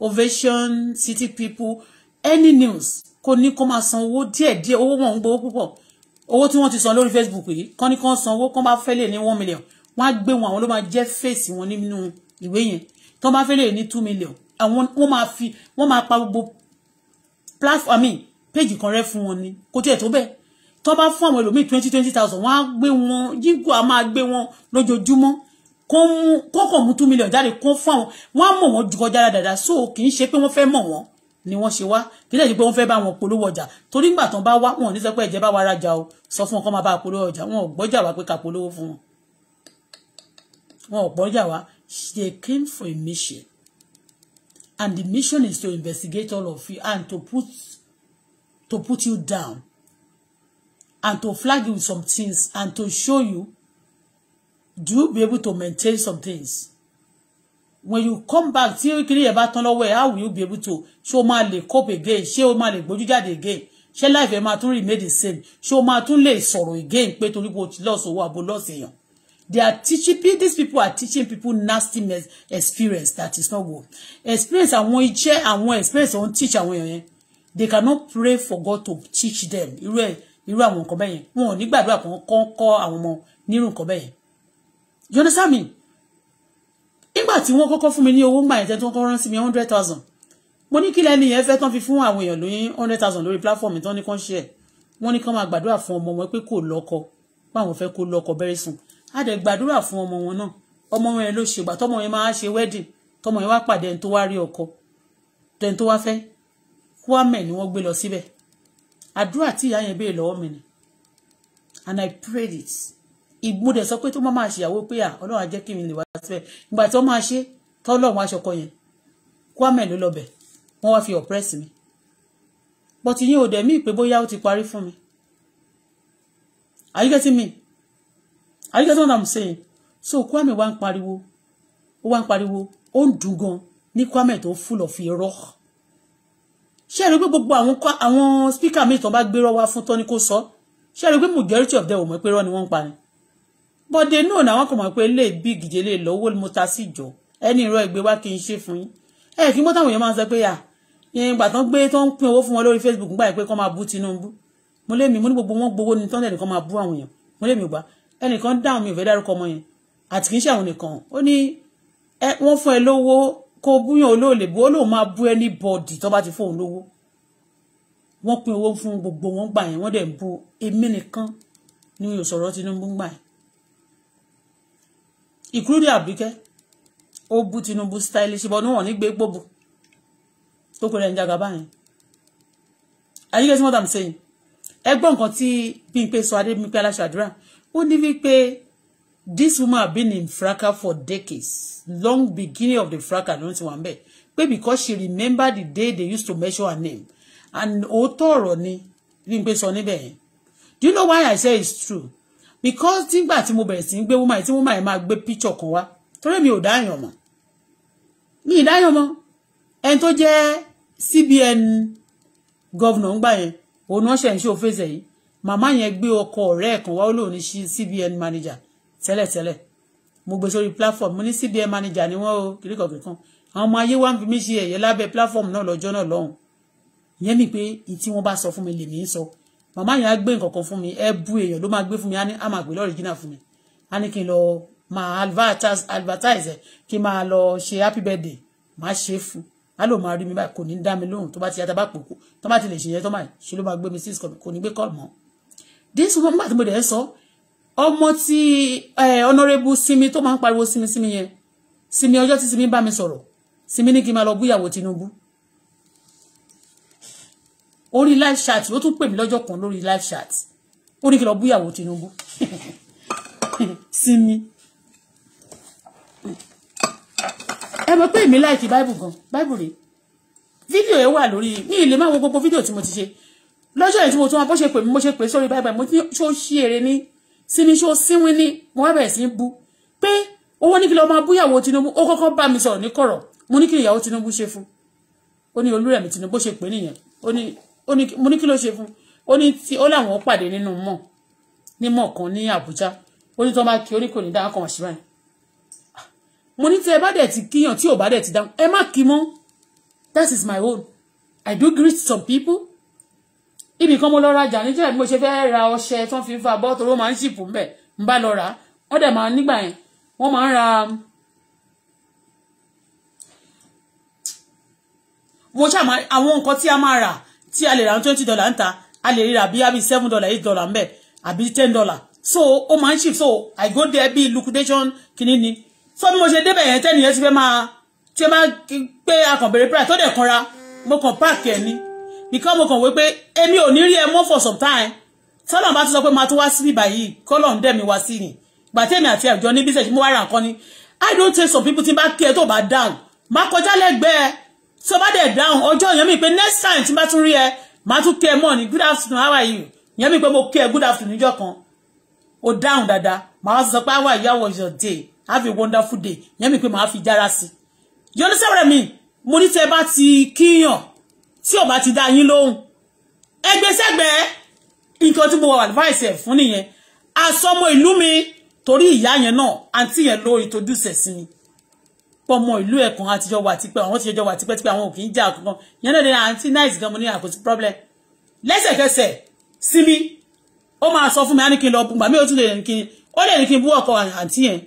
Ovation, City People, any news, kò ní kó máa san owó díẹ̀díẹ̀ owó wọn ń gbowó púpọ̀ ti san lórí Facebook yìí kán ní kán san owó kán bá fẹ́ million wọ́n á gbé wọn àwọn ló máa jẹ́ fèsì wọn nínú ìwé yẹn tán bá fẹ́ lè million àwọn wọ́n máa fi wọ́n máa pa gbogbo platform mi page kan rẹ fún wọn ni kò tiẹ̀ tó To tó bá fún àwọn ẹlòmíì twenty twenty thousand wọ́n á gbé wọn a á máa gbé wọn lójoojúmọ́ kó mú kó kàn mú two million jáde kó fún àwọn wọ́n á mọ̀ wọ́n ju kọjá dáadáa so kì í ṣe pé wọ́n fẹ́ mọ̀ wọ́n ni wọ́n ṣe wá kì í ṣe pé wọ́n fẹ́ bá wọn polówó ọjà torí ńgbà tán bá wá wọn ò ní sọ pé ẹ̀jẹ̀ bá wa rajà o sọ fún wọn kó máa bá polówó ọjà wọn ò gbọ́jà wá pé ká polówó fún wọn wọn ò gbọ́jà wá they came for a mission and the mission is to investigate all of you and to put to put you down and to flag you with some things and to show you do you be able to maintain some things when you come back tí kiri yẹn bá tán lọ́wọ́ ẹ̀ how will you be able to ṣé o máa lè cope again ṣé o máa lè gbójú jáde again ṣé life ẹ̀ máa tún remain the same ṣé o máa tún lè sọ̀rọ̀ again pé torí pé o ti lọ́ọ̀sọ̀ owó àbò yàn They are teaching people, these people are teaching people nasty experience that is not good. Experience I want àwọn iṣẹ́, want experience on teach àwọn èèyàn They cannot pray for God to teach them. You know irú àwọn nǹkan bẹ́yẹn. Wọn ò ní gbàdúrà kan kọ́ kọ́ àwọn ọmọ You understand me? Nígbà tí wọ́n kọ́kọ́ fún mi ní owó gbà yẹn tẹ́ tí wọ́n hundred thousand. Mo ní kí lẹ́ni yẹn fẹ́ tán fi fún àwọn èèyàn lóyún hundred thousand lórí platform tán ní kán ṣe ẹ̀. Wọ́n ní kán máa gbàdúrà fún ọmọ wọn pé kò lọ́kọ. Báwọn fẹ́ kó lọ́kọ very soon a dẹ̀ gbàdúrà fún ọmọ wọn náà ọmọ wọn yẹn ló ṣègbà tọmọ yẹn máa ṣe wedding tọmọ yẹn wá pàdé ẹni tó wá rí ọkọ ẹni tó wá fẹ́ Kwame ni wọ́n gbé lọ síbẹ̀ àdúrà tí ìyá yẹn béè lọ́wọ́ mi ni and I prayed it ìgbó dẹ̀ sọ pé tó má máa ṣèyàwó pé à ọlọ́run á jẹ́ kí mi lè wá síbẹ̀ ìgbà tí wọ́n máa ṣe tọ́lọ́run aṣọkọ yẹn Kwame ló lọ bẹ̀ wọ́n wá fi oppress mi but ìyẹn ò dẹ̀ mí pé bóyá ó ti parí fún mi are you getting me Are you getting what I'm saying? So Kwame wá ń pariwo, ó wá ń pariwo, ó ń dùn gan ní Kwame tó full of irọ́. Ṣé ẹ rí pé gbogbo àwọn àwọn speaker mi tó bá gbérọ́ wá fún tọ́ni kò sọ? Ṣé ẹ rí pé majority of them ò mọ̀ pé irọ́ ni wọ́n ń pa ni? But they know náà wọ́n kò mọ̀ pé lè bí ìgìjẹ́ lè lọ́wọ́ mo ta sí ìjọ. Ẹni irọ́ ìgbé wá kí n ṣe fún yín. Ẹ kí mọ́tàwọn èèyàn máa ń sọ pé à ìyẹn ìgbà tán gbé tán ń pín owó fún wọn lórí Facebook gbà pé kán máa bú Tinubu. Mo lé mi mo ní gbogbo wọn gbowó ni tán lẹ́nu kán máa bú àwọn èèyàn. Mo lé mi gbà ẹnìkan dáhùn mi ìfẹ́ dárúkọ ọmọ yẹn àti kì ṣe àwọn nìkan ó ní wọ́n fún ẹ lówó kó búyàn olóòlè bó lóun máa bú anybody tó bá ti fóun lówó wọ́n pín owó fún gbogbo wọn gbà yẹn wọ́n dẹ̀ ń bu èmi nìkan ni mi sọ̀rọ̀ Tinubu gbà yẹn including Àbíkẹ́ ó bú Tinubu stylish bọ́ níwọ̀n nígbè gbòbò tó kọ́ rẹ̀ ń jaga báyìí are you getting what I'm saying ẹ gbọ́ nǹkan tí Bímpé sọ Adébímpé aláṣọ àdúrà ó ní wípé this woman have been in Fraka for decades long beginning of the fracas ló ti wà ń bẹ̀ pé because she remember the day they used to measure her name and òótọ́ ọ̀rọ̀ ni Bímpé sọ níbẹ̀ yẹn do you know why I say it's true because nígbà tí mo bẹ̀rẹ̀ sí ń gbé woman tí woman yẹn máa gbé picture kan wá torí mi ò dáyàn mọ́ mi ì dáyàn mọ́ ẹni tó jẹ́ CBN governor ń gbà yẹn òun náà ṣe ń ṣe òfèsè yìí màmá yẹn gbé ọkọ ọ̀rẹ́ ẹ̀ kan wá ó ní CBN manager tẹ́lẹ̀tẹ́lẹ̀ mo gbé sórí platform mo ní CBN manager ni wọ́n o kìrìkọ̀ kìrìkan àwọn ọmọ ayé wa ń fi mí ṣe ẹ̀yẹ lábẹ́ platform náà lọ́jọ́ náà lọ́hùn ìyẹn mi pé tí wọ́n bá sọ fún mi lèmi ń sọ màmá yẹn á gbé nǹkan kan fún mi ẹ bú èèyàn ló máa gbé fún mi á máa gbé lọ́rìjìnà fún mi á ní kí n lọ máa advertise kí n máa lọ ṣe happy birthday máa ṣe é fún á lò máa rí mi báyìí kò ní dá mi lóhùn tó bá ti yá tá bá pò tó bá ti lè ṣe yẹn tó máa ṣe ló máa gbé mi sí ìsìkọ̀ kò ní gbé kọ́ọ̀lù this woman nígbà tí mo dẹ̀ sọ ọmọ tí honourable Simi tó máa ń pariwo Simi Simi yẹn Simi ọjọ́ tí Simi bá mi sọ̀rọ̀ Simi ní kí n máa lọ búyàwó Tinubu orí live chat ó tún pè mí lọ́jọ́ kan lórí live chat ó ní kí n lọ búyàwó Tinubu <laughs> Simi ẹ mọ̀ pé èmi láìkí báìbù gan báìbù rèé fídíò yẹn wà lórí mi ì lè má wo gbogbo fídíò tí mo ti ṣe lọ́jọ́ yìí tí mo tún wọn bó ṣe pè mí mo ṣe pè sórí báyìí mo ti ṣó ṣí eré ní sinmi ṣó sínwín ní mo wá bẹ̀rẹ̀ sí í bú pé owó ní kí lọ́ọ́ máa búyàwó Tinubu ó kọ́kọ́ bá mi sọ̀rọ̀ ní kọ̀rọ̀ mo ní kí ìyàwó Tinubu ṣe fún ó ní Olúrẹ̀mí Tinubu ṣe pè nìyẹn ó ní mo ní kí ló ṣe fún ó ní tí ó láwọn pàdé nínú mọ̀ ní mọ̀ kan ní Àbújá ó ní tó máa kí orí kò ní dáhùn kan wà síbáyìí mo ní tí ẹ bá dẹ̀ ti kíyàn tí ò bá dẹ̀ ti dáhùn ẹ má kí mọ́ that is my own I do greet some people ibì kan mo lọ rajà níjọ́ bí mo ṣe fẹ́ ra ọṣẹ tí wọ́n fi ń fa bọ́ torí wọ́n máa ń ṣìpù ń bẹ̀ ń bá lọ rà á wọ́n dẹ̀ máa nígbà yẹn wọ́n máa ń ra mo ṣàmà àwọn nǹkan tí a máa rà tí a lè ra twenty dollar ń ta a lè rà bí àbí seven dollar eight dollar ń bẹ̀ àbí ten dollar so ó máa ń ṣì so I go there bí liquidation kìíní ni so bí mo ṣe débẹ̀ yẹn tẹ́niyẹn ti fẹ́ máa ti fẹ́ máa pé akànbèrè price tó dẹ̀ kanra mo kàn páàkì ẹ̀ ni because mo kàn wí pé èmi ò ní rí ẹ mọ́ for some time tọ́lọ̀ bá ti sọ pé máa tún wá sí ibà yìí kọ́lọ̀ ń dẹ̀ mi wá sí ni gbàtẹ́mi àti àjọ ní bíṣẹ̀ mo wá ra nǹkan ni I don't tell some people tí bá kí to tó bá down má kọjá lẹ́gbẹ̀ẹ́ tó bá dẹ̀ down ọjọ́ yẹn mi pé next time tí bá tún rí ẹ máa tún kí ẹ good afternoon how are you yẹn mi pé mo kí good afternoon níjọ́ kan o down Dada. màá wá sọ pé how are you was your day have a wonderful day yẹn mi pé màá fi jára sí you understand what I mean mo ní tẹ bá ti kíyàn tí ò bá ti dá yín lóhùn ẹgbẹ́ sẹ́gbẹ́ nǹkan tí mo advice ẹ̀ fún nìyẹn asọmọ ìlú mi torí ìyá yẹn náà àǹtí yẹn ló introduce sí mi pọmọ ìlú ẹ̀kan àtijọ́ wà tipẹ́ àwọn tíjọ́ wà tipẹ́ tipẹ́ àwọn ò kì í jà kankan yẹn náà ní àǹtí nice gan mo ní àkóso problem lẹ́sẹ̀kẹsẹ̀ síbi ó máa sọ fún mi á ní kí n lọ bùgbà mí ó tún lè ní kí n ó lè ní kí n bú ọkọ àǹtí yẹn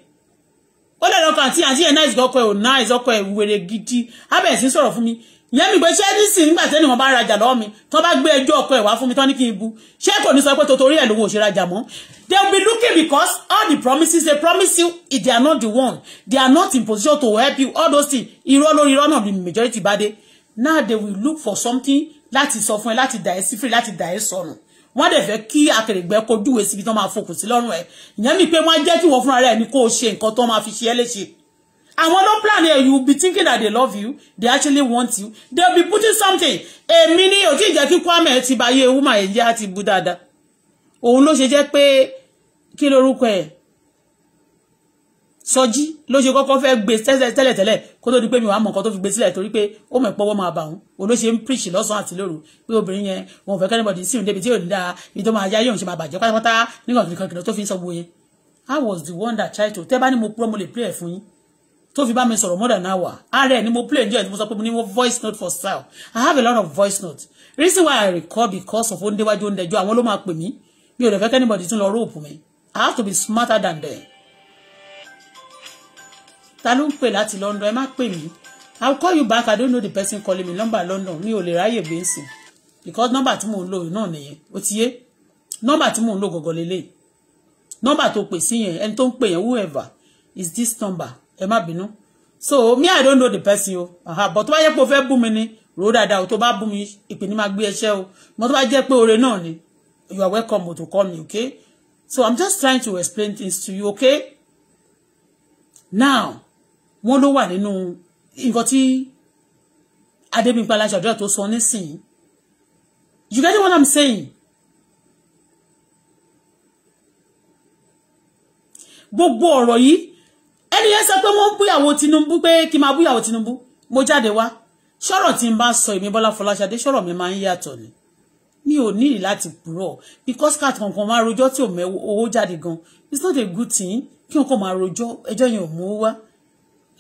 ó lè lọkọ àǹtí àǹtí yẹn nice gan ọkọ ẹ̀ ò nice ọkọ ẹ̀ wèrè gidi abẹ́ẹ̀ sí sọ̀rọ̀ fún mi yẹmi pé ṣé nísìn nígbà tẹ́ni wọn bá rajà lọ́wọ́ mi tó bá gbé ẹjọ́ ọkọ ẹ̀ wá fún mi tán ní kí n bu ṣé kò ní sọ pé torí ẹ̀ lówó òṣèrajà mọ́ they will be looking because all the promises they promise you if they are not the one they are not in position to help you all those things irọ́ lórí irọ́ náà the majority bá dé now they will look for something láti sọ fún ẹ láti dà ẹ́ sífìrí láti dà ẹ́ sọnù wọ́n dẹ̀ fẹ́ kí akèrègbè kojúwe síbi tán máa fokùn sí lọ́rùn ẹ̀ ìyẹn mi pé wọ́n á jẹ́ kí wọ́n fúnra rẹ̀ ní kó o ṣe nǹkan tó máa fi ṣe ẹ́ léṣe And when ló plan ẹ you'll be thinking that they love you they actually want you They'll be putting something èmi that you come here to buy a woman ẹ̀ jẹ́ àti bu dáadáa òun ló ṣe jẹ́ pé kí lorúkọ ẹ̀ sọjí ló ṣe kọ́kọ́ fẹ́ gbé tẹ́lẹ̀tẹ́lẹ̀ kó tó di pé mi wàá mọ̀ nǹkan tó fi gbé sílẹ̀ torí pé ó mọ̀ ìpọ́wọ́ máa bà wọ́n òun ló ṣe ń preach lọ́sàn-án àti lóru pé obìnrin yẹn wọn ò fẹ́ kẹ́nìbọ̀dì sí òun débi tí ò ní dáa ibi tó máa yá yóò ṣe máa bàjẹ́ pátápátá nígbà kìnnìkan kìnnìkan tó fi ń sọ gbòye I was the one that tried to tẹ́ bá ní mo purọ́ mo lè play ẹ̀ fún To fi bá mi sọ̀rọ̀ more than an hour Are ẹ̀ ni mo play ǹjẹ́ mo sọ pé mo ní mo voice note for sale i have a lot of voice note reason why i record because of ondewaju ondejo àwọn ló máa pè mí mi ò lè fẹ́ kẹ́ anybody tún lọ rope me. i have to be smarter than them ta ló ń pè láti London ẹ má pè mí i call you back i don't know the person calling me number London mi ò lè ráyè gbé nsìn because number tí mò ń lò náà nìyẹn ó number tí mò ń lò gọ̀gọ̀ number tó pè sí yẹn ẹni tó ń pè whoever is this number ẹ má bínú so me i don't know the person o aha but why you yẹ pé o fẹ́ bú mi ni rò dáadáa o tó bá bú mi ìpè ní máa gbé ẹṣẹ́ o mo tó bá jẹ́ pé oore náà ni you are welcome to call me okay so i'm just trying to explain things to you okay now wọ́n ló wà nínú nǹkan tí adébímpé aláṣàdúrà tó sọ nísìnyí you get what i'm saying gbogbo ọ̀rọ̀ yìí ẹni yẹn sọ pé wọ́n búyàwó Tinubu pé kí n máa búyàwó Tinubu mo jáde wá sọ̀rọ̀ tí n bá sọ èmi Bọ́lá Fọláṣadé sọ̀rọ̀ mi máa ń yàtọ̀ ni mi ò nílì láti purọ́ because cat kankan máa rojọ́ tí ò mẹ́wọ́ owó jáde gan it's not a good thing kí n kò máa rojọ́ ẹjọ́ yẹn ò mú wá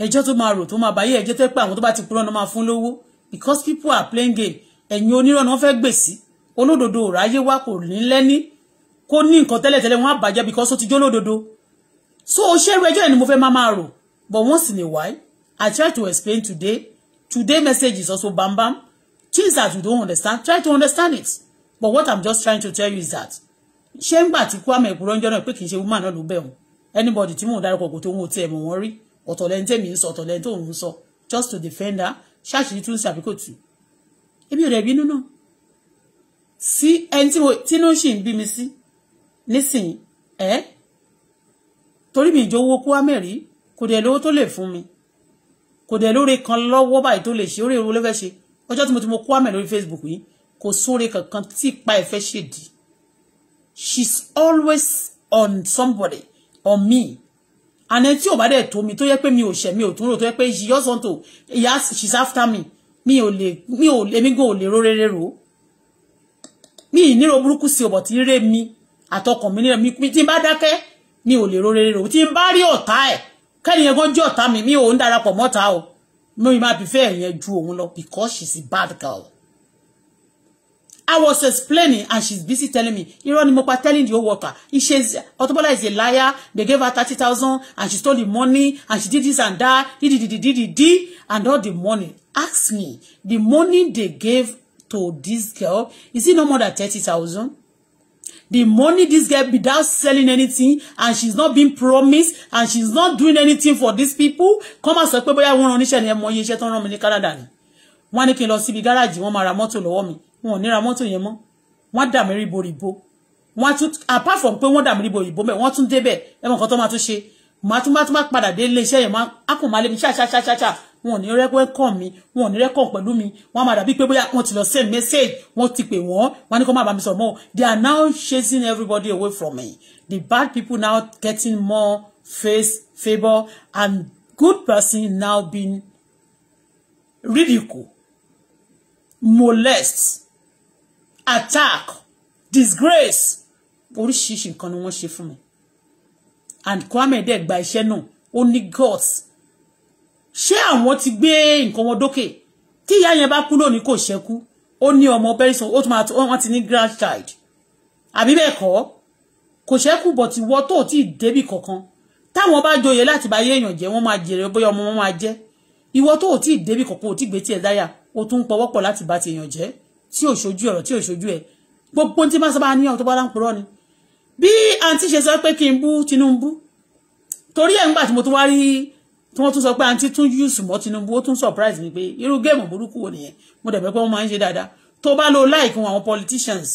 ẹjọ́ tó máa rò tó máa báyé ẹjọ́ tó pé àwọn tó bá ti purọ́ náà máa fún lówó because people are playing game ẹ̀yin onírọ̀ náà fẹ́ gbèsè olódodo ò ráyé wá kò ní lẹ́ni kó ní nǹkan tẹ́lẹ̀tẹ́lẹ̀ wọn á because ó ti jó lódodo so share with you mo fẹ́ máa but once in a while I try to explain today today message is also bam bam things that you don't understand try to understand it but what I'm just trying to tell you is that shame, ń gbà tí Kwame ìkúrọ́ ń jọ́ náà woman náà ló bẹ̀ anybody tí mò ń dárúkọ kò to ń wo tiẹ̀ mọ̀ wọ́n rí ọ̀tọ̀ lẹ́ni tèmi ń sọ ọ̀tọ̀ lẹ́ni tó ń just to defend her ṣáàṣì tún ṣàbí kò tù ebi rẹ̀ bínú náà sí ẹni tí inú ṣì ń bí mi sí nísìnyí eh? torí mi ìjọwọ́ kú amẹ́rí kò dẹ̀ lówó tó lè fún mi kò dẹ̀ lóore kan lọ́wọ́ báyìí tó lè ṣe orí ìrù ló ṣe ọjọ́ tí mo ti mo kú amẹ́ lórí Facebook yìí kò sóore kankan tí ipa ẹ̀ fẹ́ ṣèdí she's always on somebody on me and ẹni tí ò bá dẹ̀ tó mi tó yẹ pé mi ò ṣẹ̀ mi ò tún rò tó yẹ pé she just want to she's after me mi ò lè mi ò lè mi gan ò lè ró rere rò ó mi ìnírò burúkú sí ọ̀bọ̀ tí ré mi àtọkàn mi nílẹ̀ mi tí n bá dákẹ́ mi ò lè ro rere ro tí n bá rí ọ̀tá ẹ̀ kẹ́niyẹn gan jẹ́ ọ̀tá mi mi ò ń darapọ̀ mọ́ta o mi máa bí fẹ́ yẹn ju òun lọ because she's a bad girl. I was explaining and she's busy telling me, irọ́ ni mo pa telling the whole worker. She's, says Otobola is a liar. They gave her 30,000 and she stole the money and she did this and that, did, did, did, did, did, did, and all the money. Ask me, the money they gave to this girl, is it no more than 30,000? the money this girl be without selling anything and she's not being promised and she's not doing anything for these people kọ́ máa sọ pé bóyá wọ́n ran ni ẹ mọ iye iṣẹ́ tó ń mi ní Canada ni wọ́n á ní kí n lọ síbi gáràjì wọ́n ra mọ́tò lọ́wọ́ mi wọn ò ra mọ́tò yẹn mọ́ wọ́n á dà mí ríboríbo wọ́n á apart from pé wọ́n dà mí ríboríbo bẹ́ẹ̀ wọ́n tún débẹ̀ ẹ mọ̀ nǹkan tó máa tún ṣe màá tún bá tún bá padà dé ilé iṣẹ́ yẹn máa á kò máa lé mi ṣáṣáṣáṣá wọn ò ní rẹ́kọ̀ọ́ kọ̀ mi wọn ò ní rẹ́kọ̀ọ́ pẹ̀lú mi wọn máa dàbí pé bóyá wọn ti lọ send message wọn ti pè wọ́n wọn ní kó má bàa mi sọ̀rọ̀ mọ́ they are now chasing everybody away from me the bad people now getting more face favour and good person now being ridiculed molest attack disgrace oríṣiríṣi nǹkan ni wọ́n ṣe fún mi and Kwame dẹ̀ gba iṣẹ́ náà ó ní gods ṣé àwọn ti gbé nǹkan wọn dókè tí ìyá yẹn bá kú lónìí kò ṣẹ́kú ó ní ọmọ bẹ́ẹ̀sán ó tún máa ti ní grandchild àbí bẹ́ẹ̀ kọ́ kò ṣẹ́kù bọ̀ tí wọ́n tó tí ì débì kankan táwọn bá joyè láti bá yé èèyàn jẹ́ wọ́n máa jèrè bóyá ọmọ wọn máa jẹ́ ìwọ tó tí ì débì kankan ò tí ì gbé tí ẹ dáyà o tún ń pọwọ́ láti bá ti èèyàn jẹ́ tí ò ṣojú ọ̀rọ̀ tí ò ṣojú ẹ̀ gbogbo tí máa sábà ní ọ̀tọ́ bá láǹpọ̀rọ̀ ni bí àǹtí ṣe sọ pé kí n bú Tinubu torí ẹ̀ ńgbà tí mo tún wá rí tí wọ́n tún sọ pé àǹtí tún yùsù mọ́ Tinubu ó tún surprise mi pé irú géèmù burúkú wo nìyẹn mo dẹ̀ mẹ́pẹ́ wọ́n máa ń ṣe dáadáa tó bá lo like wọn àwọn politicians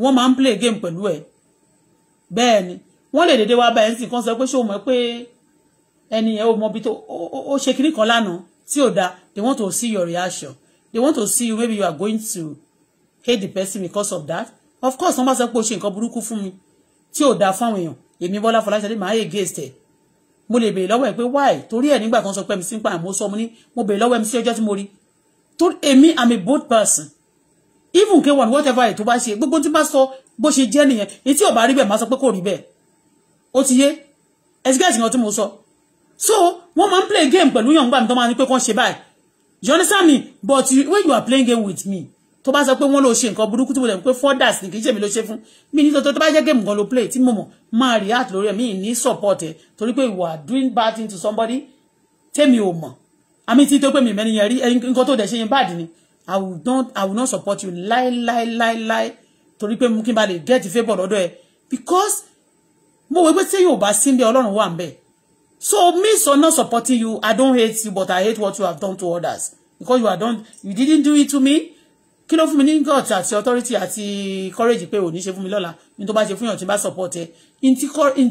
wọ́n máa ń play game pẹ̀lú ẹ̀ bẹ́ẹ̀ ni wọ́n lè dédé wá bá ẹ̀ ń sìn kan sọ pé ṣé o mọ̀ pé ẹni yẹn o mọ bí tó o ṣe kinní kan lánàá tí ò da they want to see your reaction they want to see you maybe you are going to hate the person because of that of course wọ́n bá sọ pé o ṣe nǹkan burúkú fún mi tí ò da fáwọn èèyàn èmi Bọ́lá Fọláṣadé máa yẹ against ẹ̀ mo lè béèrè lọ́wọ́ ẹ̀ why torí ẹ̀ nígbà kan sọ pé mi sí ń pa àmọ́ sọ mo ní mo béèrè lọ́wọ́ mi sí ọjọ́ tí mo rí tó èmi i'm a both person even k one, whatever ẹ̀ tó bá ṣe gbogbo tí so. sọ bó ṣe jẹ́ nìyẹn etí ò bá rí bẹ́ẹ̀ máa sọ pé kò rí bẹ́ẹ̀ ó ti yé ẹ̀sìgẹ́sì kan tí mo sọ so wọ́n máa play game pẹ̀lú yàn gbà mí tó máa ní pé kán ṣe báyìí you understand me but when you are playing game with me tó bá sọ pé wọ́n ló ṣe nǹkan burúkú tí mo lè pé fọ́dàs ní kìí ṣe mi ló ṣe fún mi ní tòótọ́ tó bá jẹ́ géèmù kan ló play tí mo mọ̀ máa react lórí ẹ̀ mi ní support ẹ̀ torí pé you are doing bad thing to somebody tèmi ò mọ̀ àmì tí to pé mi mẹ́ni yẹn rí nǹkan tó dẹ̀ ṣe yẹn bad ni I will not I will not support you láéláéláéláé torí pé mú kí n bá lè get favour lọ́dọ̀ ẹ̀ because mo wẹ́ pé tí yóò bá sí bí ọlọ́run wà ń bẹ̀ so me so not supporting you I don't hate you but I hate what you have done to others because you are done you didn't do it to me kí ló fún mi ní god àti authority àti courage pé ò ní ṣe fún mi lọ́la ní tó bá ṣe fún yàn tí bá support ẹ n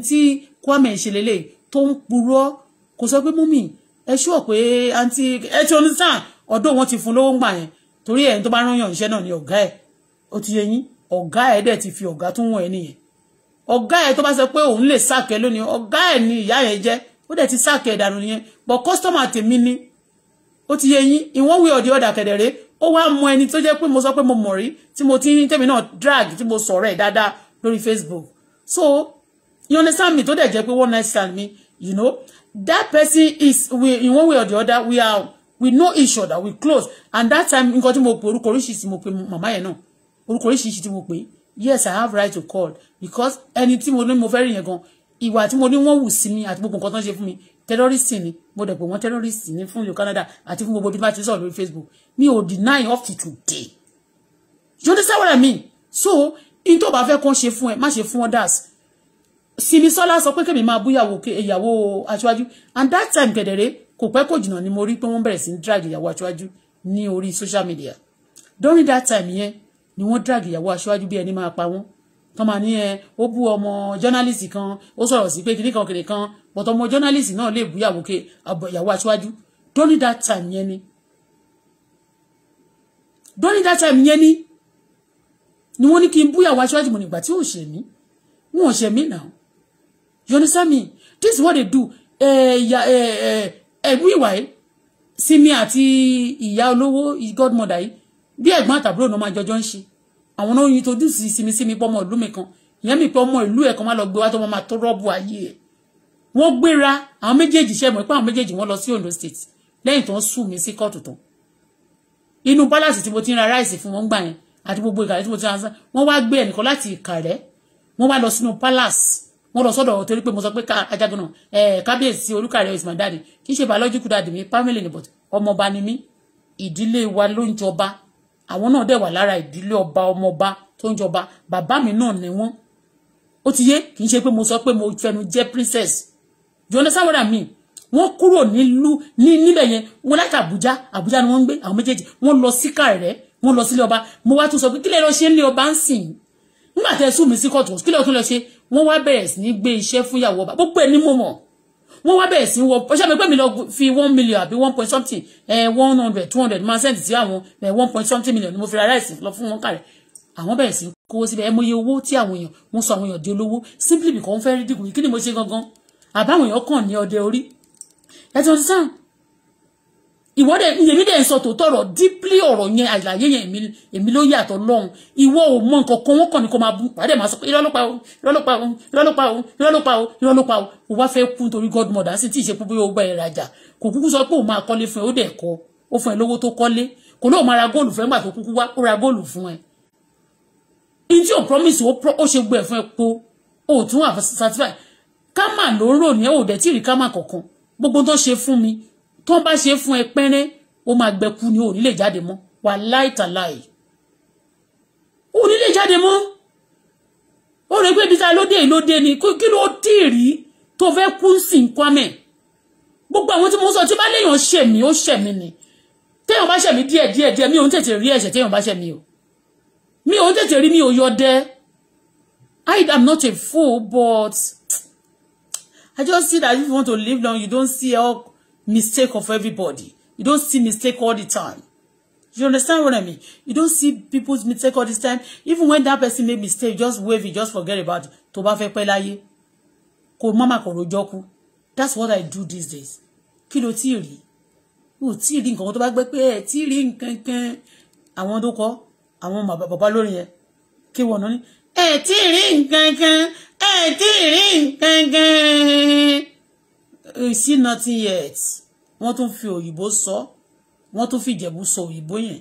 tí kwame ṣe lélẹ̀ tó ń purọ́ kò sọ pé mummy ẹ ṣọ́ pé àǹtí ẹ ti onísàn ọ̀dọ̀ wọn ti fún lówó ń gbà yẹn torí ẹni tó bá rán yàn iṣẹ́ náà ni ọ̀gá ẹ̀ ó ti yẹ yín ọ̀gá ẹ̀ dẹ̀ ti fi ọ̀gá tó wọ̀n ẹ̀ nìyẹn ọ̀gá ẹ̀ tó bá sọ pé òun lè sáàkẹ́ lónìí ọ̀gá ẹ̀ ni ìyá yẹn jẹ́ ó dẹ̀ ti sáàkẹ́ ìdànù nìyẹn but customer tèmi ni ó ti yẹ yín ìwọ́n wí ọ̀dẹ̀ ọ̀dà kẹ̀dẹ̀rẹ́ ó wá mọ ẹni tó jẹ́ pé mo sọ pé mo mọ̀ rí tí mo ti ń tẹ̀mí drag tí mo sọ̀rọ̀ ẹ̀ dáadáa lórí Facebook so you understand me tó dẹ̀ jẹ́ pé one night stand mi you know that person is we in one way or the other we are we know each other we close and that time nǹkan tí mo pè orúkọ oríṣiríṣi mo pè màmá yẹn náà orúkọ oríṣiríṣi tí mo pè yes i have right to call because anything tí mo ní mo fẹ́ rí yẹn gan ìwà tí mo ní wọ́n wù sí mi àti gbogbo nǹkan tó ń ṣe mi terrorist ni mo dẹ̀ pé wọ́n terrorist ni fún ìlú Canada àti fún gbogbo bí wọ́n ti sọ̀rọ̀ lórí Facebook mi ò deny up to today you understand what I mean so in tó bá fẹ́ kàn ṣe fún ẹ má ṣe fún others Simisola sọ pé kèmí máa búyàwó ìyàwó aṣáájú and that time kẹ̀dẹ̀rẹ́ kò pẹ́ kò jìnnà ni mo rí pé wọ́n bẹ̀rẹ̀ sí ní drag ìyàwó aṣáájú ní orí social media during that time yẹn ni wọ́n drag ìyàwó aṣáájú bí ẹni máa pa wọ́n tán máa ní ẹ ó bú ọmọ jọ́nálìsì kan ó sọ̀rọ̀ sí pé kìnnì kan kan but ọmọ jọ́nálìsì náà lè bú ìyàwó ke ìyàwó aṣáájú during that time yẹn ni during that time yẹn ni ni wọ́n ní kí n bú ìyàwó aṣáájú mo nígbà tí ò ṣe mí wọn ò ṣe mí náà you understand me this is what they do ẹ̀gbọ́n ìwà yìí sinmi àti ìyá olówó godmother yìí bí ẹ̀gbọ́n àtàbúrò náà máa jọjọ́ ń ṣe àwọn náà introduce simi simi pọ́ ọmọ ìlú mi kan ìyẹn mi pé ọmọ ìlú ẹ̀ kan má lọ gbé wá tó máa tó rọ́ọ̀bù ayé ẹ̀ wọ́n gbéra àwọn méjèèjì ṣe mọ̀ pé àwọn méjèèjì wọ́n lọ sí Ondo State lẹ́yìn tó ń sùn mí sí kóòtù tán inú pálásì tí mo ti ń ra ráìsì fún wọn gbà yẹn àti gbogbo ìkàlẹ̀ tí mo ti ń ra wọn wá gbé ẹnìkan láti Ìkàrẹ́ wọn wá lọ sínú pálásì wọn lọ sọ́dọ̀ torí pé mo sọ pé ajagunà ẹ kábíyèsí Olúkàrẹ́ is my daddy kì í ṣe biological daddy ni but ọmọọba ni mí ìdílé wa ló ń àwọn náà dẹ̀ wà lára ìdílé ọba ọmọọba tó ń jọba bàbá mi náà ni wọ́n ó ti yé kì í ṣe pé mo sọ pé mo fẹnu jẹ́ princess you understand what I mean wọ́n kúrò nílùú ní níbẹ̀ yẹn wọ́n láti Àbújá Àbújá ni wọ́n ń gbé àwọn méjèèjì wọ́n lọ sí Kàrẹ́ wọ́n lọ sílé ọba mo wá tún sọ pé kí lè lọ ṣe nílé ọba ń sìn nígbà tẹ sùn mí sí kóòtù kí lè tún lọ ṣe wọ́n wá bẹ̀rẹ̀ sí ní gbé iṣẹ́ fún ìyàwó ọba gbogbo ẹ̀ ní mo mọ̀ wọ́n wá bẹ̀rẹ̀ sí wọ ọṣẹ́ mi pé mi lọ fi one million àbí one point something one hundred two hundred máa send sí àwọn one point something million ni mo fi ra rice lọ fún wọn kàrẹ́ àwọn bẹ̀rẹ̀ sí kówó síbẹ̀ ẹ mọye owó tí àwọn èèyàn wọ́n sọ àwọn èèyàn di olówó simply because wọ́n fẹ́ rí dìgbò yìí kí ni mo ṣe gangan àbáwọn èèyàn kàn ní ọdẹ orí ẹ ti wọn ti ìwọ dẹ èmi dẹ ń sọ tòótọ́ ọ̀rọ̀ dípìlì ọ̀rọ̀ yẹn àlàyé yẹn èmi ló yàtọ̀ lọ́hùn ìwọ ò mọ nǹkan kan wọ́n kàn ní kó máa bú pàdé máa sọ pé ìrọ́lọ́pàá o ìrọ́lọ́pàá o ìrọ́lọ́pàá o ìrọ́lọ́pàá o ìrọ́lọ́pàá o ò wá fẹ́ kú nítorí godmother sì tí ì ṣe pé bóyá ó bá ẹ rajà kò kúkú sọ pé òun máa kọ́lé fún ẹ ó dẹ̀ kọ́ ó fún ẹ lówó tó kọ́lé kò lóò máa ra góòlù fún ẹ nígbà tó kúkú wá ó ra góòlù fún ẹ in tí o promise o pro o ṣe gbọ́ ẹ fún ẹ po o tún wà satisfy ká mà ló ń rò ní ẹ ò dẹ̀ tí ì rí ká mà kankan gbogbo tó ṣe fún mi tó bá ṣe fún ẹ pẹ́rẹ́ ó máa gbẹ̀kú ni ò lè jáde mọ́ wà láìtàláì ò lè jáde mọ́ ó rẹ pé ibi tá lóde ni kí ló dì rí tó fẹ́ kú sí nǹkan mẹ́ gbogbo àwọn tí mo sọ tí bá léèyàn ṣẹ̀mí ó ṣẹ̀mí ni téèyàn bá ṣẹ̀mí díẹ̀ díẹ̀ díẹ̀ mi ò ń tètè rí ẹ̀ṣẹ̀ téèyàn bá ṣẹ̀mí o mi ò ń tètè rí mi ò yọ dẹ́ I am not a fool but I just see that if you want to live long you don't see all mistake of everybody. You don't see mistake all the time. You understand what I mean? You don't see people's mistake all this time. Even when that person made mistake, just wave it, just forget about it. To ba fẹ́ pẹ́ Ko mama ko rojoku. That's what I do these days. Kí ló tí rí? O tí rí nǹkan tó bá gbé pé ẹ tí rí nǹkan kan. Àwọn tó kọ́, àwọn bàbá lórí yẹn. Kí wọ́n ní ẹ tí rí nǹkan kan, ẹ tí rí nǹkan kan you see nothing yet wọ́n tún fi òyìnbó sọ wọ́n tún fi ìjẹ̀bú sọ òyìnbó yẹn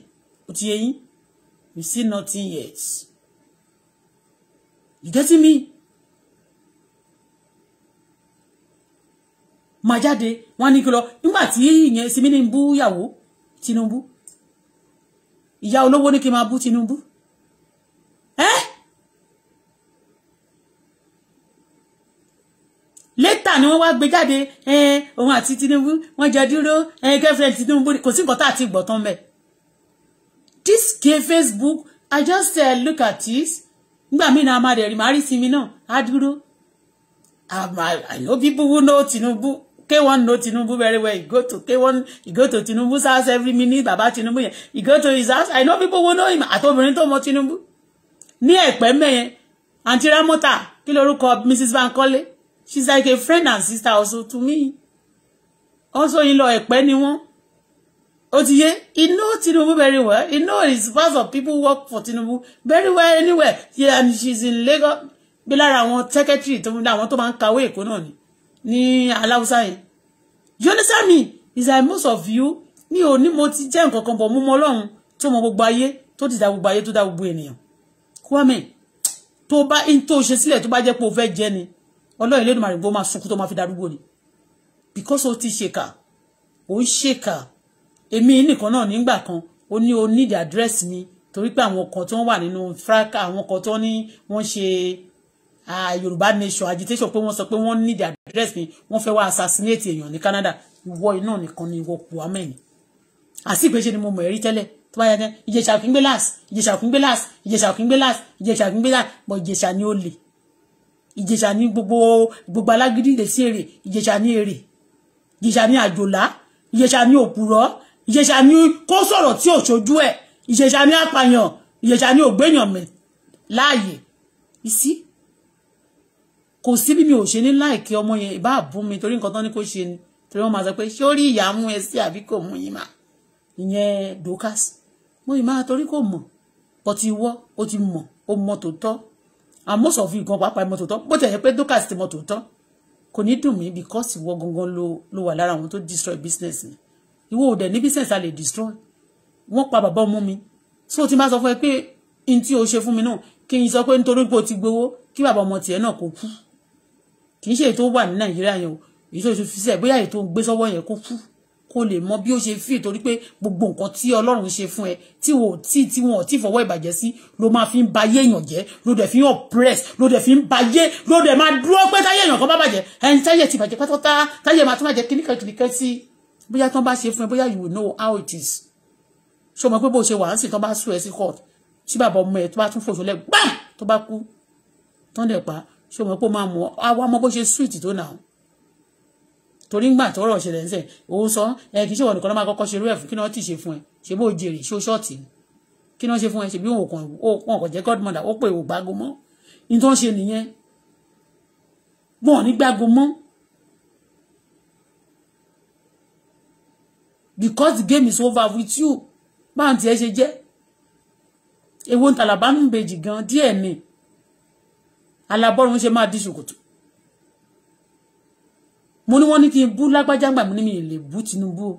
ó ti yé yín you see nothing yet you getting me máa jáde wọ́n ní kí lọ nígbà tí ìyẹn sinmi ní bú ìyàwó Tinubu ìyá olówó ní kí n máa bú Tinubu ni wọ́n wá gbé jáde òun àti Tinubu wọ́n jọ dúró girlfriend Tinubu kò sí nǹkan tá àti ìgbọ̀tán mẹ́. this gay Facebook I just uh, look at this nígbà míì náà máa dẹ̀rì máa rí sinmi náà á dúró I know people who know Tinubu K1 know Tinubu very well. You go to K1, you go to Tinubu's house every minute, Baba Tinubu. You go to his house. I know people who know him. Àtobìnrin tó mọ Tinubu. Ní Ẹ̀pẹ́ mẹ́yẹn, Àǹtí Rámọ́tà, kí lorúkọ Mrs. Bankole? she's like a friend and sister also to me also in law ẹ̀pẹ́ ni wọ́n ó ti he knows Tinubu very well he knows his part of people work for Tinubu very well anywhere yeah, and she's in Lagos bí lára àwọn secretary tó ń dá àwọn tó máa ń kàwé èkó ni ní aláwùsá you understand me is like most of you Ni o ni moti ti jẹ́ nǹkan kan bọ̀ mú mọ́ ọlọ́run tó mọ gbogbo ayé tó ti dá gbogbo ayé tó dá gbogbo ènìyàn Kwame in tó ṣe sílẹ̀ tó bá jẹ́ pé o fẹ́ ni ọlọ́run ilé ìdùnmọ̀ àrùbó máa sunkún tó máa fi darúgbó ni because ó ti ṣèkà ó ń ṣèkà èmi nìkan náà nígbà kan ó ní o need address mi torí pé àwọn kan tó wà nínú fraka àwọn kan tó ní wọ́n ṣe yorùbá nation agitation pé wọ́n sọ pé wọ́n need address mi wọ́n fẹ́ wá assassinate èèyàn ní Canada ìwọ iná nìkan ni ìwọ kù amẹ́yìn àti ìgbésẹ̀ ni mo mọ̀ ẹ̀rí tẹ́lẹ̀ tó bá yẹ kẹ́ ìjẹ̀ṣà kí ń gbé láàsì ìjẹ̀ṣà kí ń gbé láàsì ìjẹ̀ṣà kí ń gbé láàsì ìjẹ̀ṣà kí ń gbé láàsì bọ̀ ìjẹ̀ṣà ni ó lè ìjẹ̀ṣà ní gbogbo gbogbo alágídí lè sí èrè ìjẹ̀ṣà ní èrè ìjẹ̀ṣà ní àjòlá ìjẹ̀ṣà ní òpùrọ́ ìjẹ̀ṣà ní kó sọ̀rọ̀ tí ò ṣojú ẹ̀ ìjẹ̀ṣà ní apàyàn ìjẹ̀ṣà ní ògbéyàn mẹ́ láàyè isí kò sí bí mi ò ṣe ní láìkí ọmọ yẹn ìbá àbú mi torí nǹkan tán ní kó ṣe ni torí wọn máa sọ pé ṣé ó rí ìyá mú ẹ sí àbí kò mú yín mà ìyẹn dokas mo ì máa torí kò mọ̀ bọ́tí wọ́ ó ti mọ̀ ó mọ tòótọ́ and most of you go gan pàápàá ìmọ̀ tòótọ́ bó tẹ̀yẹ pé dókàsì ti mọ̀ tòótọ́ kò ní dùn mí because ìwọ gangan ló ló wà lára àwọn to destroy business mi ìwọ ò dẹ̀ ní business a lè destroy wọ́n pa bàbá ọmọ mi so tí n bá sọ fún ẹ pé n tí o ṣe fún mi náà kí n sọ pé nítorí pé o ti gbowó kí bàbá ọmọ tiẹ̀ náà kò kú kì í ṣe èyí tó wà ní nàìjíríà yẹn o èyí tó ṣe fi sílẹ̀ bóyá èyí tó ń gbé sọ́wọ́ yẹn kó kú kó lè mọ bí ó ṣe feel torí pé gbogbo nǹkan tí Ọlọ́run ṣe fún ẹ tí wọn ò tí tí wọn ò tí fọwọ́ ìbàjẹ́ sí ló máa fi ń ba ayé èèyàn jẹ́ ló dẹ̀ fi ń oppress ló dẹ̀ fi ń ba ayé ló dẹ̀ máa dúró pé táyé èèyàn kan bá bàjẹ́ ẹni táyé ti bàjẹ́ pátápátá táyé máa tún bàjẹ́ kíníkan kíníkan sí bóyá tán bá ṣe fún ẹ bóyá you will know how it is ṣé o mọ̀ pé bó ṣe wà á sì tán bá sùn ẹ sí court tí bàbá ọmọ ẹ tó bá tún fòṣọlẹ gbàm tó bá kú tán dẹ̀ pa ṣé o mọ̀ pé ó máa mọ̀ àwa mọ̀ bó ṣe sweet tó náà torí ńgbà tọrọ ṣẹlẹ̀ ńsẹ̀ òun sọ ẹ kì í ṣe wọn nìkan ló máa kọ́kọ́ ṣe irú ẹ̀ fún kí wọ́n ti ṣe fún ẹ ṣe bó jèrè ṣó ṣọ́ọ̀tì kí wọ́n ṣe fún ẹ ṣe bí òun kàn jẹ́ godmother ó pè ò gbágo mọ́ ní tó ń ṣe nìyẹn wọn ò ní gbágo mọ́ because the game is over with you báwọn tiẹ̀ ṣe jẹ́ èwo ń tàlàbà ń bèjì gan díẹ̀ ni alábọ́run ṣe máa di ṣòkòtò mo ní wọ́n ní kí n bú lágbájá ńgbà mo ní mi lè bú Tinubu o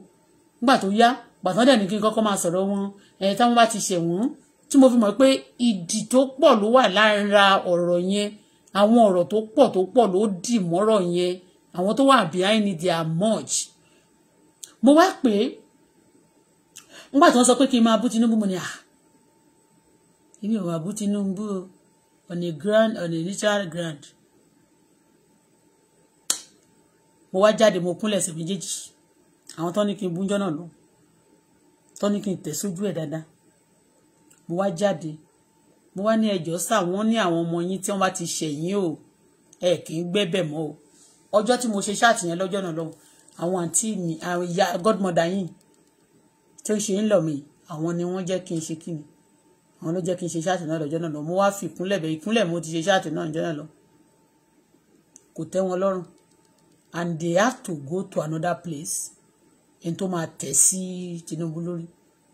ńgbà tó yá gbàtàn dẹ̀ ní kí n kọ́kọ́ máa sọ̀rọ̀ wọn ẹ̀yìn táwọn bá ti ṣẹ̀wọ̀n tí mo fi mọ̀ pé ìdí tó pọ̀ ló wà lára ọ̀rọ̀ yẹn àwọn ọ̀rọ̀ tó pọ̀ tó pọ̀ ló dì mọ́rọ̀ yẹn àwọn tó wà behind it they are much mo wá pé ńgbà tí wọ́n sọ pé kí n máa bú Tinubu mo ní à ah, èmi ò máa bú Tinubu on a grand on a neutral ground mo wá jáde mo kúnlẹ̀ ẹsẹ̀ méjèèjì àwọn tó ní kí n bújọ́ náà lọ tó ní kí n tẹ̀ sójú ẹ̀ dáadáa mo wá jáde mo wá ní ẹjọ́ sà wọ́n ní àwọn ọmọ yín tí wọ́n bá ti ṣẹ̀yìn o ẹ kì í gbẹ́bẹ̀ mọ́ o ọjọ́ tí mo ṣe ṣáàtì yẹn lọ́jọ́ náà lọ́wọ́ àwọn àǹtí mi àwọn ìyá godmother yìí tí ó ṣe ń lọ mi àwọn ni wọ́n jẹ́ kí n ṣe kí ni àwọn ló jẹ́ kí n ṣe ṣáàtì náà lọ́jọ́ náà lọ mo wá fi ìkúnlẹ̀ bẹ̀ ìkúnlẹ̀ mo ti ṣe ṣáàtì náà lọ́jọ́ náà lọ kò tẹ́ wọn lọ́rùn and they have to go to another place ẹni tó máa tẹ̀ sí Tinubu lórí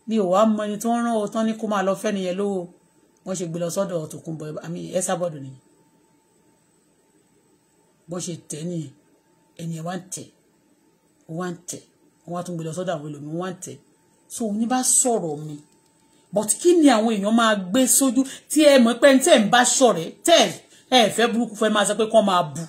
mi ò wá mọ ẹni tó ń rán o tán ní kó máa lọ fẹ́ nìyẹn lówó wọ́n ṣe gbé lọ sọ́dọ̀ Tòkunbọ̀ àmì Ẹsábọ̀dù nìyẹn bó ṣe tẹ̀ nìyẹn ẹni ẹ̀ wá ń tẹ̀ wá ń tẹ̀ wọ́n á tún gbé lọ sọ́dọ̀ àwọn ẹlòmíín wá ń tẹ̀ so òun ní bá sọ̀rọ̀ mi but kí ni àwọn èèyàn máa gbé sójú tí ẹ mọ̀ pé tẹ́ ń bá ṣọ̀rẹ́ tẹ́ ẹ fẹ́ burúkú fẹ́ máa sọ pé kọ́ máa bù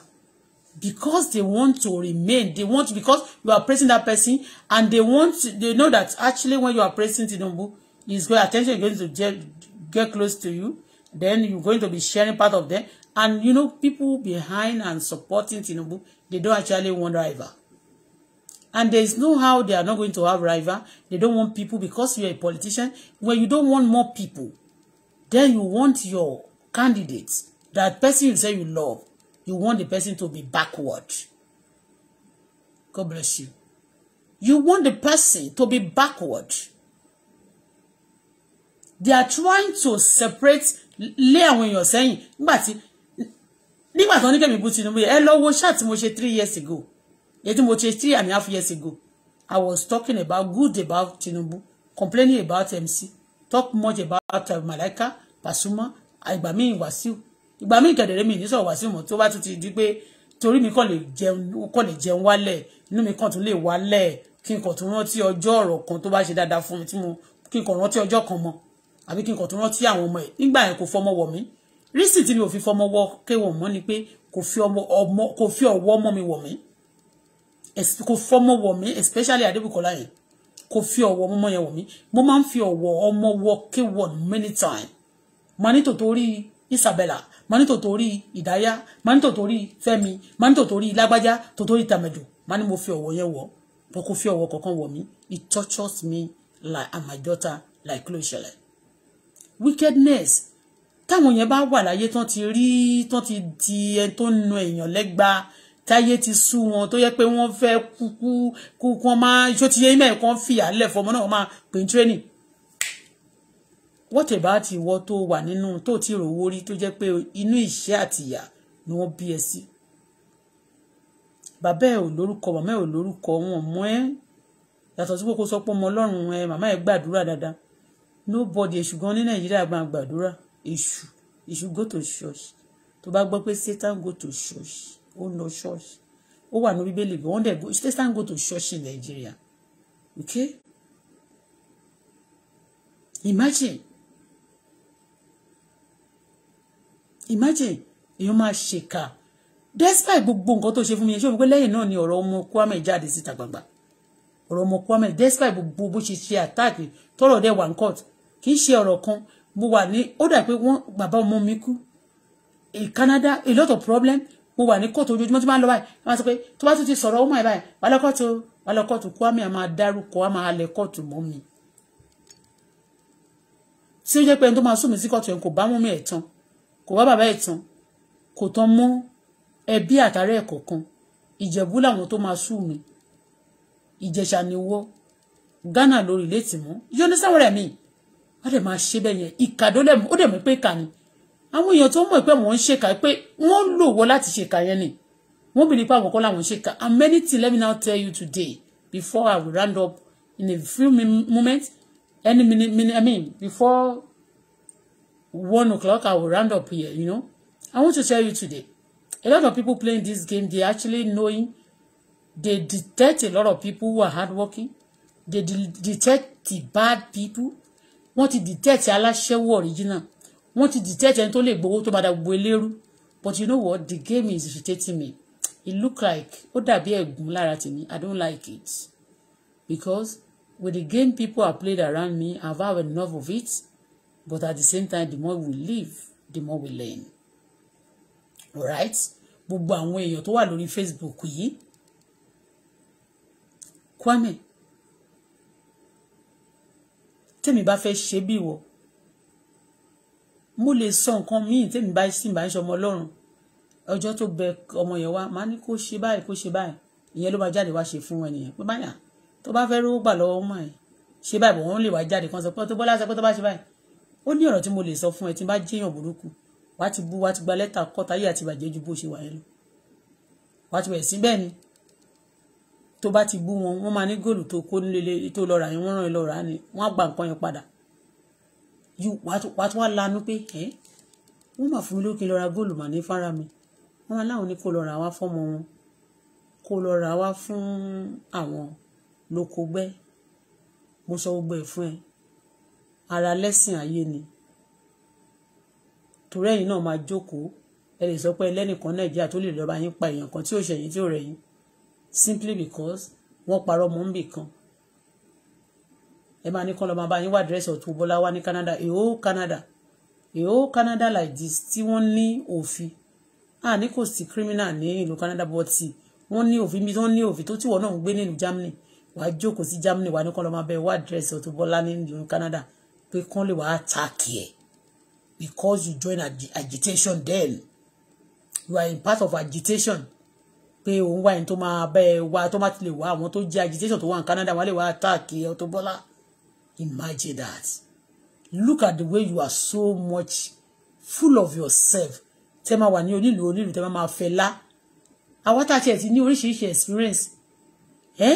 because they want to remain they want because you are praising that person and they want to, they know that actually when you are praising Tinubu his good attention is going to get, get close to you then you're going to be sharing part of them and you know people behind and supporting Tinubu they don't actually want rival and there is no how they are not going to have rival they don't want people because you are a politician when you don't want more people then you want your candidates that person you say you love you want the person to be backward. God bless you. You want the person to be backward. They are trying to separate lé when èèyàn sẹ́yìn nígbà tí nígbà tó ní kẹ́mi bú Tinubu ẹ lọ wo ṣáà tí mo ṣe three years ago èyí tí mo ṣe three and a half years ago I was talking about good about Tinubu complaining about MC talk much about uh, Malaika Pasuma àgbà míì Wàsíù ìgbà míì kẹ̀dẹ̀rẹ́ mi ní sọ̀rọ̀ Wàsíù mọ́ tó bá tún ti di pé torí mi kàn lè jẹun kàn lè jẹun wálẹ̀ inú mi kàn tún lè wálẹ̀ kí n kàn tún rántí ọjọ́ ọ̀rọ̀ kan tó bá ṣe dáadáa fún mi tí mo kí n kàn rántí ọjọ́ kan mọ́ àbí kí n kàn tún rántí àwọn ọmọ ẹ̀ nígbà yẹn kò fọmọ wọ̀ mí rísì tí mi ò fi fọmọ wọ kéwọ̀n mọ́ ni pé kò fi ọwọ́ ọmọ mi wọ̀ mí kò fọmọ wọ̀ mí especially Adébùkọ́lá yẹn kò fi ọwọ́ ọmọ yẹn wọ̀ mí mo máa ń fi ọwọ́ ọmọ wọ kéwọ̀n many times manito torí Isabella máa ní tòtórí ìdáyà máa ní tòtórí fẹ́mi máa ní tòtórí lágbájá tòtórí tàmẹ̀dò máa ní mo fi ọ̀wọ̀ yẹn wọ̀ bọ́ kó fi ọ̀wọ̀ kankan wọ̀ mí it touches me like and my daughter like kí ló ṣẹlẹ̀ wickedness táwọn yẹn bá wà láyé ton ti rí tán ti di ẹni tó ń nu èèyàn lẹ́gbàá táyé ti sú wọn tó yẹ pé wọ́n fẹ́ kúkú kúkú wọ́n máa ṣó ti yẹ ìmọ̀ ẹ̀kọ́ fìyà lẹ̀ fọmọ náà wọ́n máa pè training what about ìwọ tó wà nínú tó ti rówó rí tó jẹ́ pé inú ìṣẹ́ àtìyà ni wọ́n bí ẹ sí bàbá ẹ ò lórúkọ màmá ẹ ò lórúkọ wọn mọ ẹ yàtọ̀ sí pé kó sọ pé ọmọ ọlọ́run ẹ màmá ẹ gbàdúrà dáadáa nobody èṣù gan ní nàìjíríà gbà gbàdúrà èṣù èṣù go to church tó bá gbọ́ pé satan go to church ó lọ church ó wà ní bíbélì bí wọ́n dẹ̀ go satan go to church in nàìjíríà okay imagine imagine èèyàn máa ṣèkà despite gbogbo nǹkan tó ṣe fún mi yẹn ṣé o mọ̀ pé lẹ́yìn náà ni ọ̀rọ̀ ọmọ Kwame jáde síta gbangba ọ̀rọ̀ ọmọ Kwame despite gbogbo bó ṣe ṣe attack tọrọ dẹ̀ wà ń court kì í ṣe ọ̀rọ̀ kan mo wà ní ó dà pé wọ́n bàbá ọmọ mi kú in Canada a lot of problem mo wà ní kóòtù ojoojúmọ́ tí wọ́n lọ báyìí wọ́n sọ pé tó bá tún ti sọ̀rọ̀ ó mọ̀ ẹ̀ báyìí wà lọ kóòtù wà lọ kóòtù kò wá bàbá ẹ̀ tán kò tán mọ́ ẹbí àtàrẹ́ ẹ̀kọ́ kan ìjẹ̀bú làwọn tó máa sú mi ìjẹ̀ṣà ni wọ́ ghana lórí ilé tì mọ́ you understand what I mean wọ́n dẹ̀ máa ṣe bẹ́ẹ̀ yẹn ìkàdó lẹ́mú ó dẹ̀ mú pé kà ní àwọn èèyàn tó mọ̀ pé wọ́n ń ṣèkà pé wọ́n lò wọ́ láti ṣèkà yẹn ni wọ́n bìí nípa àwọn kan làwọn ṣèkà and many things let me now tell you today before I will round up in a few moments any minute, minute I mean before one o'clock, I will round up here, you know. I want to tell you today, a lot of people playing this game, they actually knowing, they detect a lot of people who are hardworking. They de detect the bad people. Want to detect aláṣẹ́wó original. Want to detect ẹni tó lè gbowó But you know what? The game is irritating me. It look like ó dàbí ẹ̀gún lára tèmi. I don't like it. Because with the game people have played around me, I've had enough of it. But at the same time, the more we live, the more we learn. Alright? Gbogbo àwọn èèyàn tó wà lórí Facebook yìí. Kwame. Tèmi bá fẹ́ ṣe bí ìwọ. Mo lè sọ nǹkan míì tèmi bá sì bá ń ṣe ọmọ Ọlọ́run. Ọjọ́ tó bẹ ọmọ yẹn wá, màá ní kó ṣe báyìí kó ṣe báyìí. Ìyẹn ló máa jáde wá ṣe fún ẹnìyẹn. Pé báyà tó bá fẹ́ rówó gbà lọ́wọ́ mọ̀ ẹ́. Ṣé báyìí bọ̀ wọ́n lè wá jáde kan sọ pé tó bọ́lá sọ pé tó bá ṣe báyìí ó ní ọ̀rọ̀ tí mo lè sọ fún ẹ tí n bá jẹ́yàn burúkú wàá ti bú wàá ti gba lẹ́tà kọ́tayé àti ìbàjẹ́ ju bó ṣe wà yẹn lọ wàá ti bẹ̀rẹ̀ sí ni tó bá ti bú wọn wọ́n máa ní góòlù tó kó nílé tó lọ rà yẹn wọ́n ràn ẹ́ lọ rà ni wọ́n á gba nǹkan yẹn padà wàá tún wá lanú pé ẹ́ wọ́n mà fún mi lókè lọ́ra góòlù mà ní fara mi wọ́n máa láwọn ní kó lọ wá fọ́mọ wọn kó lọ wá fún àwọn lóko mo sọ gbogbo ẹ̀ fún ẹ ara lẹ́sìn ayé ni torí ẹ̀yin náà máa jókòó ẹ lè sọ pé ẹlẹ́nìkan nàìjíríà tó lè lọ́ba yín pa èèyàn kan tí ò ṣẹ̀yìn tí ò rẹ̀yìn simply because wọ́n parọ́ mọ́ ń bì kan ẹ máa ní kán lọ́ọ́ máa bá yín wá dírẹ́sì Auto Bola wá ní Canada èho Canada èho Canada like this tí wọ́n ní òfin à ní kò sí criminal ní ìlú Canada but wọ́n ní òfin bí wọ́n ní òfin tó tí wọ́n náà ń gbé nílùú Germany wàá jókòó sí Germany wàá ní kán lọ́ọ́ máa bẹ wá dírẹ́sì Auto Bola ní ìlú Canada pé kán lè wá attack ẹ because you join ag agitation then you are in part of agitation pé òun wá ẹni tó máa bẹ ẹ wá tó má ti lè wá àwọn tó jẹ agitation tó wà ní Canada wọn lè wá attack ẹ Auto Bola imagine that look at the way you are so much full of yourself tẹ máa wà ní onílù onílù tẹ máa fẹ́ lá àwọn tá a tiẹ̀ ti ní oríṣiríṣi experience ẹ́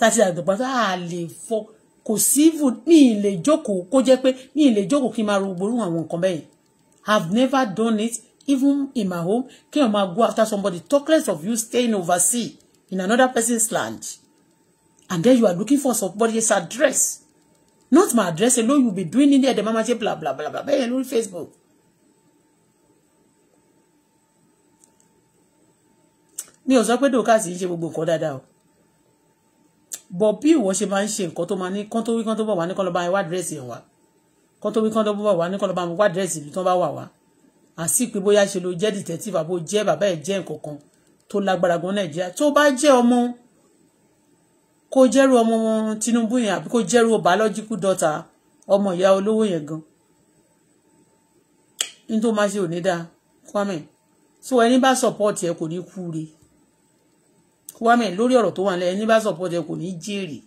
tá a ti àgbàgbà tá a lè fọ́ kò sí mi ì lè jókòó kó jẹ́ pé mi ì lè jókòó kí n máa ro àwọn nǹkan bẹ́ẹ̀ I've never done it even in my home kí n máa go after somebody talk less of you staying overseas in another person's land and then you are looking for somebody's address not my address alone you be doing in there the mama say bla bla bla bla bẹ́ẹ̀ lórí Facebook. mi ò sọ pé dòkà sì ń ṣe gbogbo nǹkan dáadáa o bọ̀ bí ìwọ ṣe máa ń ṣe nǹkan tó máa ní kán tó wí kán tó bọ̀ wá ní kán lọ bá wá dírẹ́sì ẹ̀ wá kán tó wí kán tó bọ̀ wá ní kán lọ bá wá dírẹ́sì ìlú tán bá wà wá àti pé bóyá ṣe ló jẹ́ detective àbó jẹ́ bàbá ẹ̀ jẹ́ nǹkan kan tó lágbára gan nàìjíríà tó bá jẹ́ ọmọ kó jẹ́rú ọmọ Tinubu yẹn àbí kó jẹ́rú biological daughter ọmọ ìyá olówó yẹn gan ní tó máa ṣe ò ní dáa Kwame so ẹni bá support ẹ kò ní kú rí Kwame lórí ọ̀rọ̀ tó wà nílẹ̀ ẹni bá support ẹ kò ní jèrè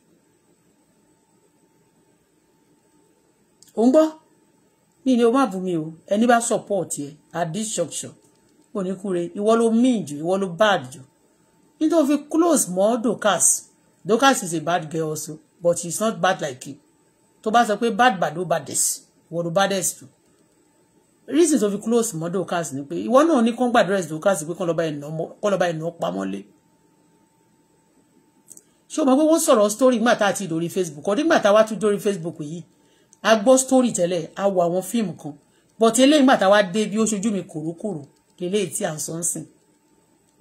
ò ń gbọ́ mi ni o má o ẹni bá support ẹ at this junction oníkure ìwọ ló mean jù ìwọ ló bad jù nítorí fi close mọ́ Dorcas Dorcas is a bad girl also but she is not bad like him. tó bá sọ pé bad bad ó baddest ìwọ ló baddest jù reason tó fi close mọ́ Dorcas ni pé ìwọ náà ní kán gbàdúrà sí Dorcas pé kán lọ́ba ẹ̀nà pamọ́lé ṣé o mọ̀ pé wọ́n sọ̀rọ̀ story nígbà tá a ti dórí Facebook ọdún nígbà tá a wá tún dórí Facebook yìí a gbọ́ story tẹ́lẹ̀ a wo àwọn fíìmù kan but eléyìí nígbà tá a wá dé bí ó ṣojú mi kòrókòrò eléyìí tí à ń sọ ń sìn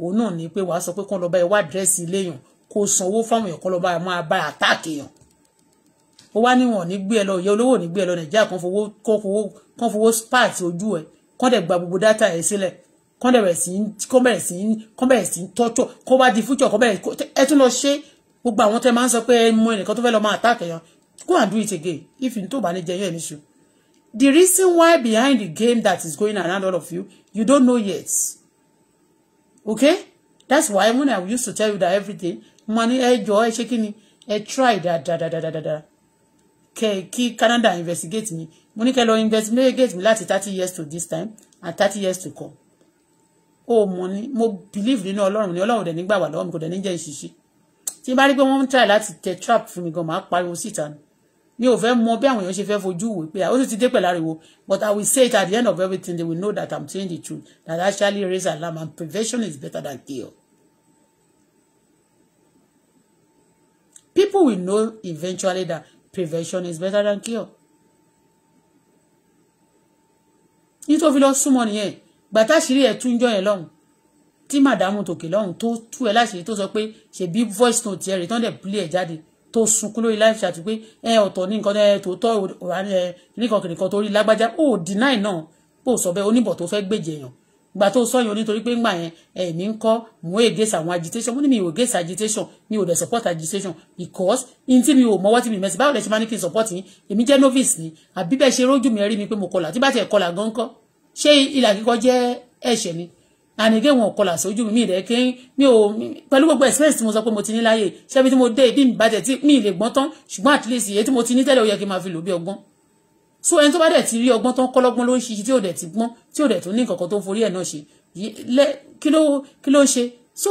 òun náà ni pé wàá sọ pé kán lọ bá ẹ wá dírẹ́sì iléyàn kó sanwó fáwọn èèyàn kán lọ bá ẹ máa bá àtáàkì èèyàn ó wá níwọ̀n ní gbé ẹ lọ ìyá olówó ní gbé ẹ lọ nàìjíríà kan fowó kan fowó kan fowó spat ojú ẹ kán dẹ̀ gba gbogbo dátà ẹ sílẹ̀ kán bẹ̀rẹ̀ sí kán bẹ̀rẹ̀ sí kán bẹ̀rẹ̀ sí tọ́jọ́ kó wá di fújọ́ kán bẹ̀rẹ̀ ẹ tún lọ ṣe é gbogbo àwọn tẹ́ máa ń sọ pé mo ẹnìkan tó fẹ́ lọ máa attack èèyàn go and do it again if n tó bá ní jẹyọ ẹ̀mí ṣu the reason why behind the game that is going around all of you you don't know yet okay that's why when i used to tell you that everything mo ní ẹ jọ ẹ ṣe kí ni ẹ try dáadáa kẹ kí Canada investigate me. mo ní kẹ lọ investigate mi láti thirty years to this time and thirty years to come ó mo mo believe nínú Ọlọ́run ní Ọlọ́run dẹ̀ nígbà wà lọ́wọ́ mi kò dẹ̀ ní jẹ́ ìṣiṣi tí n bá rí pé wọ́n ń try láti tẹ trap fún mi gan máa pariwo síta ni mi ò fẹ́ mọ bí àwọn èèyàn ṣe fẹ́ fojú wò pé ó ti dé pẹ̀lú ariwo but I will say it at the end of everything they will know that I'm telling the truth that actually raise alarm and prevention is better than cure. People will know eventually that prevention is better than cure. nítorí lọ súnmọ́ nìyẹn gbàtàṣírí ẹ̀ tún jọ yẹn lọ́hùn tí màdàmú tòkè lọ́hùn tó tú ẹ láṣẹ tó sọ pé ṣèbí voice note ẹ rè tán dẹ̀ play ẹ̀ jáde tó sunkún lórí live chat pé ẹ ọ̀tọ̀ ní nǹkan tó tọ́ nìkan kìnìkan tó rí lágbájá ó deny náà bó sọ bẹ́ẹ̀ oníbọ̀ tó fẹ́ gbèjẹ̀ yàn gbà tó sọ yẹn onítorí pé ńgbà yẹn ẹ̀mí ń kọ́ mò ń against àwọn agitation mo ní mi ò against agitation mi ò dẹ̀ support agitation because in tí mi ò mọ́wọ́ tí mi mẹ́sì báwo lẹ ṣe máa ní kí n support yín èmi jẹ́ novice ni àbí bẹ́ẹ̀ ṣe rójú mi rí mi pé mo kọlà tí bá tiẹ̀ kọlà gan kọ́ ṣé ìlà kíkọ́ jẹ́ ẹ̀ṣẹ̀ ni and again kola, kọlà sójú mi rẹ kí mi ò pẹ̀lú gbogbo experience tí mo sọ pé mo ti ní láyè ṣebí tí mo dé ibi mi bàjẹ́ tí mi lè gbọ́n tán ṣùgbọ́n at least iye tí mo ti ní tẹ́lẹ̀ ó yẹ kí n fi lò bí ọgbọ́n so ẹni tó bá dẹ̀ ti rí ọgbọ́n tán kọ́lọ́gbọ́n ló ń ṣiṣi tí ò dẹ̀ ti gbọ́n tí ò dẹ̀ tó ní nǹkan kan tó ń forí ẹ̀ náà ṣe kí ló ń ṣe so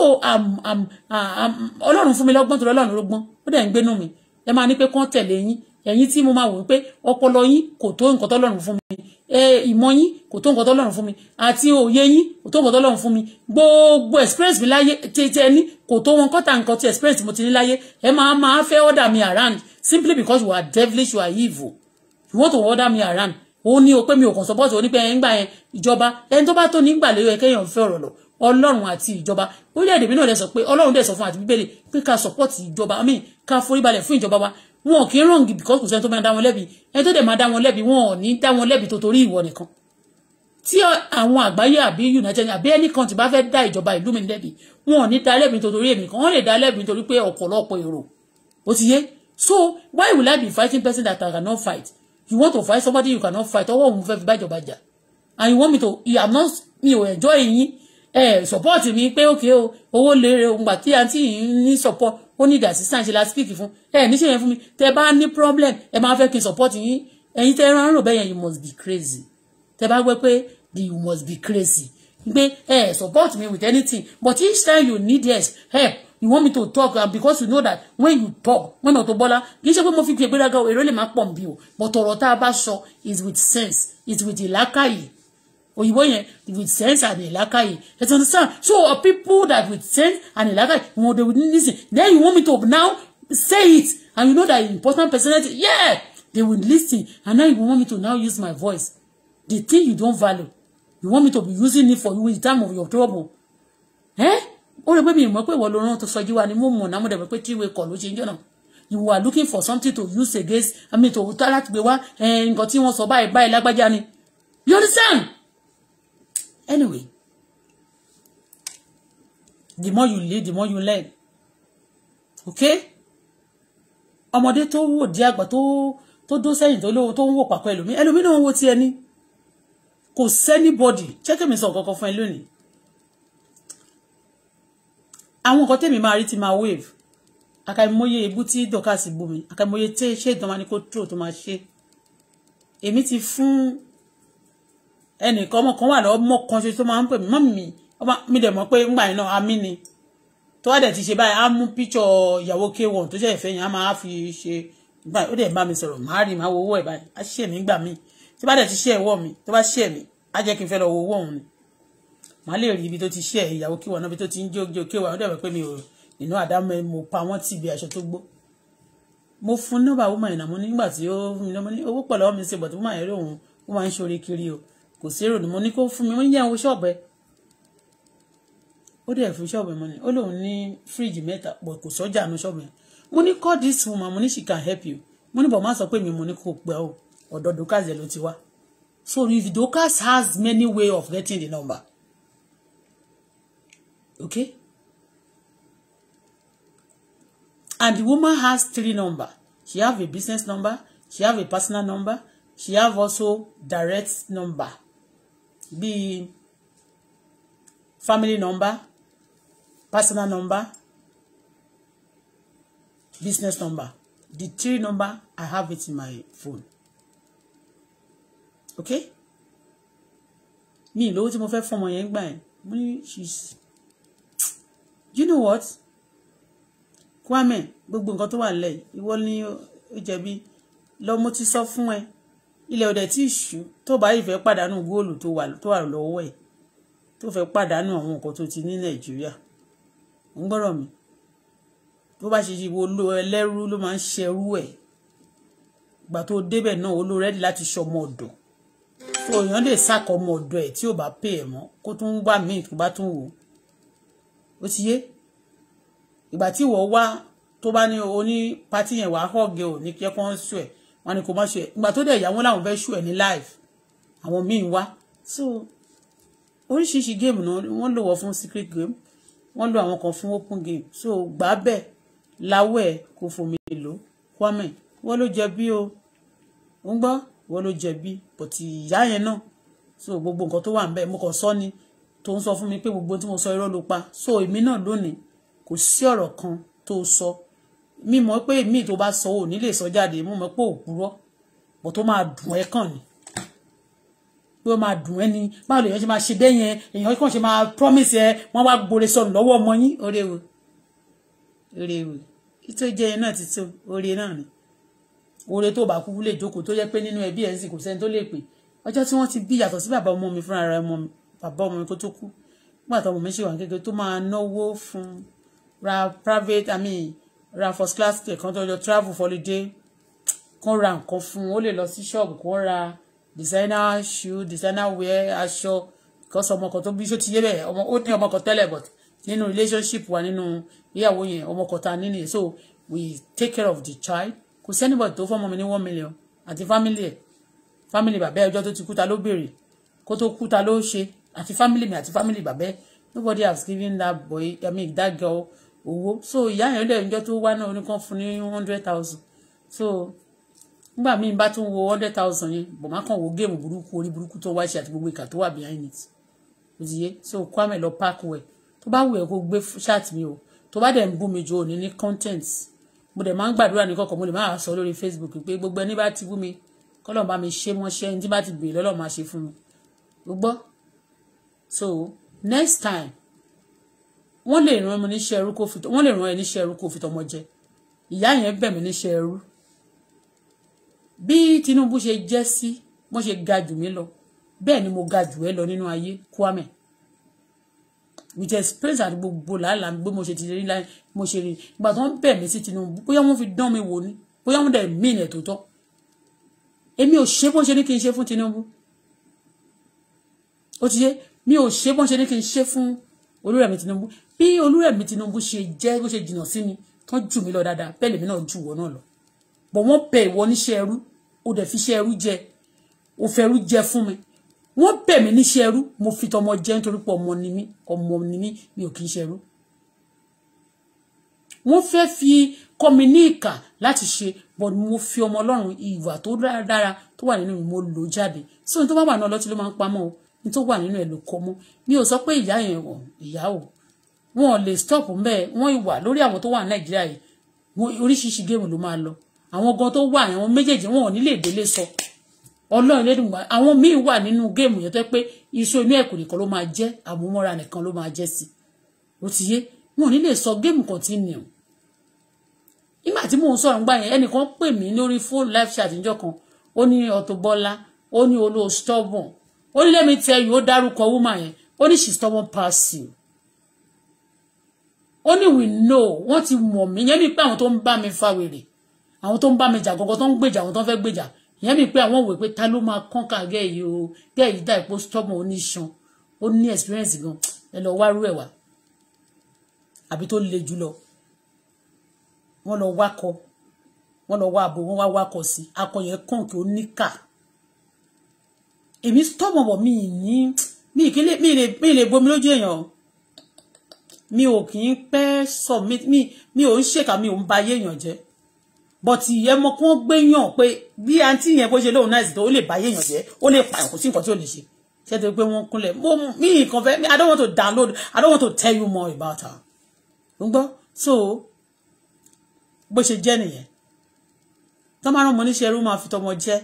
ọlọ́run fún mi lọ́gbọ́n torí ọlọ́run ló gbọ́n ó dẹ̀ ń gbénú mi ẹ máa ni, pé kán tẹ̀lé yín ẹ̀yin tí mo máa wò pé ọpọlọ yín kò tó nǹkan tọ́lọ́run fún mi ìmọ̀ yín kò tó nǹkan tọ́lọ́run fún mi àti òye yín kò tó nǹkan tọ́lọ́run fún mi gbogbo experience mi láyé tètè ní kò tó wọn kọ́ta nǹkan tí experience mo ti ní láyé ẹ máa máa fẹ́ order me around simply because you are devilish you are evil you want to order me around ó ní o pé mi ò kàn support ó ní pé ẹ̀ ń gbà yẹn ìjọba ẹni tó bá tó ní gbàlẹ́ yẹ kéèyàn fẹ́ ọ̀rọ̀ lọ ọlọ́run àti ìjọba orílẹ̀-èdè mi náà dẹ̀ pé ọlọ́run dẹ̀ sọ fún àti bíbélì pé ká support ìjọba i mean ká foríbalẹ̀ fún ìjọba wa wọn kì í rọǹgì because kò sẹ́ni tó máa dá wọn lẹ́bi ẹni tó dẹ̀ máa dá wọn lẹ́bi wọn ò ní dá wọn lẹ́bi tó torí ìwọ nìkan tí àwọn àgbáyé àbí united àbí ẹnì kan tí bá fẹ́ dá ìjọba ìlú mi lẹ́bi wọn ò ní dá lẹ́bi nítorí èmi kan wọ́n lè dá lẹ́bi nítorí pé ọ̀pọ̀lọpọ̀ èrò ó ti yé so why will I be fighting person that I cannot fight you want to fight somebody you cannot fight ọwọ́ òun fẹ́ fi bá ìjọba jà and you want me to I'm not mi ò enjoy yín ẹ support mi pé okay o owó lérè òun gbà tí àǹtí yìí support ó ní assistance ṣe la speak fún ẹ níṣẹ́ yẹn fún mi tẹ bá ní problem ẹ máa fẹ́ kí n support yín ẹ̀yin tẹ ẹran rò bẹ́yẹn you must be crazy tẹ bá gbọ́ pé you must be crazy gbé ẹ support me with anything but each time you need yes help you want me to talk and uh, because you know that when you talk when Auto Bola kì í ṣe pé mo fi gbègbéraga èrè lè má pọ̀ nbí o but ọ̀rọ̀ tá a bá sọ is with sense is with ìlàkàyè òyìnbó yẹn with sense and ìlàkàyè you understand so people that with sense and ìlàkàyè wọn they will listen then you want me to now say it and you know that important personality yeah they will listen and now you want me to now use my voice the thing you don't value you want me to be using it for you in time of your trouble eh ó rẹ pé mi mọ̀ pé ìwọ ló rán tó sọjí wa ni mo mọ̀ náà mo dẹ̀ mọ̀ pé tí ìwé kọ̀ ṣe ń jọ̀nà you are looking for something to use against i mean to tá láti gbé wá eh, nǹkan tí wọ́n sọ báyìí báyìí lágbájá ni you understand anyway the more you live the more you learn okay ọmọdé tó wò di àgbà tó tó dó sẹ́yìn tó lówó tó ń wò pàpọ̀ ẹlòmí ẹlòmí náà ń wo ti ẹni kò sẹ́nibọ́dì chẹ́kẹ̀mí sọ kankan fún ẹ lónìí àwọn nǹkan tèmi máa rí ti máa wave àkàìmọye ebú tí dọ́kà sí bú mi àkàìmọye tẹ́ ṣé ìdánwà ni kò tó tó máa ṣe èmi ti fún ẹnìkan ọmọ kan wà lọ ọmọ kan ṣe tó máa ń pè mí mọ́mì mi ọmọ mi dẹ̀ mọ̀ pé ńgbà yẹn náà amí ni tó wá dẹ̀ ti ṣe báyìí á mú píṣọ ìyàwó k1 tó ṣe ìfẹ́ yẹn á máa fi ṣe gbà ó dẹ̀ bá mi sọ̀rọ̀ máa rí màá wo owó ẹ̀ báyìí á ṣe mí gbà mí tí bá dẹ̀ ti ṣe ẹ̀wọ́ mi tó bá ṣe mí á jẹ́ kí n fẹ́ lọ wo owó òun ni màá lè rí ibi tó ti ṣe ìyàwó k1 náà ibi tó ti ń jó k1 ó dẹ̀ mọ̀ pé mi ò nínú àdámọ́ mo pa wọ́n tì bí aṣọ tó gbó mo fún nọ́mbà woman ìnàmú nígbà tí ó fún mi lọ́mọ ní owó pọ̀ lọ́wọ́ mi ṣe bọ̀tí woman yẹn máa ń kò sí èrò ni mo ní kó fún mi mo ní jẹ́ àwọn ṣọ́ọ̀bù ẹ̀ ó dẹ̀ fún ṣọ́ọ̀bù ẹ̀ mo ní ó lóun ní fíríjì mẹ́ta pọ̀ kò sọ́jà ní ṣọ́ọ̀bù ẹ̀ mo ní call this woman mo ní she can help you mo ní bọ̀ má sọ pé mi mo ní kò pẹ́ o ọ̀dọ̀ Dorcas ẹ̀ ló ti wá so if Dorcas has many way of getting the number okay and the woman has three number she have a business number she have a personal number she have also direct number bíi family number personal number business number the three number I have it in my phone okay mi lówó tí mo fẹ́ fún ọmọ yẹn gbà yẹn mo ní she's you know what Kwame gbogbo nǹkan tó wà nílẹ̀ ìwọ ni ó jẹ̀bi lọ́mọ ti sọ fún ẹ ilẹ̀ ọ̀dẹ̀ tí ì tó bá yìí fẹ́ pàdánù góòlù tó wà lọ́wọ́ ẹ̀ tó fẹ́ pàdánù àwọn nǹkan tó ti ní nàìjíríà ń gbọ́dọ̀ mi tó bá ṣe ìwọ ló ẹlẹ́rú ló máa ń ṣerú ẹ̀ gbà tó débẹ̀ náà ó ló rẹ́dí láti ṣọmọ ọ̀dọ̀ tó èèyàn lè sàkọ ọmọ ọ̀dọ̀ ẹ̀ tí ò bá pè ẹ̀ mọ́ kó tún bá míì tó bá tún wò ó ti yé ìgbà tí ìwọ wá tó bá ní oní pátí yẹn wàá hàn gẹ̀ ò ní kí ẹ kàn sùn ẹ̀ wọn ni kò má sùn ẹ̀ ìgbà tó dẹ̀ ìyàwó làwọn fẹ́ sùn ẹ̀ ní live àwọn míì wá so oríṣiríṣi géèmù náà wọ́n lò wọ́n fún secret game wọ́n lò àwọn kan fún open game so gbà bẹ́ẹ̀ láwẹ̀ kò fòmí lò Kwame wọ́n ló jẹ̀bi o ń gbọ́ wọ́n ló jẹ̀bi bọ̀tì ìyá yẹn náà so gbogbo nǹkan tó wà ń bẹ̀ mo kàn sọ ni tó ń sọ fún mi pé gbogbo tí mo sọ irọ́ ló pa so èmi náà lónìí kò sí ọ̀rọ̀ kan tó sọ mímọ̀ pé èmi tó bá sọ ò ní lè sọ jáde mo mọ̀ pé òpùrọ́ bọ̀ tó máa dùn ẹ́ kàn ni bí wọ́n máa dùn ẹni báwo lèèyàn ṣe máa ṣe bẹ́ẹ̀ yẹn èèyàn kàn ṣe máa promise ẹ wọ́n wá gbore sọ̀rọ̀ lọ́wọ́ ọmọ yín oore wò oore wò kí tó jẹ́ yẹn náà ti tó oore náà ni oore tó bá kúkú lè jókòó tó jẹ́ pé nínú ẹbí ẹ̀ ń sìn kò sẹ́ni tó lè pè ọjọ́ tí wọ́n ti bí yàtọ̀ sí bàbá ọmọ mi fúnra ara ọmọ mi bàbá ọmọ mi kó tó kú nígbà tó ọmọ mi ṣe wà kékeré tó máa náwó fún ra private i mean ra first class kan tó yọ travel holiday kan ra nǹkan fún ó lè lọ sí ṣọ́ọ̀bù kan ra designer shoe designer wear aṣọ because ọmọ kan tó bí ṣó ti yé bẹ́ẹ̀ ọmọ ó ní ọmọ kan tẹ́lẹ̀ but nínú relationship wa nínú ìyàwó yẹn ọmọ kan ta nínú yẹn so we take care of the child kò sí anybody tó fọmọ mi ní one million àti family family bàbá ẹjọ́ tó ti kú ta ló béèrè kó tó kú ta ló ṣe àti family mi àti family bàbá nobody has given that boy i mean that girl owó so ìyá yẹn lẹ́yìn ọjọ́ tó wá náà oníkan fún ní one hundred thousand so nígbà míì bá tún wo hundred thousand yẹn bọ̀ má kàn wo géèmù burúkú orí burúkú tó wáṣẹ àti gbogbo ìkà tó wà behind it ó ti yé so Kwame lọ páàkì wẹ̀ tó bá wù ẹ́ kó gbé ṣáàt mi o tó bá dẹ̀ ń bú mi jù ò ní ní content mo dẹ̀ máa ń gbàdúrà ní kọ̀kọ̀ mo lè máa sọ lórí Facebook pé gbogbo ẹni bá ti bú mi kọ́lọ̀ bá mi ṣe mọ́ṣẹ́ ẹni tí bá ti bèèrè lọ́lọ́ máa ṣe fún mi gbogbo so next time wọ́n lè ràn mí níṣẹ́ ẹrú kó fi wọ́n lè ràn ẹ níṣẹ́ ẹrú kó fi tọmọ jẹ ìyá yẹn bẹ̀ mí níṣẹ́ ẹrú bí Tinubu ṣe jẹ́ sí wọ́n ṣe ga jù mí lọ bẹ́ẹ̀ ni mo ga jù ẹ́ lọ nínú ayé Kwame with experience àti gbogbo làálàá gbé mo ṣe ti rí láì mo ṣe rí ìgbà tó ń bẹ̀ mí sí Tinubu bóyá wọ́n fi dán mi wò ni bóyá wọ́n dẹ̀ mí ìnẹ̀ tó tọ́ èmi ò ṣe bó ṣe ní kí n ṣe fún Tinubu ó ti yé mi ò ṣe bó ṣe ní kí n ṣe fún Olúrẹ̀mí Tinubu bí Olúrẹ̀mí Tinubu ṣe jẹ́ bó ṣe jìnnà sí mi tán jù mí lọ dáadáa bẹ́ẹ̀ lèmi náà jù wọ́n náà lọ bọ̀ wọ́n bẹ ìwọ níṣẹ́ ẹrú o dẹ̀ fi ṣe ẹrú jẹ o fẹ́rú jẹ fún mi wọ́n pè mí ní ṣẹrú mo fi tọmọ jẹ nítorí pé ọmọ ni mí ọmọ ni mí mi ò kì í ṣẹrú wọ́n fẹ́ fi kọ́ mi ní ìkà láti ṣe but mo fi ọmọ ọlọ́run ìwà tó dáradára tó wà nínú mi mo lò jáde so ní tó bá wà náà lọ́tí ló máa ń pamọ́ o ní tó wà nínú ẹ̀ ló kọ́ mọ́ mi ò sọ pé ìyá yẹn wọ̀ ìyá o wọn ò lè stop mbẹ́ wọ́n ìwà lórí àwọn tó wà ní nàìjíríà yìí oríṣiríṣi géèmù ló máa lọ àwọn gan tó wà àwọn méjèèjì wọn ò ní lè délé sọ ọlọ́run lẹ́dùn gbà àwọn míì wà nínú géèmù yẹn tó pé iṣẹ́ inú ẹ̀kọ́ nìkan ló máa jẹ́ àmúmọ́ra nìkan ló máa jẹ́ sí ó ti yé wọn ò ní lè sọ géèmù kan tí nìyàn nígbà tí mò ń sọ̀rọ̀ gbà yẹn ẹnìkan pè mí lórí fóònù live chat níjọ́ kan ó ní Auto Bola ó ní olóò stubborn ó ní let me tell you ó dárúkọ woman yẹn ó ní she stubborn pass you ó ní we know wọ́n ti mọ̀ mí yẹn ní pé àwọn tó ń bá mi fa àwọn tó ń bá mi jà gọgọ tó ń gbèjà àwọn tó ń fẹ́ gbèjà ìyẹn mi pé àwọn òwe pé ta ló máa kán ká gẹ èyí o gẹ èyí dá ìpò stọmọ oníṣan ó ní experience gan ẹ lọ wá rú ẹ wá àbí tó le jù lọ wọ́n lọ wákọ wọ́n lọ wá àbò wọ́n wá wákọ sí akọ yẹn kàn kí ó níkà èmi stọmọ bọ mi ní mi ìkílẹ mi ìlè mi ìlè bomi lójú èèyàn mi ò kì í pẹ́ sọ mi mi ò ń ṣèkà mi ò ń ba ayé èèyàn jẹ́ but ìyẹn mọ kí wọ́n gbé yàn pé bí àǹtí yẹn bó ṣe lóun náà sì tó ó lè bá yéèyàn jẹ́ ó lè pààyàn kò sí nǹkan tí ò lè ṣe ṣe tó gbé mo mi nǹkan fẹ́ I don't want to download I don't want to tell you more about her ń gbọ́ so bó ṣe jẹ́ nìyẹn tó máa rán ọmọ níṣẹ́ ẹrú máa fi tọmọ jẹ́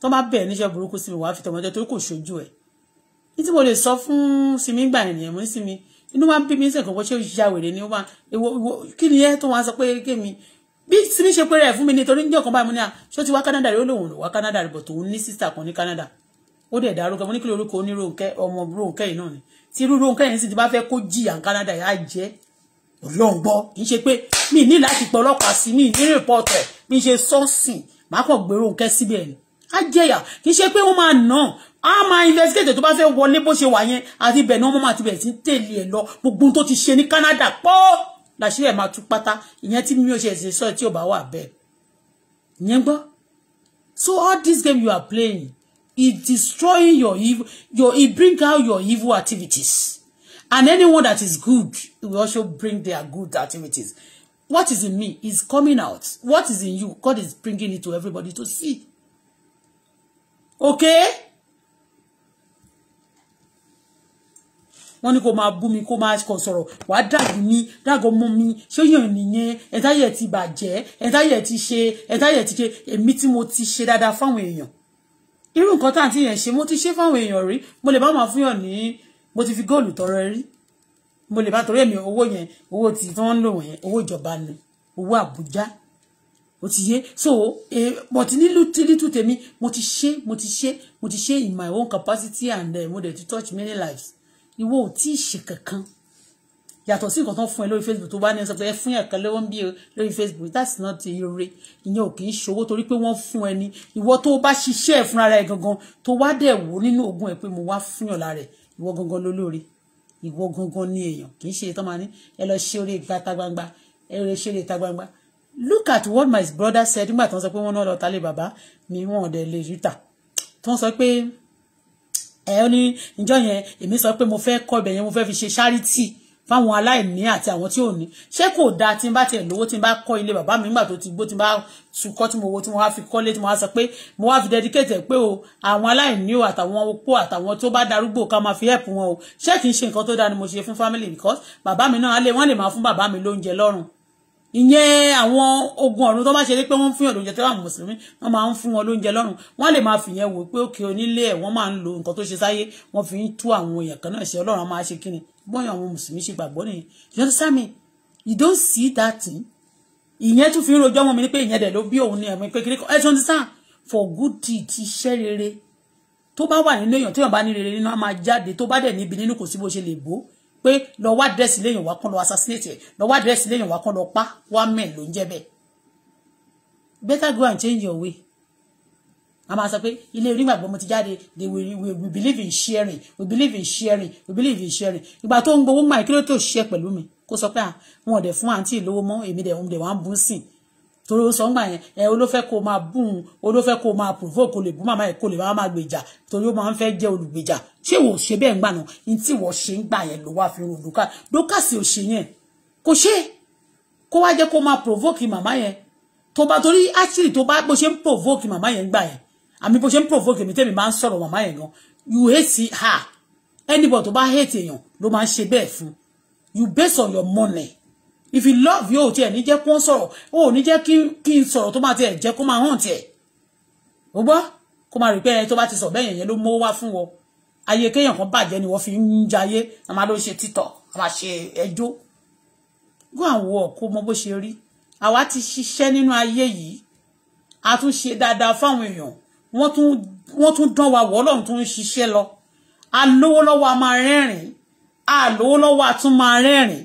tó máa bẹ̀ẹ́ níṣẹ́ burúkú sí mi wàá fi tọmọ jẹ́ torí kò ṣojú ẹ̀ ní tí mo lè sọ fún Simi gbà ènìyàn mo ní Simi inú máa ń bí mi sẹ́kọ̀ọ́ bó ṣe ya wèrè ni ó máa kí ni ẹ tó máa sọ pé kémi bí simi ṣe pé rẹ̀ fún mi nítorí níjọ́ kan báyìí mo ní à ṣó ti wá Canada rí ó lòun lò wá Canada rí bọ̀ tòun ní sísà kan ní Canada ó dẹ̀ dárúkọ mo ní kí ló orúkọ oníròǹkẹ́ ọmọ Rónkẹ́ yìí náà ni tí irú Rónkẹ́ yẹn sì ti bá fẹ́ kó jìyà ní Canada yà á jẹ́ ọlọ́run gbọ́ kì í ṣe pé mi ní láti pọ̀ ọlọ́pàá sí mi ní rìpọ́tẹ̀ mi ṣe sọ́ọ̀sì máa kàn gbèrò Rónkẹ́ síbẹ̀ ni á jẹ̀yà kì í ṣe pé wọ́n máa nà á máa investigate tó bá fẹ́ wọlé bó ṣe wà yẹn àti ibẹ̀ ni wọ́n máa ti bẹ̀rẹ̀ sí tẹ̀lé ẹ̀ lọ gbogbo tó ti ṣe ní Canada pọ́ọ́ làṣírí ẹ̀ máa tú pátá ìyẹn tí mi ò ṣe ẹ̀sìn sọ tí ò bá wà bẹ́ẹ̀ ìyẹn gbọ́ so all this game you are playing is e destroying your evil your e bring out your evil activities and anyone that is good it will also bring their good activities what is in me is coming out what is in you God is bringing it to everybody to see okay. wọ́n ní kó máa bú mi kó máa kàn sọ̀rọ̀ wà á dàgbù mi dàgọ́ mú mi ṣé nìyẹn ẹ̀táyẹ̀ ti bàjẹ́ ẹ̀táyẹ̀ ti ṣe ẹ̀táyẹ̀ ti ṣe èmi tí mo ti ṣe dáadáa fáwọn èèyàn irú nǹkan tá àǹtí yẹn ṣe mo ti ṣe fáwọn èèyàn rí mo lè bá máa fún yàn ní mo ti fi góòlù tọrọ rí mo lè bá torí èmi owó yẹn owó tí wọ́n ń lò yẹn owó ìjọba ni owó Àbújá ó ti yé so eh, but nílùú tìlítù tèmi mo ti ṣe mo ti ṣe mo ti ṣe in my own capacity and eh, mo dey to touch many lives ìwọ ò tí ì ṣe kankan yàtọ̀ sí nǹkan tó fún ẹ lórí Facebook tó bá ní sọ pé ẹ fún ẹ̀kan lọ́wọ́ ń bí lórí Facebook that's not ire ìyẹn ò kì í ṣòwò torí pé wọ́n fún ẹ ní ìwọ tó bá ṣiṣẹ́ ẹ̀ fúnra rẹ̀ gangan tó wá dẹ̀ wò nínú ogun ẹ̀ pé mo wá fún yàn lára ẹ̀ ìwọ gangan lólórí ìwọ gangan ní èèyàn kì í ṣe tán máa ní ẹ lọ ṣe orí ìta gbangba ẹ lọ ṣe orí ìta gbangba look at what my brother said nígbà tí wọ́n sọ pé wọ́n náà lọ ta lé bàbá mi wọ́n ọ̀dẹ̀ lè rí ta tí wọ́n sọ pé ẹ ó ní ìjọ yẹn èmi sọ pé mo fẹ́ kọ́ ibẹ̀ yẹn mo fẹ́ fi ṣe ṣáríìtì fáwọn aláìní àti àwọn tí ò ní ṣé kò dáa tí n bá tiẹ̀ lówó tí n bá kọ́ ilé bàbá mi nígbà tó ti gbó tí n bá tukọ́ tí mo wo tí mo wá fi kọ́lé tí mo wá sọ pé mo wá fi dedicate pé o àwọn aláìní o àtàwọn opó àtàwọn tó bá darúgbó ká máa fi help wọn o ṣé kì í ṣe nǹkan tó dáa ni mo ṣe fún family because bàbá mi náà wọ́n lè máa fún bàbá mi lóúnjẹ lọ́rùn ìyẹn àwọn ogun ọ̀run tó bá ṣe rí pé wọ́n ń fún yàn lóúnjẹ tó wà mùsùlùmí wọ́n máa ń fún wọn lóúnjẹ lọ́rùn wọ́n lè máa fìyẹn wò pé òkè onílé ẹ̀ wọ́n máa ń lo nǹkan tó ṣe sáyé wọ́n fi ń tú àwọn èèyàn kan náà ṣe ọlọ́run máa ṣe kíni bọ́yàn àwọn mùsùlùmí ṣe gbàgbọ́ nìyẹn you understand me you don't see that thing ìyẹn tún fi ń rojọ́ mọ́ mi ní pé ìyẹn dẹ̀ ló bí òun ní ẹ̀mí tó bá wà nínú èèyàn téèyàn bá ní rere nínú á máa jáde tó bá dẹ̀ níbi nínú kò sí bó ṣe lè bó pé lọ wá dírẹ́sì léyìn wá kán lọ assassinate ẹ̀ lọ wá dírẹ́sì léyìn wá kán lọ pa wá mẹ́ ló ń jẹ́ bẹ́ẹ̀ better go and change your way a máa sọ pé ilé onígbàgbọ́ mo ti jáde they will we, we believe in sharing we believe in sharing we believe in sharing ìgbà tó ń gbowó máa kí ló tó ṣiṣẹ́ pẹ̀lú mi kó sọ pé à wọn ò dẹ̀ fún àǹtí ìlówó mọ́ èmi dẹ̀ wọn dẹ̀ wọn á bú sìn torí ó sọ ńgbà yẹn ẹ olófẹ́ kó máa bùn olófẹ́ kó máa provoke kó lè bú màmá ẹ̀ kó lè bá máa gbèjà torí ó máa ń fẹ́ jẹ́ olùgbèjà ṣé wò ó ṣe bẹ́ẹ̀ ńgbà náà ní tí wọ́n ṣe ń gbà yẹn ló wá fi rò dókà dókà ò ṣe yẹn kò ṣe kó wá jẹ́ kó máa provoke màmá yẹn tó bá torí actually tó bá bó ṣe ń provoke màmá yẹn gbà yẹn àmì bó ṣe ń provoke mi tẹ́mi máa ń sọ̀rọ̀ màmá yẹn gan you hate her anybody tó hate èèyàn ló máa ń ṣe bẹ́ẹ̀ you based on your money if you love yóò tiẹ̀ ní jẹ́ kó ń sọ̀rọ̀ ó ní jẹ́ kí n sọ̀rọ̀ tó máa tiẹ̀ jẹ́ kó máa hàn tiẹ̀ ó gbọ́ kó máa rí pé ẹni tó bá ti sọ bẹ́ẹ̀ yẹn ló mọ́ wá fún wọn ayé kéèyàn kan bàjẹ́ ni wọ́n fi ń jayé a máa ló ṣe títọ̀ a máa ṣe ẹjọ́ gbọ́ àwọn ọ̀kọ́ mọ bó ṣe rí àwa ti ṣiṣẹ́ nínú ayé yìí a tún ṣe dáadáa fáwọn èèyàn wọ́n tún dán wa wọ́ ọlọ́run tún ń ṣiṣẹ́ lọ a lówó lọ́wọ́ a máa rẹ́rìn-ín a lówó lọ́wọ́ a tún máa rẹ́rìn-ín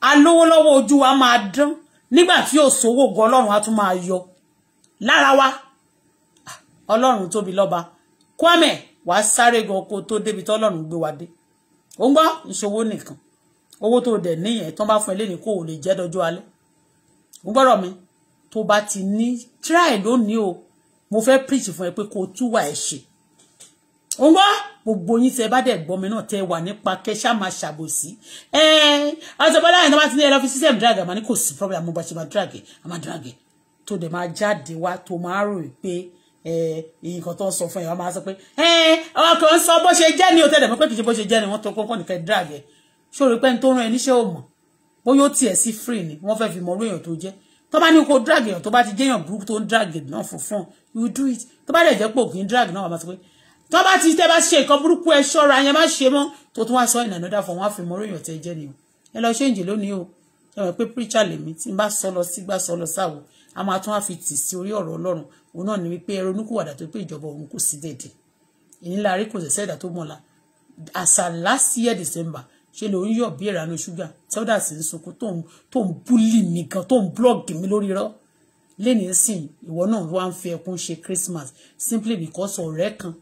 alówó lọ́wọ́ ojú wa máa dán nígbà tí ò sówó gan ọlọ́run á tún máa yọ lára wa ah, ọlọ́run tóbi lọ́ba Kwame wà á sáré gan kó tó débi tó ọlọ́run gbé wa dé ó ń gbọ́ ìṣòwò nìkan owó tó dẹ̀ níyẹn tó bá fún ẹ lẹ́yìn kó o lè jẹ́ dọjọ́ alẹ́ ó gbọ́dọ̀ mi tó bá ti ní try lónìí o mo fẹ́ preach fún ẹ pé kó o túwà ẹ̀ ṣe ó ń gbọ́ gbogbo yín tẹ bá dẹ̀ gbọ́ mi náà tẹ wà nípa kẹṣà máa ṣàbòsí ẹ ọ̀sọ̀bọ́lá àyìnbá ti ní ẹ lọ fi system drag àmọ́ ní kò sí problem àmọ́ bá ṣe máa drag àmọ́ drag tó dẹ̀ máa jáde wá tó máa rò pé eh, nǹkan tó ń sọ fún ẹ wọn máa sọ pé eh, ọmọ kan ń sọ bó ṣe jẹ́ ni o tẹ́lẹ̀ mọ́ pé kì í ṣe bó ṣe jẹ́ ni wọ́n tó kọ́kọ́ nìkan drag ẹ̀ ṣòro pé ní tó rán ẹ níṣẹ́ ò mọ̀ bóyá ó tiẹ̀ sí free ni wọ́n fẹ́ fi mọ orú èèyàn tó jẹ́ tó bá ní kó drag èèyàn tó bá ti jẹ́yàn burúkú tó ń drag náà fun, fun. you do it tó bá dẹ̀ jẹ́ pò kí drag náà wà máa sọ pé tó bá ti tẹ́ bá ṣe nǹkan burúkú ẹ ṣọ́ra yẹn má ṣe mọ́ tó tún wá sọ ìnànádà fún wọn á fi mọ́ ròyìn ọ̀tẹ̀ jẹ́ ni o ẹ lọ ṣéǹjì lónìí o ẹ mọ̀ pé píríṣà lèmi tí n bá sọ lọ sí gbà sọ lọ sáwọ a máa tún wá fi tì sí orí ọ̀rọ̀ ọlọ́run òun náà ni wípé ronúkúwàdà tó pé ìjọba òun kò sí dèdè ìnílá rí kò sẹ̀sẹ̀ ìdá tó mọ̀la àṣà last year December ṣe ló ń yọ̀ bí ìrànú ṣúgà tẹ́wọ́dà sì ń sunkún tó ń búlì mi gan tó ń blọ́ọ̀gì mi lórí rọ́ lẹ́nìí sìn ìwọ náà wá ń fi ẹkún ṣe Christmas simply because ọ̀rẹ́ kan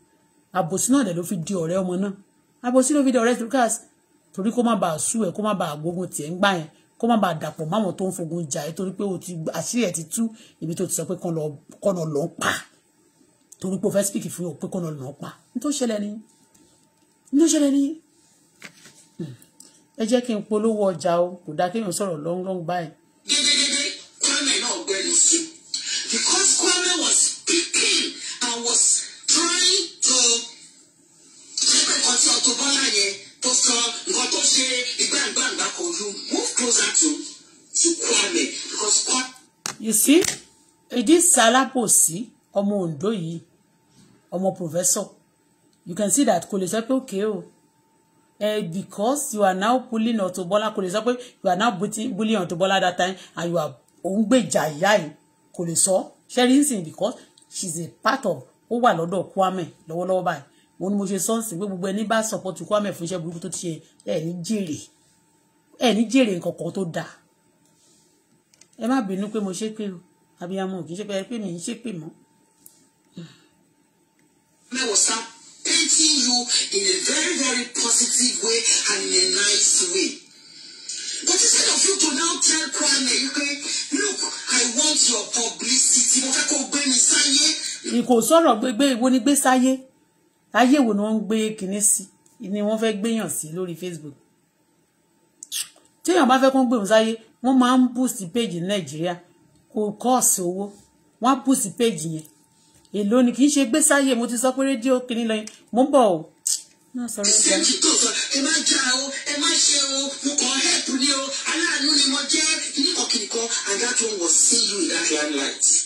àbòsí náà dẹ̀ ló fi di ọ̀rẹ́ ọmọ náà àbòsí ló fi di ọ̀rẹ́ Dorcas torí kó má bàa sú ẹ kó má bàa gbógun tiẹ̀ ń gbà yẹn kó má ba dàpọ̀ máwọn tó ń fogun jà ẹ torí pé àṣírí ẹ ti tú ibi tó ti sọ pé kọ́nà lọ́ ń pa torí pé o fẹ́ speak fún ọ pé kọ́nà lọ́ ń pa ní tó ṣẹlẹ̀ ni ní tó ṣẹlẹ̀ ni ẹ jẹ́ kí n polówó ọjà o kò dá kéèyàn sọ̀rọ̀ lọ́nlọ́n báyìí. gidigidi tó bọ́lá yẹn tó sọ nǹkan tó ṣe ìgbàǹgbàǹgbà kan you move closer to to Kwame because Kwame. you see èdè sálábòsí ọmọ Ondo yìí ọmọ professor you can see that kò lè sọ pé òkè o eh, because you are now pulling Auto Bola kò lè sọ pé you are now bullying Auto Bola that time and you are òun gbèjà ìyá yìí kò lè sọ ṣẹ́rí ń because she is a part of ó wà lọ́dọ̀ Kwame lọ́wọ́lọ́wọ́ báyìí mo ní mo ṣe sọ́ọ̀sì pé gbogbo ẹni bá support Kwame fún iṣẹ́ burúkú tó ti ṣe ẹ̀ jèrè ẹ̀ jèrè nǹkankan tó dáa ẹ má bínú pé mo ṣépè o abiyamọ kì ṣe pé pé mi ń ṣépè mọ́. mẹ́wọ̀sán painting you in a very very positive way and in a nice way. But instead of you to now tell Kwame pé look I want your publicity mo fẹ́ kó gbé mi sáyé. ìkò sọ̀rọ̀ gbégbé ìwo ni gbé sáyé ayé wo ni wọ́n ń gbé kinní sí ni wọ́n fẹ́ gbéyàn sí lórí Facebook téèyàn bá fẹ́ kó ń gbèrò sáyé wọ́n máa ń boost page ní nàìjíríà kò kọ́ọ̀sì owó wọ́n á boost page yẹn èlò ni kì í ṣe gbé sáyé mo ti sọ pé rédíò kìíní lọ yẹn mo ń bọ̀ o. ẹsẹ̀ tí kò sọ ẹ má já o ẹ má ṣe o mo kàn help ni o aláàánú ni mo jẹ́ ní ọ̀kìnìkan and that one was see you in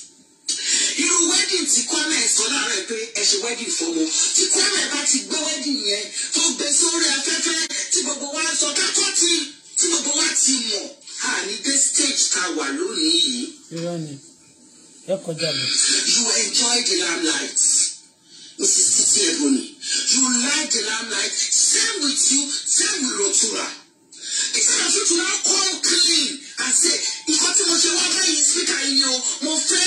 irú wedding tí Kwame sọ láàárọ̀ pé ẹ ṣe wedding fọmọ tí Kwame bá ti gbé wedding yẹn tó gbé sórí afẹ́fẹ́ tí gbogbo wa sọ kákọ́ tí tí gbogbo wa ti mọ̀ àní dé stage ta wà lónìí yìí. irọ́ ni ẹ kọjá lọ. you enjoy the limelight mrs titi ebony you like the limelight same with you same with rotura instead of you now call clean and say nǹkan tí mo ṣe wá bẹ́ẹ̀ yìí speaker yìí o mo fẹ́.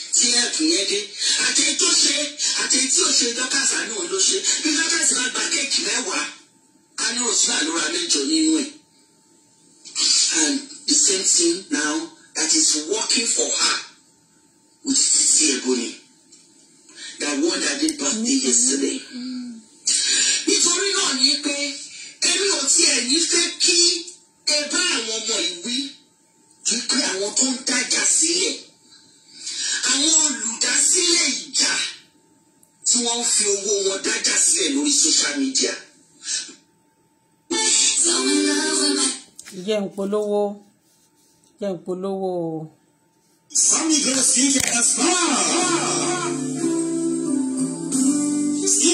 tí ẹ̀kún yẹn dé àti tó ṣe àti tí ò ṣe dọ́kàsá náà ló ṣe bí dọ́kàsá máa gba kéèkì mẹ́wàá kánú òsínà ló ra mẹ́jọ nínú ẹ̀ and the same thing now that is working for her with Sisi Ebony that one that did birthday yesterday. nítorí náà ni pé èmi ò tiẹ̀ ní fẹ́ kí ẹ bá àwọn ọmọ ìwí kí pé àwọn tó ń dájà sílẹ̀ àwọn olùdásílẹ̀ ìjà tí wọ́n ń fi owó wọn dájà sílẹ̀ lórí social media. jẹ́ ń polówó jẹ́ ń polówó. Sami Goes Skincare Spa.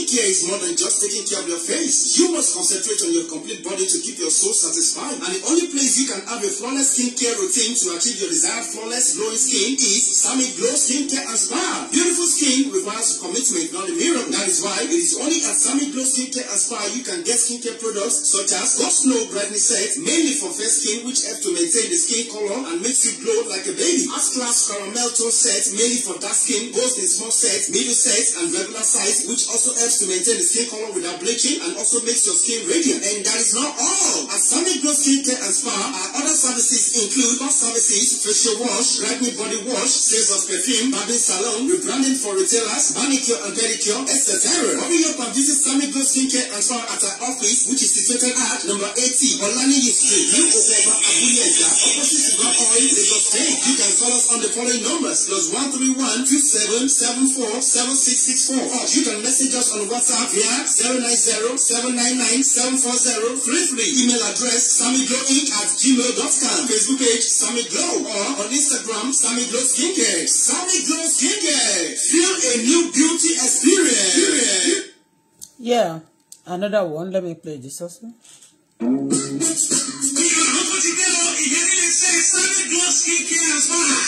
care is more than just taking care of your face. You must concentrate on your complete body to keep your soul satisfied. And the only place you can have a flawless skincare routine to achieve your desired flawless glowing skin is Sami Glow Skincare and Spa. Beautiful skin requires commitment, not a mirror. That is why it is only at Sami Glow Skincare and Spa you can get skincare products such as Snow Glow Brightening Set, mainly for fair skin, which helps to maintain the skin color and makes you glow like a baby. As class caramel tone set, mainly for dark skin, both in small sets, middle sets, and regular size, which also helps to maintain the skin color without bleaching and also makes your skin radiant. And that is not all. At Summit Glow Care and Spa, our other services include bath services, facial wash, brightening body wash, sales of perfume, barbing salon, rebranding for retailers, manicure and pedicure, etc. Hurry up and visit Summit Glow Skin Care and Spa at our office, which is situated at number 80 Olaniyi Street, New Okoba, Abuja, opposite Sugar Oil, Lagos State. You can call us on the following numbers: plus one three one two seven seven four seven six six four. Or you can message us on WhatsApp here zero nine zero seven nine nine seven four zero three three. Email address samigloinc at gmail dot com. Facebook page glow or on Instagram glow skincare. glow skincare. Feel a new beauty experience. Yeah, another one. Let me play this also.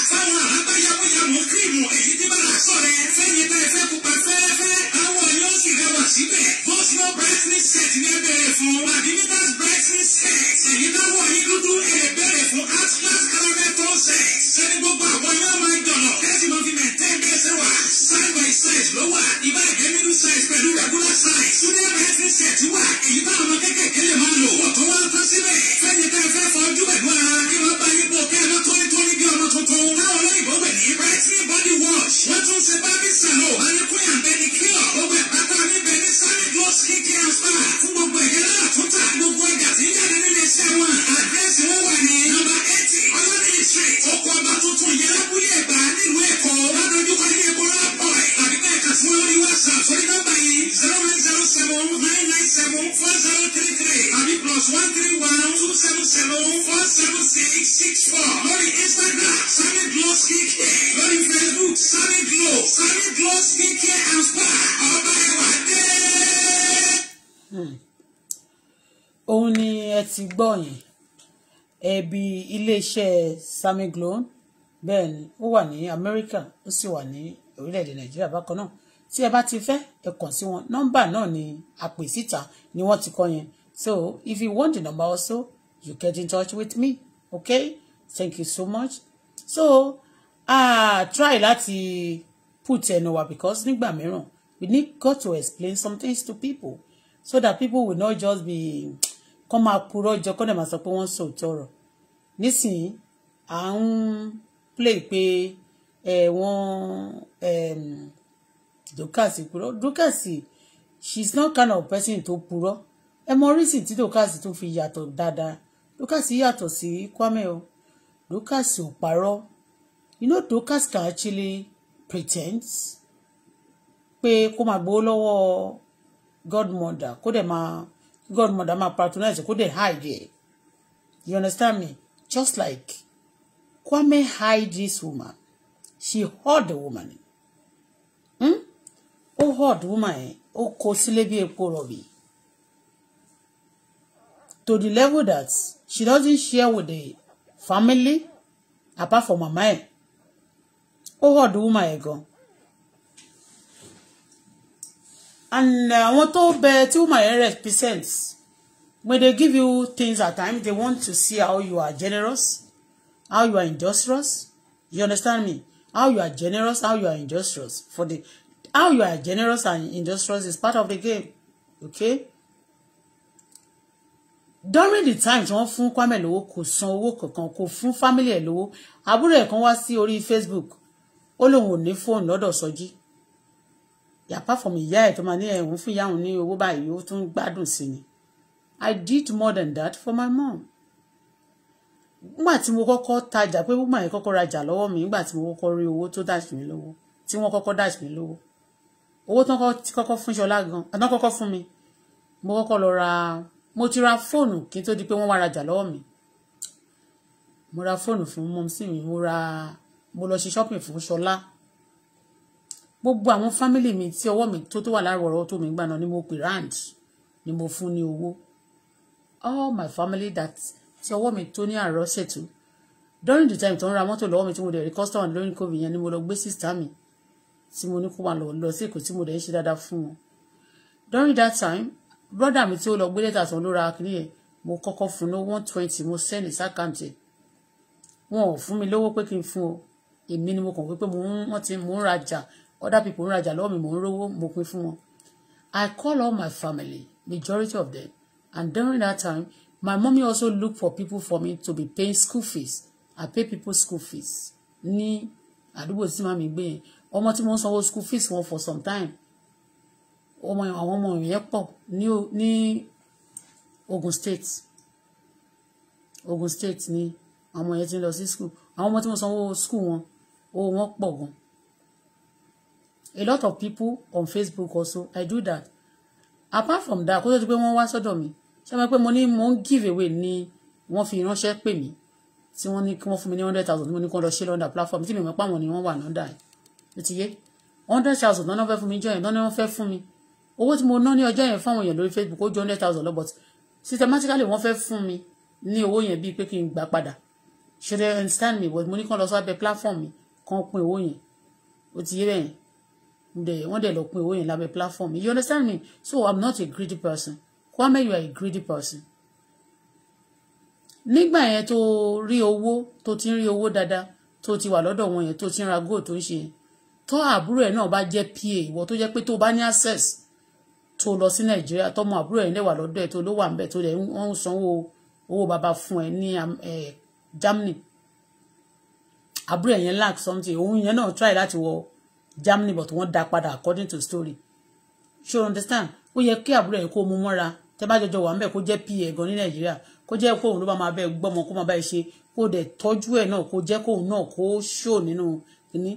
Fáwọn àbáyáwó yà bẹ́ẹ̀ fẹ́ pupa fẹ́ẹ́fẹ́. 给我袭脸。iléeṣẹ́ sami Glone bẹ́ẹ̀ ni ó wà ní Amẹ́ríkà ó sì wà ní orílẹ̀-èdè Nàìjíríà bákan náà tí ẹ bá ti fẹ́ ẹ kàn sí wọn nọ́mbà náà ni àpè síta ni wọ́n ti kọ yẹn so if you want the number also you get in touch with me okay thank you so much so ah uh, try láti put ẹnu wa because nígbà mìíràn we need go to explain some things to people so that people will not just be kọ́ máa purọ́ jọ kọ́ dẹ̀ máa sọ pé wọ́n sọ òótọ́ ọ̀rọ̀ nísìnyí à ń play pé ẹ wọn dókàsì purọ́ dókàsì she is not kind of person to purọ́ ẹ mọ orísìí tí dókàsì tó fi yàtọ̀ dáadáa dókàsì yàtọ̀ sí kwame o dókàsì ò parọ́ you know dókàsì can actually pretend pé kó máa gbowó lọ́wọ́ godmother kó dẹ̀ máa godmother máa patronize kó dẹ̀ hide ẹ̀ you understand me just like Kwame hide this woman she hurt the woman hmm? Oh hurt woman Oh, ó kó sílé bí epo to the level that she doesn't share with the family apart from mama Oh ó hurt woman ago. and I want to bet woman my represents. When they give you things at times, they want to see how you are generous, how you are industrious. You understand me? How you are generous, how you are industrious. For the how you are generous and industrious is part of the game. Okay? during the time tí wọ́n fún Kwame lówó kò san owó kankan kò fún family ẹ̀ lówó àbúrò ẹ̀ kan wá sí orí Facebook ó lóun ò phone, fóònù soji. Sọjí apart from ìyá to tó máa ní ẹ̀hún fún ìyá òun ní owó báyìí ó tún gbádùn sí ni I did more than that for my mom. Nígbà tí mo kọ́kọ́ tajà pé wúmà yẹn kọ́kọ́ rajà lọ́wọ́ mi nígbà tí mo kọ́kọ́ rí owó tó dáṣì mí lówó tí wọ́n kọ́kọ́ dáṣì mí lówó. Owó tán ti kọ́kọ́ fún Ṣọlá gan àná kọ́kọ́ fún mi. Mo kọ́kọ́ lọ ra mo ti ra fóònù kí n tó di pé wọ́n wá rajà lọ́wọ́ mi. Mo ra fóònù fún mọ́mísì mi mo ra mo lọ ṣe shopping fún Ṣọlá gbogbo àwọn fámìlì mi tí ọwọ́ mi tó tó wà láàárọ̀ ọ̀rọ̀ tó mi gbà náà ni mo pè rand ni mo fún ní owó all my family that ti ọwọ́ mi tó ní àárọ̀ ṣètò during the time tó ń ra mọ́tò lọ́wọ́ mi tí mo dẹ̀ rí customer lórí covid yẹn ni mo lọ gbé sister mi tí mo ní kó máa lọ sí èkó tí mo dẹ̀ ń ṣe dáadáa fún wọn during that time brother mi tí ó lọ gbé lẹ́tà tán ló ra kiri yẹn mo kọ́kọ́ fún ní one twenty mo send ní sàkáǹtì wọn ò fún mi lówó pé kí n fún o èmi ni mo kàn wípé mo ń wọ́n ti mo ń rajà other people ń rajà lọ́wọ́ mi mo ń rówó mo pín fún wọn i call all my family majority of them And during that time, my mommy also looked for people for me to be paying school fees. I pay people school fees. Ní àdúgbò tí màmí gbé yẹn, ọmọ tí mo ń sanwó school fees wọn for some time. Ọmọ àwọn ọmọ yẹn pọ̀ Ni ni, Ogun State. Ogun State ni àwọn ọmọ yẹn ti ń school. Àwọn ọmọ tí mo sanwó school wọn, owó wọn pọ̀ gan. A lot of people on Facebook also, I do that. Apart from that, kó tó di pé wọ́n wá sọ́dọ̀ mi, ṣé wọ́n pé mo ní mo ń give away ní wọ́n fi ránṣẹ́ pè mí tí wọ́n ní kí wọ́n fún mi ní hundred thousand tí mo ní kí wọ́n lọ ṣe lọ́ndà platform tí mi mọ̀ páwọn ni wọ́n wà lọ́ndà yìí ló ti yé hundred thousand lọ́nà fẹ́ fún mi jọ yẹn lọ́nà wọ́n fẹ́ fún mi owó tí mo ná ní ọjọ́ yẹn fáwọn èèyàn lórí Facebook ó jọ hundred thousand lọ but systematically wọ́n fẹ́ fún mi ní owó yẹn bíi pé kí n gbà padà ṣe they understand me but mo ní kí wọ́n lọ sábẹ́ platform mi kan pín owó yẹn ó ti yé bẹ́ẹ̀ wọ́n dẹ̀ lọ pín owó yẹn lábẹ́ platform mi you understand me so I'm not a greedy person Kwame you are a greedy person nígbà yẹn tó rí owó tó ti ń rí owó dáadáa tó ti wà lọ́dọ̀ wọn yẹn tó ti ń ra gold tó ń ṣe tó àbúrò ẹ̀ náà bá jẹ́ pa ìwọ tó jẹ́ pé tó bá ní access tó lọ sí nàìjíríà tọmọ àbúrò ẹ̀ ń lẹ́wà lọ́dọ̀ ẹ̀ tó ló wà ń bẹ̀ tó lẹ̀ ń sanwó owó bàbá fún ẹ ní um, Germany àbúrò ẹ̀ yẹn lack something òun yẹn náà try láti wọ Germany but wọ́n dá padà according to story ṣé o understand ó yẹ kí àbúrò ẹ̀ kó mú mọ́ra tẹ́ bá jọjọ wà ń bẹ̀ kó jẹ́ pa gan ní nàìjíríà kó jẹ́ kóun ló bá máa bẹ gbọ́mọ kó máa bá ẹ ṣe kó dẹ̀ tọ́jú ẹ̀ náà kó jẹ́ kóun náà kó ṣó nínú kíní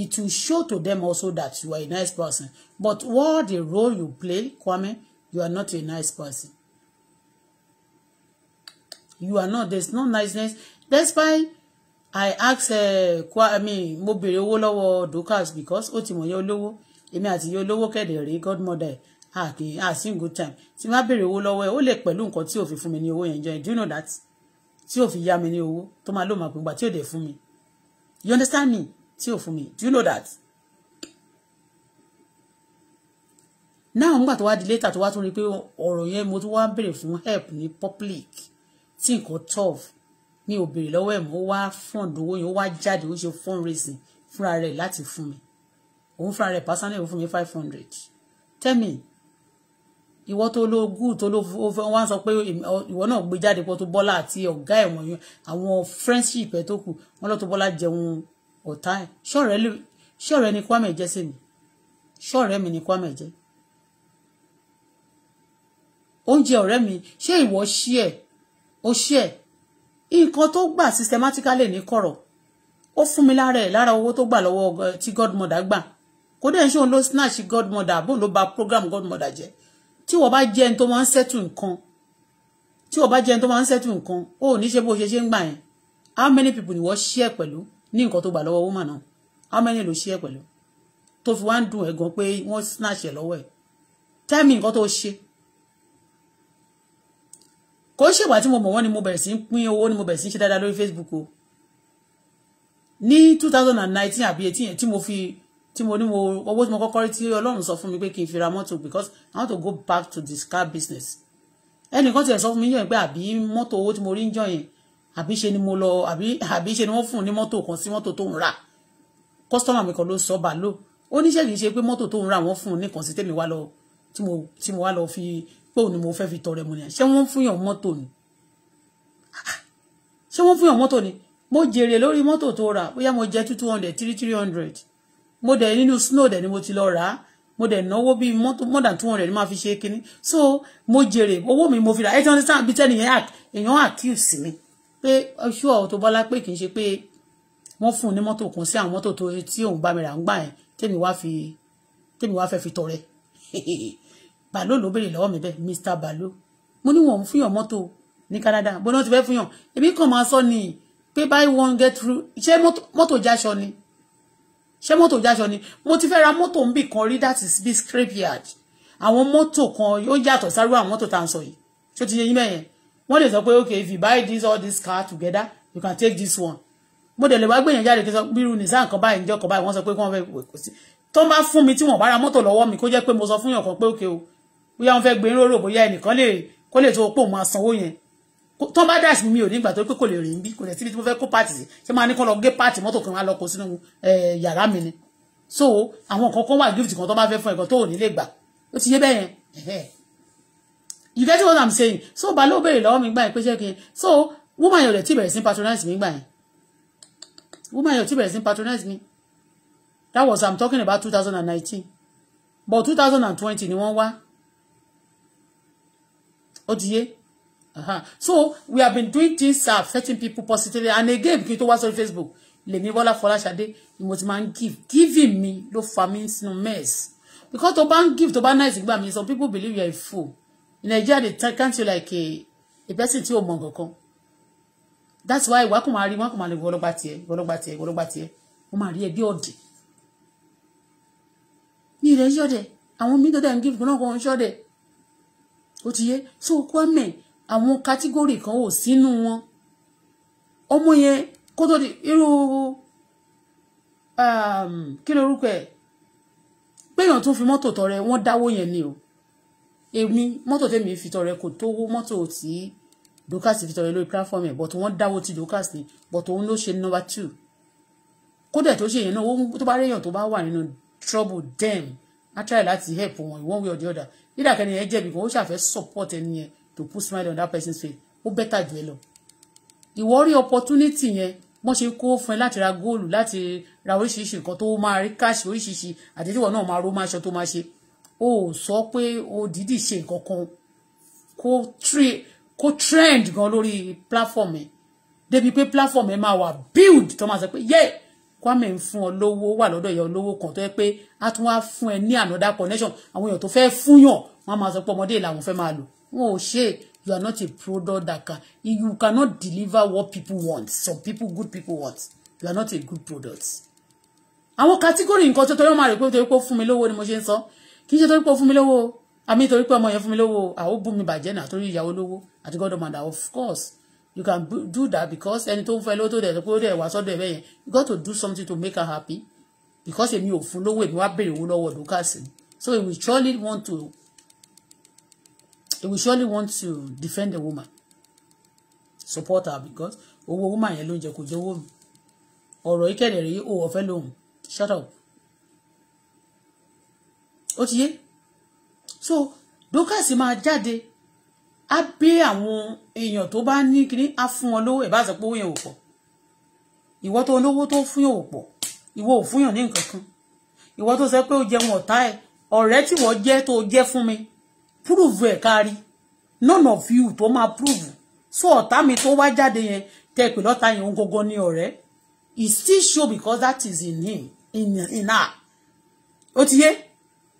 it will show to them also that you are a nice person but what the role you play Kwame you are not a nice person you are not there is no niceness that's why I ask uh, eh, Kwame mo béèrè owó lọ́wọ́ Dorcas because ó ti mọ̀ yẹ olówó èmi àti yẹ olówó kẹ̀dẹ̀ godmother ah kì í ah good time tí n bá béèrè owó lọ́wọ́ ẹ̀ ó lè pẹ̀lú nǹkan tí ò fi fún mi ní owó yẹn jọ do you know that tí ò fi yá mi ní owó tó máa ló máa gbogbo tí ò dẹ̀ fún mi you understand me tí ò fún mi do you know that. náà nígbà tó wá di later tó wá tún rí i pé ọ̀rọ̀ yẹn mo tún wá ń fún help ní public tí nǹkan tough mi ò béèrè lọ́wọ́ ẹ̀ mọ́ ó wá fund owó yẹn ó wá jáde ó ṣe fundraising fúnra rẹ̀ láti fún mi òun fúnra rẹ̀ personally ó fún mi five hundred tell me ìwọ tó ló good tó ló fẹ́ wọ́n sọ pé ìwọ náà gbé jáde pọ̀ tó bọ́lá àti ọ̀gá ẹ̀wọ̀n yẹn àwọn friendship ẹ̀ tó kù wọ́n lọ́ tó bọ́lá jẹun ọ̀tá ẹ̀ ṣọ́ọ̀rẹ́ ni Kwame jẹ́ sí mi ṣọ́ọ̀rẹ́ mi ni Kwame jẹ́ oúnjẹ ọ̀rẹ́ mi ṣé ìwọ ṣí ẹ̀ ó ṣí ẹ̀ nǹkan tó gbà systematically ní kọ̀rọ̀ ó fún mi lára ẹ̀ lára owó tó gbà lọ́wọ́ eh, tí godmother gbà kó dẹ̀ ń òun ló snatch godmother àbò ló ba program godmother jẹ́ tí wọ́n bá jẹ́ tó máa ń sẹ́tù nǹkan tí wọ́n bá jẹ́ tó máa ń sẹ́tù nǹkan ó ní ṣe bó ṣe ṣe ń gbà yẹn how many people ni wọ́n share pẹ̀lú ní nǹkan tó gbà lọ́wọ́ woman náà how many ló share pẹ̀lú tó fi wá ń dùn ẹ̀ gan pé wọ́n snatch ẹ̀ lọ́wọ́ ẹ̀ tell me nǹkan tó ṣe kò ṣègbà tí mo mọ̀ wọ́n ni mo bẹ̀rẹ̀ sí pín owó ni mo bẹ̀rẹ̀ sí ṣe dáadáa lórí Facebook o ní two thousand and nineteen àbí eighteen yẹn tí mo fi tí mo ní mo owó tí mo kọ́kọ́ rí tí ọlọ́run sọ fún mi pé kí n fi mọ́tò because i want to go back to the car business ẹnìkan tiẹ̀ sọ fún mi yẹn pé àbí mọ́tò owó tí mo rí ń jọ yẹn àbí ṣe ni mo lọ àbí àbí ṣe ni wọ́n fún un ní mọ́tò kan sí mọ́tò tó ń rà kọ́sítọ́mà mi kan ló sọ bá lò ó níṣẹ́ kì í ṣe pé mọ́tò tó ń rà wọ́n fún un nìkan sí tèmi wá lọ tí mo tí mo wá lọ fi pé òun ni mo fẹ́ fi tọrẹ mu nìyẹn ṣé wọ́n fún yàn mọ́tò ni ṣé wọ́n fún yàn mọ́tò ni mo jèrè lórí mọ́tò tó rà bóyá mo jẹ two two hundred three three hundred mo dẹ̀ nínú snow dẹ̀ ni mo ti lọ rà á mo dẹ̀ náwó bíi more than two hundred ni máa fi ṣe kínní so mo jèrè owó mi mo fi rà ẹ ti wọn ti sáà bíi tẹ́ni yẹn èèyàn accuse mi pé ṣú ọ̀ tó bọ́lá pé kì í ṣe pé wọ́n fún un ní mọ́tò kan sí àwọn mọ́tò tí òun bá mi rà ń gbà yẹn tèmi wá fi tèmi wá fẹ́ fi tọrẹ <laughs> balo ló béèrè lọ́wọ́ mi bẹ́ẹ̀ mr balo mo ní wọ́n fúnyàn mọ́tò ní Canada bó náà ti fẹ́ fúnyàn èmi kàn máa sọ ni pé buy one get through ṣé mọ́tò jáṣọ ni ṣé mọ́tò jáṣọ ni mo ti fẹ́ ra mọ́tò ń bì kan rí that is bí scrapyard àwọn mọ́tò kan ó yàtọ̀ sáré àwọn mọ́tò tá à ń sọ yìí ṣó ti yẹ yín mẹ́yẹn wọ́n lè sọ pé okay if you buy this all this car together you can take this one mo dẹ̀ lè wá gbèyàn jáde kí n sọ bírú nìsan kan báyìí níjọ́ kan báyìí wọ́n sọ pé wọ́n fẹ́ kò sí tó bá fún mi tí wọ́n bá ra mọ́tò lọ́wọ́ mi kó jẹ́ pé mo sọ fún yàn kan pé okay o bóyá wọ́n fẹ́ gbé róró bóyá ẹnìkan lè kó lè tó pò máa sanwó yẹn tó bá dà sí mi ò nígbà tó pé kò lè rìn bí kò lè síbi tí mo fẹ́ kó pàtì sí ṣé máa ní kó lọ gé pàtì mọ́tò kan wá lọ kó sínú yàrá mi ni so àwọn kan kan wà gift kan tó bá fẹ́ fún ẹ̀kọ́ tó ò ní lè gbà ó ti yé bẹ́ẹ̀ yẹn you get what i'm saying so ba ló béèrè lọ́wọ́ mi gbà yẹn pé ṣé kí so woman yóò rẹ̀ tí bẹ̀rẹ̀ sí patronize mi gbà yẹn woman yóò tí bẹ̀rẹ̀ sí patronize mi that was i'm talking about two thousand and nineteen but two thousand and twenty ni wọ́n wá ó ti yé. Uh-huh. So we have been doing things that uh, are affecting people positively. And again, because n tó on Facebook, Lèmi Bọ́lá Fọláṣadé ni mo ti máa give. Giving me no fa no mess. Because tó bá give, tó bá nice gbà mí, some people believe you are a fool. In Nigeria, they can't you like a, a person tí ò mọ nǹkan kan. That's why wàá kò máa rí wọ́n kò máa lè wọlọ́gbà tiẹ̀, wọlọ́gbà tiẹ̀, wọlọ́gbà tiẹ̀. Wọ́n máa rí ẹbí ọ̀dẹ̀. Mi ìrẹ́ yọ̀dẹ̀, àwọn mi tó dẹ̀ ń give gan-an kan ṣọ́dẹ̀. Ó ti yé, so Kwame, àwọn kátígórì kan ò sínú wọn ọmọ yẹn kó tó di irú um, kí lorúkọ ẹ̀ péyàn tó fi mọ́tò tọrẹ wọ́n dáwó yẹn ni o èmi mọ́tò tèmi fi tọrẹ kò tówó mọ́tò tí Dorkas fi tọrẹ lórí platform ẹ̀ but wọ́n dáwó ti Dorkas ni but òun ló ṣe number two kódà tó ṣe yẹn náà owó tó bá réyàn tó bá wà nínú trouble dem á try láti help wọn in one way or the other nídàkẹ́ni yẹn jẹ̀bi kan ó ṣàfẹ́ support ẹni yẹn to put smile on that person's face ó better jù ẹ lọ ìwọ rí opportunity yẹn wọ́n ṣe kó fún ẹ láti ra góòlù láti ra oríṣiríṣi nǹkan tó máa rí káàṣì oríṣiríṣi àtẹ̀tíwọ̀ náà máa ró máa ṣe tó máa ṣe ó sọ pé ó dìídì ṣe nǹkan kan kó trend gan lórí platform ẹ débi pé platform ẹ máa wà build tó máa sọ pé yẹ Kwame ń fún ọ lówó wà lọ́dọ̀ ìyá olówó kan tó yẹ pé a tún wá fún ẹ ní another connection àwọn èèyàn tó fẹ́ fúnyàn wọ́n máa sọ pé ọmọdé làwọn fẹ́ máa lò wọn ò ṣe you are not a product that can you cannot deliver what people want some people good people want you are not a good product. àwọn kàtígórì nǹkan tó torí ọmọ rẹ̀ pé torí pé ó fún mi lówó ni mo ṣe ń sọ kì í ṣe torí pé ó fún mi lówó àmì torí pé ọmọ yẹn fún mi lówó àwọn bú mi bàjẹ́ náà torí ìyàwó lówó àti godmother of course you can do that because ẹni tó ń fẹ́ lówó tó dẹ̀ tó dẹ̀ wá sọ́dọ̀ ẹ̀ bẹ́ẹ̀ yẹn you got to do something to make her happy because èmi ò fún lówó èmi wá béèrè owó lọ́wọ́ Dorcas so we surely want to they will surely want to defend the woman support her because owó woman yẹn ló ń jẹ kó jẹ owó mi ọ̀rọ̀ ìkẹ̀dẹ̀ rèé o ọ̀fẹ́ lòun shut up ó ti yé so Dorcas máa jáde á bẹ àwọn èèyàn tó bá ní kíní á fún wọn lówó ẹ̀ bá sọ pé owó yẹn ò pọ̀ ìwọ tó olówó tó fún yàn ò pọ̀ ìwọ ò fún yàn ní nǹkan kan ìwọ tó sọ pé ó jẹun ọ̀tá ẹ̀ ọ̀rẹ́ tí wọ́n jẹ́ tó jẹ́ fún mi prove ẹ̀ kárí none of you to máa prove so ọ̀tá mi tó wá jáde yẹn lota pé lọ́tà yẹn ń he still show because that is in him in, in her ó ti yé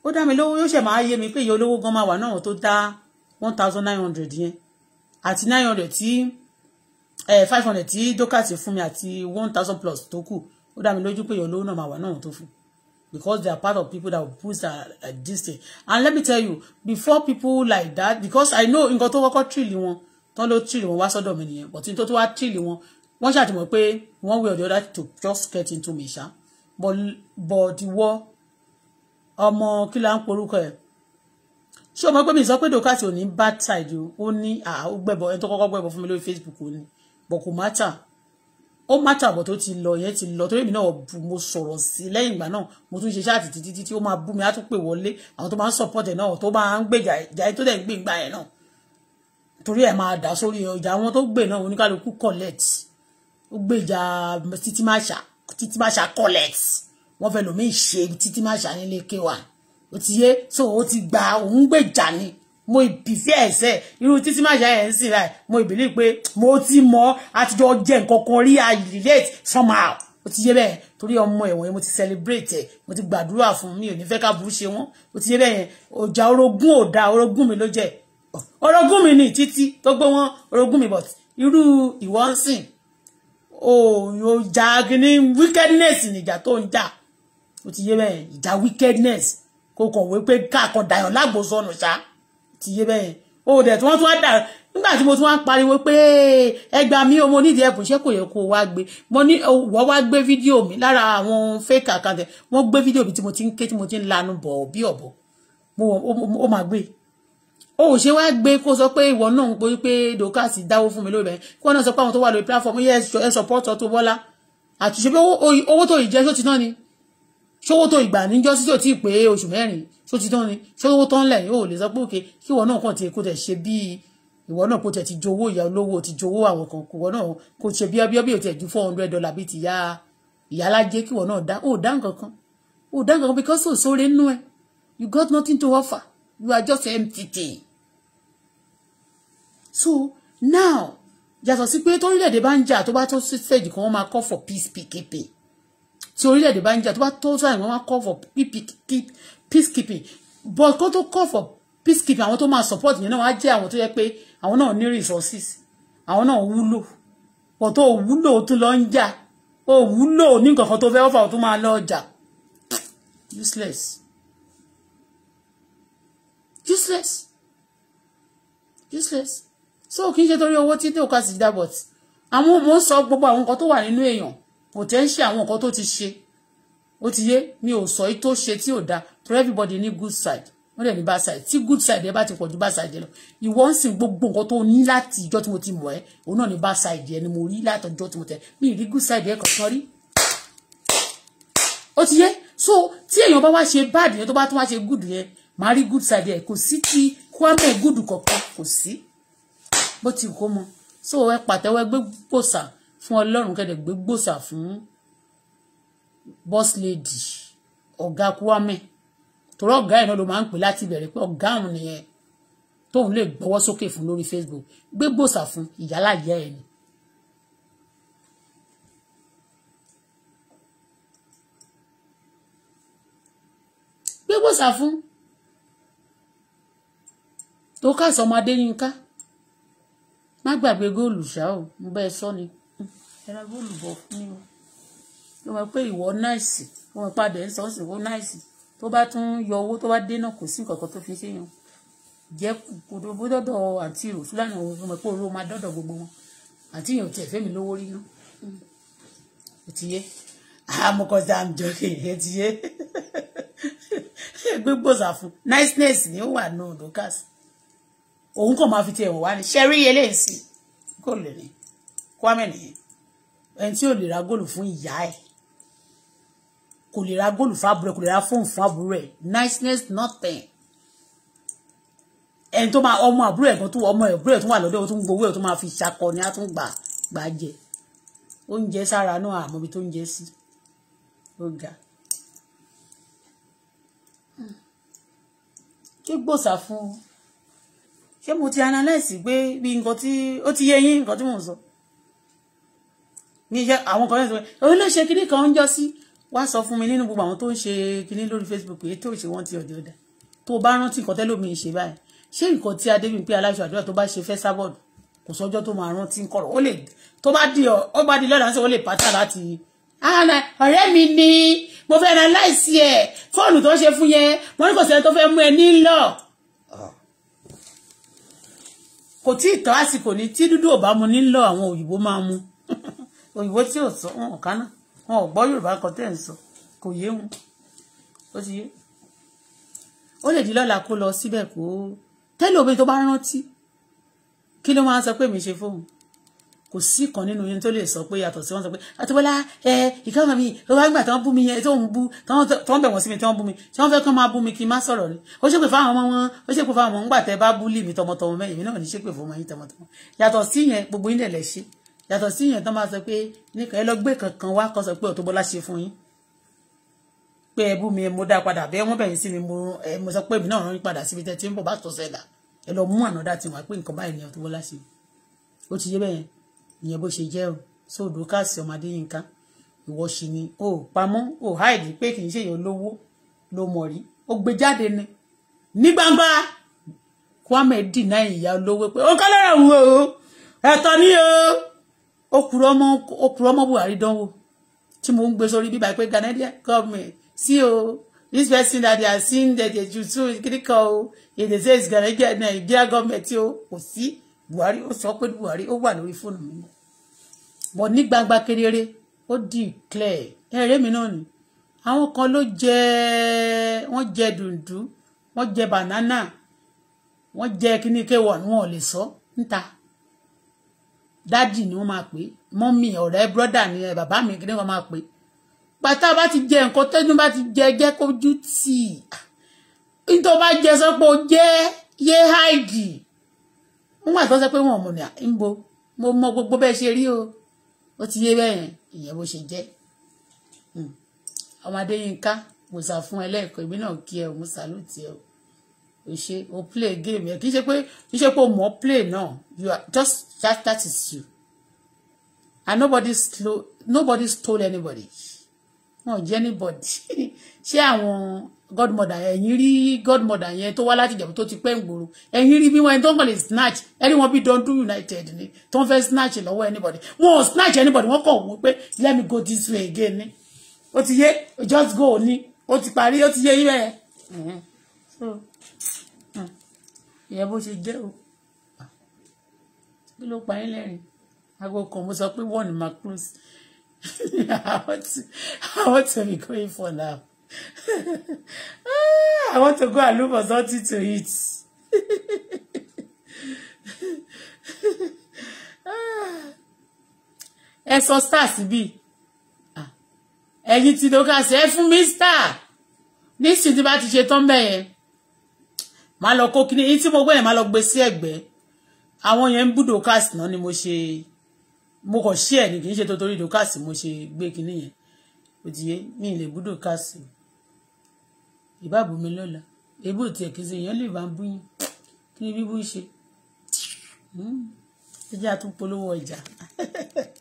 ó dá mi lówó yóò mi pe iye olówó gan máa wà náà tó dá one thousand nine hundred yẹn àti nine hundred tí five hundred tí dókàtì fún mi one thousand plus Toku. kù ó dá mi lójú pé iye olówó náà máa wà because they are part of people that will push that, uh, this thing and let me tell you before people like that because I know nǹkan tó kọ́kọ́ tìrìlì wọn tán ló tìrìlì wọn wá sọ́dọ̀ mi nìyẹn but nítorí tó wá one wọn wọ́n ṣàtìmọ̀ pé one way or the other to just get into me but but the war, kí la ń porúkọ ẹ̀ ṣé o mọ̀ pé mi sọ pé dòkàtì ò bad side you only ní but ó gbẹ̀bọ̀ ẹni tó kọ́kọ́ gbẹ̀bọ̀ Facebook only, but kò matter o má tàbọ̀ tó ti lọ yẹn ti lọ torí èmi náà mo sọ̀rọ̀ sí lẹ́yìn ìgbà náà mo tún ṣe ṣáàtì títí títí ó máa bú mi á tún pè wọlé àwọn tó máa ń support ẹ̀ náà tó máa ń gbèjà ìjà tó dẹ̀ ń gbé ìgbà ẹ̀ náà torí ẹ̀ máa dà sórí ọjà àwọn tó gbè náà oníkálukú collect ó gbèjà títí má ṣà títí má ṣà collect wọ́n fẹ́ lòmíì ṣe títí má ṣà nílé kéwà ó ti yé so ó ti gba òun gbèjà ni mo ìbìfẹ́ ẹ̀sẹ̀ irú títí máa ṣàyẹ̀ ń sìn láì mo ìbìlí pé mo ti mọ àtijọ́ jẹ́ nǹkan kan rí i relate somehow ó ti yé bẹ́ẹ̀ torí ọmọ ẹ̀wọ̀n yẹn mo ti celebrate ẹ̀ mo ti gbàdúrà fún mi ò ní fẹ́ ká burú ṣe wọ́n ó ti yé bẹ́ẹ̀ yẹn ọjà orogún ò dáa orogún mi ló jẹ́ orogún mi ní títí tó gbé wọn orogún mi but irú ìwọ ń sìn òòyò ìjà kìíní wickedness nìjà tó ń jà ó ti yé bẹ́ẹ̀ ìjà wickedness kò kàn wé pé káàkọ̀ dàyàn lágbòsọ̀nù ṣáá ti yé bẹ́ẹ̀ o dẹ̀ tí wọ́n tún wá dà nígbà tí mo tún wá pariwo pé ẹ gbà o mo nídìí ẹ̀bùn ṣé kò yẹ kó o wá gbé mo ní wọ́n wá gbé fídíò mi lára àwọn fake account ẹ̀ wọ́n gbé fídíò mi tí mo ti ń ké tí mo ti ń lanu bọ̀ bí ọ̀bọ ó máa gbé o ò ṣe wá gbé kó sọ pé ìwọ náà ń pè pé Dorkas dáwó fún mi lórí bẹ́ẹ̀ kí wọ́n náà sọ pé àwọn tó wà lórí platform yẹ ẹ support Auto Bola àtúnṣe pé owó tó yìí jẹ́ só ti náà ni ṣówó tó ìgbà níjọ́ sí tí ò tí ì pé oṣù mẹ́rin ṣó ti tán ni ṣówó tán lẹ̀ yóò lè sọ pé òkè kí ìwọ náà kàn ti kó tẹ̀ ṣe bíi ìwọ náà kó tẹ̀ ti jowó ìyá olówó ti jowó àwọn kan kò ìwọ náà kó ṣe bí ọbí ọbí ò tẹ̀ ju four hundred dollar bíi ti ya ìyálájé kí ìwọ náà dá ò dá nǹkan kan ò dá nǹkan kan because ò sóore nínú ẹ you got nothing to offer you are just empty thing so now yàtọ̀ sí pé torílẹ̀-èdè bá ń jà tó bá tó sí stage kan wọ́n máa call for peace pkp tí orílẹ̀-èdè bá ń jà tó bá tó sáà wọ́n máa call for peacekeeping but kó tó call for peacekeeping àwọn tó máa support yẹn náà wá jẹ́ àwọn tó yẹ pé àwọn náà ní resources àwọn náà wúlò but ó wúlò tó lọ ń jà ó wúlò ní nǹkan kan tó fẹ́ ọ́fà tó máa lọ jà useless useless useless so kì í ṣe torí owó tí tí ò ká sí dá but àwọn ọmọ sọ gbogbo àwọn nǹkan tó wà nínú èèyàn potential àwọn nǹkan tó ti ṣe ó ti yé mi ò sọ tó ṣe tí ò dáa for everybody ní good side wọ́n dẹ̀ ní bad side tí good side ẹ bá ti pọ̀ ju bad side ẹ lọ ìwọ ń sìn gbogbo nǹkan tó ní láti ìjọ́ tí mo ti mọ̀ ẹ́ òun náà ní bad side ẹ ni mo rí láti ọjọ́ tí mo tẹ̀ mi rí good side ẹ kankan rí ó ti yé so tí èèyàn bá wá ṣe bad yẹn tó bá tún wá ṣe good yẹn màá rí good side ẹ kò sí ti kwame good kankan kò sí bó ti kó mọ so ẹ pàtẹ́wọ́ ẹgbẹ́ gbòòsà fún ọlọ́run kẹ́dẹ̀ gbé gbòòsà fún boss lady ọ̀gá Kwame torí ọ̀gá ẹ̀ náà ló máa ń pè láti bẹ̀rẹ̀ pé ọ̀gá òun nìyẹn tóun lè gbọ́wọ́ sókè fún lórí Facebook gbé gbòòsà fún ìyálàyé ẹ̀ ni. gbé gbòòsà fún tó ká sọmọ Adéyínká má gbàgbé góòlù ṣá o mo bẹ́ẹ̀ sọ ni ẹ ra góòlù bọ̀ fún mi o ló mọ̀ pé ìwọ náìsì ló mọ̀ pé adẹ̀ ń sọ sí ìwọ náìsì tó bá tún yọ owó tó bá dé náà kò sí nǹkan kan tó fi ṣéyàn jẹ́ kòtòbó dọ́dọ̀ àti ìrò fúlàní òun ló mọ̀ pé òru máa dọ́dọ̀ gbogbo wọn àti ìyàn tiẹ̀ fẹ́mi lówó rí náà ó ti yé amọ̀kọ̀tà àmjọ́kè yẹn ti yé gbogbo ṣàfún niceness ni ó wà náà Dorcas òun kò máa fi tiẹ̀ wọ̀ wá ni ṣẹ́rí eléyìí kò lè ní kwame nìyẹn ẹni tí ò lè ra góòlù fún ìyá ẹ̀ kò lè ra góòlù fún àbúrò ẹ̀ kò lè ra fóònù fún àbúrò ẹ̀ niceness nothing ẹni tó máa ọmọ àbúrò ẹ̀ kan tó ọmọ àbúrò ẹ̀ tó wà lọ́dọ̀ tó ń gbowó ẹ̀ tó máa fi ṣakọ ni á tún gbà gbà jẹ oúnjẹ sára náà àmọ́bi tó ń jẹ sí ó ga. ṣé gbòòsà fún ṣé mo ti analyse pé bí nǹkan tí ó ti yé yín nǹkan tí mò ń sọ. So ní iṣẹ́ àwọn kan yẹn òun ló ṣe kinní kan ń jọ sí wá sọ fún mi nínú gbogbo àwọn tó ń ṣe kinní lórí Facebook èyí tó ṣe wọ́n ti ọ̀dẹ̀ ọ̀dà tó bá rántí nǹkan tẹ́lómi ṣe báyìí ṣé nǹkan tí adébíyìnpé aláṣọ àdúrà tó bá ṣe fẹ́ sábọ̀dù kò sọ́jọ́ tó máa rántí nǹkọ̀rọ̀ ó lè tó bá di ọ bá di lọ́la ṣe ó lè pátá láti ah, ọ̀rẹ́ mi ni mo fẹ́ ra láìsí ẹ̀ fóònù tó ṣe fún yẹn wọ́n ní kò sẹ́ni tó fẹ́ mú ẹ nílọ̀ kò tí ì tọ́ àsìkò ní tí dúdú ò bá mu nílọ̀ àwọn òyìnbó máa mu òyìnbó tí ò sọ wọn ò kánà wọn ò gbọ́ yorùbá kan tẹ́ ń sọ kò yé wọn ó ti yé ó lè di lọ́la kó lọ síbẹ̀ kó tẹ́lẹ̀ obìnrin tó bá rántí kí ló máa ń sọ pé mi ṣe fóun kò sí kan nínú yín tó lè sọ pé yàtọ̀ sí wọn sọ pé àtiwọ́lá ẹ ìkànnì mi ló bá gbà tó ń bú mi yẹn tó ń bú tó ń bẹ̀ wọ́n sí mi tó ń bú mi tí wọ́n fẹ́ kán máa bú mi kí n má sọ̀rọ̀ ni ó ṣépè fáwọn ọmọ wọn ó ṣépè fáwọn ọmọ ńgbà tẹ bá bú lì mí tọmọtọmọ mẹ́yìn mi náà ní ṣépè fún ọmọ yín tọmọtọmọ yàtọ̀ sí yẹn gbogbo yín lẹ̀ lẹ̀ ṣe yàtọ̀ sí yẹn tán máa sọ pé nìkan ẹ lọ gbé kankan wá kan sọ pé Auto Bola ṣe fún yín pé ẹbú mi mo dá padà bẹ́ẹ̀ wọ́n bẹ̀yìn sí mi mo ẹ mo sọ pé èmi náà rán padà síbi tẹ́ tí ń bọ̀ bá tọ́ sẹ́dà ẹ lọ mú ànádá tí wọ́n pé nǹkan báyìí ni Auto Bola ṣe ó ti yé bẹ́yẹn ìyẹn bó ṣe jẹ́ o sóòdù káàsì ọmọdé yín ká ìwọ ṣì ni o pamọ́ o háìdì pé kì í ṣèyàn lówó ló mọ̀ rí ó gbé òkùrọ̀ ọmọ òkùrọ̀ ọmọ Buhari dánwò tí mo ń gbé sórí bíbá pé Ghanaian government sí o this person that they are seeing that they do so kíríkà o if they say it's Ghanaian Nigeria government tí o kò sí Buhari ó sọ pé Buhari ó wà lórí fóònù mi bọ̀ ní gbangba kedere ó declare ẹ̀rẹ́ mi náà ni àwọn kan ló jẹ wọ́n jẹ dùndú wọ́n jẹ bànánà wọ́n jẹ kíní kéwọ̀n wọn ò lè sọ níta dádì ni wọ́n máa pè mọ́mì ọ̀rẹ́ brọ́dà ni eh, bàbá mi kí ni wọ́n máa pè pátá bá ti jẹ nǹkan tẹ́nu bá ti jẹ jẹ́ kójú tì í nítorí bá jẹ sọ pé o jẹ́ yé háìdì wọ́n gbà tó sọ pé wọn ò mọ̀ ní àìmbo mo mọ gbogbo bẹ́ẹ̀ ṣe rí o ó ti yé bẹ́ẹ̀ ìyẹn bó ṣe jẹ́ hmm. ọmọ adéyínká mo sà fún ẹ lẹ́ẹ̀kan èmi náà kí ẹ mo sàlùtì ẹ o o ṣe o play game yẹn kì í ṣe pé kì í ṣe pé o mọ̀ play náà you are just that that is you and nobody slow nobody stole anybody wọn ò jẹ́ anybody <laughs> ṣé àwọn godmother ẹ̀yin rí godmother yẹn tó wá láti ìjẹ̀bú tó ti pẹ́ ń gbòòrò ẹ̀yin rí bí wọn ẹni tó ń kàn lè snatch ẹni wọn bí dundun united ni tó ń fẹ́ snatch lọ́wọ́ anybody wọn ò snatch anybody wọn kàn wọ́n pé let me go this way again ni ó ti yé just go ni ó ti parí ó ti yé yín bẹ́ẹ̀. Mm-hmm ìyẹn bó ṣe jẹ́ o kí ló pa yín lẹ́rìn aago kan mo sọ pé one ma close <laughs> I want to, I want to be going for now <laughs> I want to go and look for something to eat. <laughs> ẹ sọ star síbí ah. ẹ̀yin tí lókà sí ẹ fún mi star nísìnyí bá ti ṣe tán bẹ́ẹ̀ yẹn máa lọ kó kíní tí mo gbé yẹn máa lọ gbé sí ẹ̀gbẹ́ àwọn yẹn ń bú ni mo ṣe mo kàn ṣí ni ní kì í ṣe torí docast mo ṣe gbé kíní yẹn òdìyẹ mi ì lè bú docast mi lọ́la ebú òtí ẹ̀kẹ́sẹ̀ èèyàn lè bá ń bú yín kí ni bíbú ṣe hmm, ẹ jẹ́ àtún polówó ọjà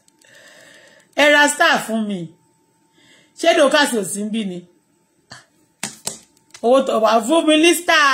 <laughs> ẹ ra star fún mi ṣé docast ò sí ń bí ni ah, owó tó wà fún mi star.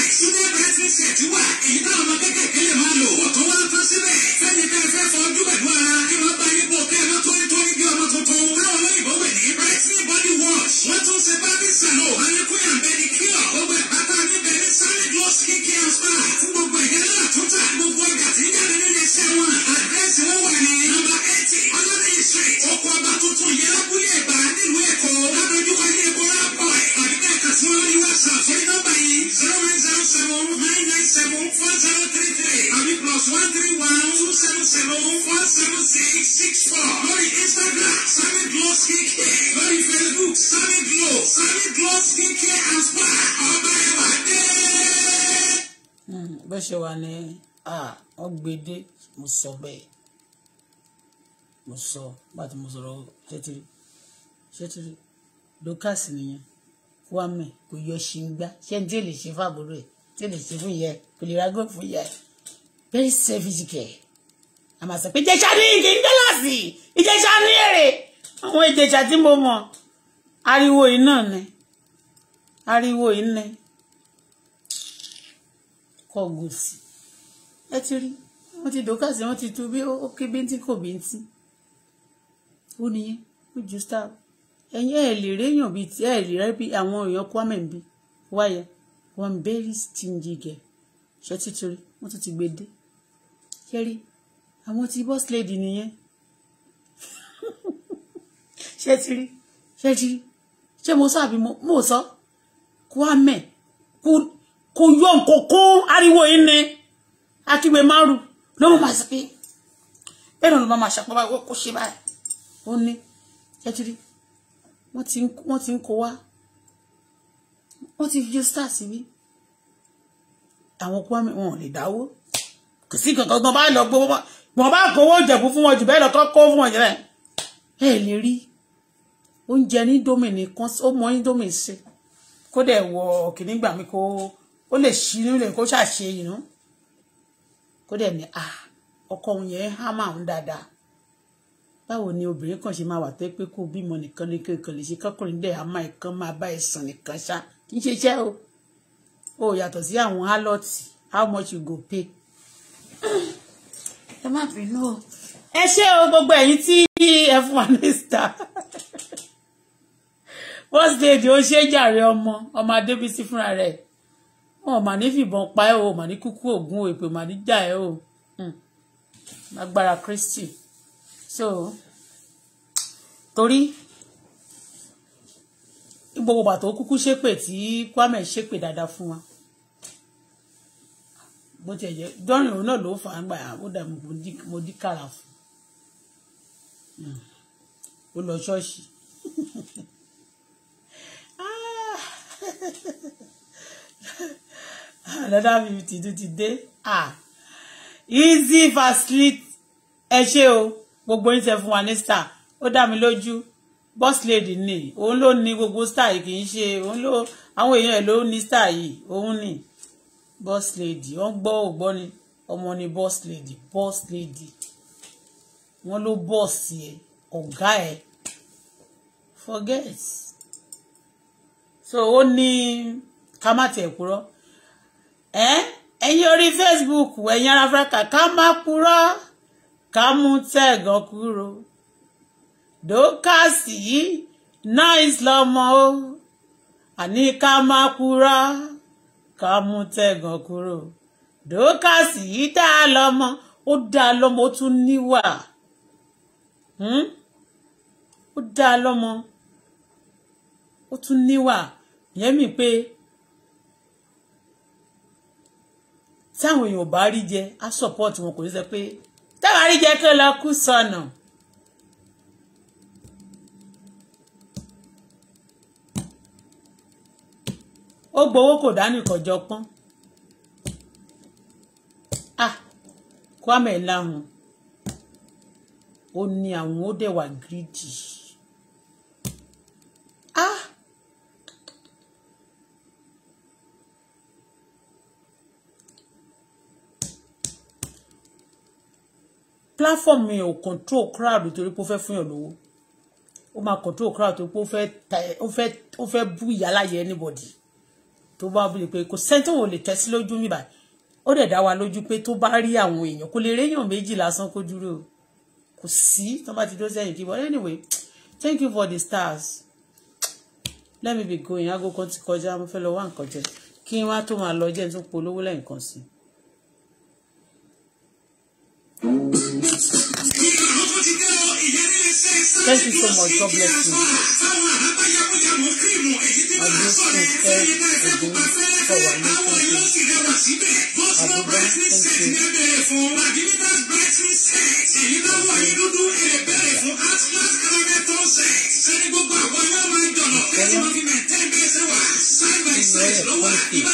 síbẹ̀ bátìrìsẹ̀t wà èyí táwọn ọmọ kékèké lè máa lò ọ̀tún wọn tán síbẹ̀ fẹ́ni tẹ́ fẹ́ fọ ojú pẹ̀lú ara kí wọ́n bá yín bò kẹ́ ẹ má tóyún tóyún bí ọmọ tuntun táwọn olóyìnbó wẹ̀ ní brightening body wash wọ́n tún ṣe bábí sàlọ̀ alẹ́kùn yàmbẹ́ni kíọ̀ gbogbo ẹ̀ pátá níbẹ̀ ní solid gloss kíkí house seven nine nine seven four zero three three àbí plus one three one two seven seven four seven six six four lórí Instagram Sami Glow Skincare lórí Facebook Sami Glow Sami Glow Skincare and Spa ọba ẹwà dé. bó ṣe wà ní ọgbẹ́dẹ́ mo sọ bẹ́ẹ̀ mo sọ bá ti mo sọ̀rọ̀ tẹ́tìrì tẹ́tìrì lókàsì nìyẹn kwame kò yọ ṣì ṣé n tí ṣe fáàbùrù ẹ̀ tí lè fún yẹ kò lè ra gold fún yẹ very selfish care a máa sọ pé ìjẹ̀ṣà ní ìdí dọ́làsì ìjẹ̀ṣà ní èrè àwọn ìjẹ̀ṣà tí mo mọ̀ ariwo yìí náà ni ariwo yìí ni kọ gòsì ẹ ti rí wọ́n ti dòkàsí wọ́n ti tu bí ó ké bíntín kò bíntín ó nìyẹn ó ju star ẹ̀yin ẹ̀ lè réyàn bíi ẹ̀ lè rẹ́ bí àwọn èèyàn kwamẹ̀ ń bí one very stingy girl ṣe títorí wọ́n tún ti gbé dé ṣẹ́rí àwọn ti boss lady nìyẹn <laughs> ṣe ti rí ṣe ti rí ṣé mo sọ àbí mo sọ Kwame kò yọ nǹkan kún ariwo yìí ni akíwe márùn ló mọ̀ máa sọ pé bẹ́ẹ̀ ló máa ṣàpọ̀ báyìí kó ṣe báyìí ó ní ṣe ti rí ti ń kó wá wọ́n ti fi yóò start síbí àwọn Kwame wọn ò lè dáwó kò sí kankan gan bá lọ gbowó wọn bá kówó jẹ̀bú fún wọn jù bẹ́ẹ̀ lọ kọ́ kó fún wọn jẹ́ bẹ́ẹ̀ ẹ lè rí oúnjẹ ní domi nìkan ó mọ ní domi ṣe kó dẹ̀ wọ kìnní gbà mí kó ó lè ṣí inú lè kó ṣàṣe yìí kó dẹ̀ ní à ah, ọkọ òun yẹn há máa ń dáadáa báwo ni obìnrin kan ṣe máa wà tó pé kó bímọ nìkan ní kékeré ṣe kọkùnrin dẹ̀ á máa máa bá ẹ̀sìn nìkan ṣá kì í ṣe iṣẹ́ o o yàtọ̀ sí àwọn hálọ́tì how much you go pay. ẹ má bínú o ẹ ṣé o gbogbo ẹ̀yin tí ẹ fún wa ní star first lady ó ṣe jàre ọmọ ọmọ adébísí fúnra rẹ wọn ò mà ní fìbọn pa ẹ o mà ní kúkú ògún èpè mà ní jà ẹ o agbára hmm. Kristi so torí gbogbo bàtà ó kúkú ṣépè tí Kwame ṣépè dáadáa fún wa bó tiẹ̀ jẹ́ dọ́rin òun náà ló fà á gbà ó dà mo dí kàrà fún ó lọ ṣọ́ọ̀ṣì ah! <laughs> another fifty tó ti dé ah! easy facility ẹ ṣe o gbogbo yín tẹ fún wa ní star ó dá mi lójú boss lady ni òun ló ní gbogbo star yìí kì í ṣe òun ló àwọn èèyàn ẹ ló ní star yìí òun ni boss lady wọ́n gbọ́ ògbọ́ ni ọmọ ni boss lady boss lady wọ́n ló boss ẹ̀ ọ̀gá ẹ̀ forget so ó ní ká má tẹ̀ kúrọ́ ẹ̀yin orí Facebook ẹ̀yin ará Africa ká má kúrọ́ ká mú tẹ̀gàn kúrò dókàsì yìí náà ìsìlọ́mọ ó àní ká má kúrọ́ ká mú tẹ̀gàn kúrò dókàsì yìí dá a lọ́mọ ó dá a lọ́mọ ó tún níwà hmm? ó dá a lọ́mọ ó tún níwà ìyẹn mi pé táwọn èèyàn bá rí jẹ á support wọn kò ní sọ pé táwọn àríjẹ kí ló kú sọnà. ó gbowó kò dánìkan jọ pọ́n ah Kwame lahun ó ní àwọn ó dẹ̀ wà gírídì ah platform mi ò control crowd torí pé ó fẹ́ fún yàn lówó ó máa control crowd torí pé ó fẹ́ ó fẹ́ ó fẹ́ bú ìyá láyé anybody tó bá bí pé kò sẹ́ńtò wò lè tẹ́sí lójú mi báyìí ó dẹ̀ dá wa lójú pé tó bá rí àwọn èèyàn kò lè réyàn méjì lásán kó dúró kò sí tó bá ti dó sẹ́yìn kí but anyway thank you for the stars let me be going aago kan ti kọjá mo fẹ́ lọ wá nǹkan jẹ kí n wá tó máa lọ jẹ́ tún polówó lẹ́ǹkan sí Thank you so much. God bless you mùsùlùmù èyí tí bàbá sọ̀rọ̀ ẹ̀ fẹ́ yín náà fẹ́ pupa fẹ́rẹ́fẹ́ àwọn yóò sì dàgbà síbẹ̀ gospel brightness set ní ẹbẹ̀rẹ̀ fún magnificent brightness set èyí náà wà ní dúdú ẹ̀ẹ́bẹ̀rẹ̀ fún atlas carameton set sẹ́ni gbogbo àwọn yóò máa jọ̀lọ̀ ẹ̀ẹ́dì wọn fi maintain bẹ́ẹ̀ sẹ́ wà side by side ló wà ìbá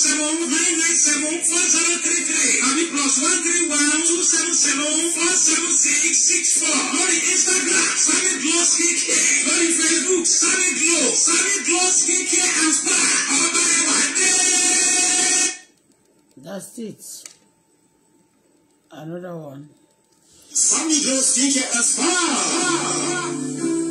seven nine nine seven four zero three three àbí plus one three one two seven seven four seven six six four lórí Instagram Savvy Glow Skincare lórí Facebook Savvy Glow Savvy Glow Skincare and Spa ọba ẹwà dé. That's it. Another one. Savvy Glow Skincare and Spa.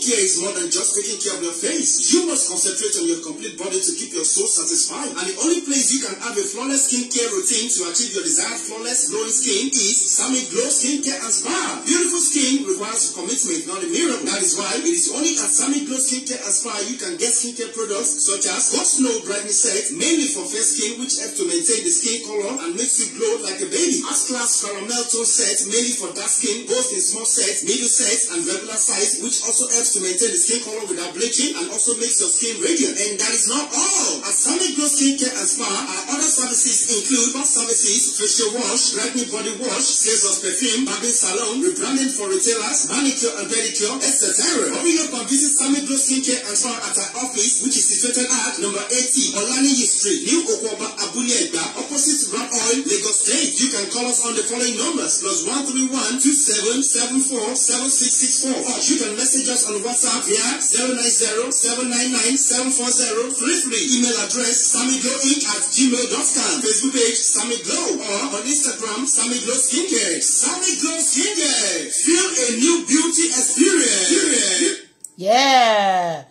care is more than just taking care of your face. You must concentrate on your complete body to keep your soul satisfied. And the only place you can have a flawless skincare routine to achieve your desired flawless glowing skin is Sami Glow Skincare and Spa. Beautiful skin requires commitment, not a miracle. That is why it is only at Sami Glow Skincare and Spa you can get skincare products such as Hot Snow Brightening Set, mainly for fair skin, which helps to maintain the skin color and makes you glow like a baby. As class Caramel Tone Set, mainly for dark skin, both in small sets, medium sets, and regular size, which also helps helps to maintain the skin color without bleaching and also makes your skin radiant. And that is not all. At Summit Glow Skincare and Spa, our other services include bath services, facial wash, brightening body wash, sales of perfume, barbing salon, rebranding for retailers, manicure and pedicure, etc. Hurry up and visit Summit Glow Skincare and Spa at our office, which is situated at number 80 Olaniyi Street, New Okwaba, Abule Egba, opposite Rap Oil, Lagos State. You can call us on the following numbers, plus one one three two seven seven four 131 six 7664. Or you can message us on WhatsApp here, 090 free free Email address, sammyglowic at gmail.com. Facebook page, Sammy Glow. Or on Instagram, Sammy Glow Skincare. Sammy Glow Skincare. Feel a new beauty experience. Yeah.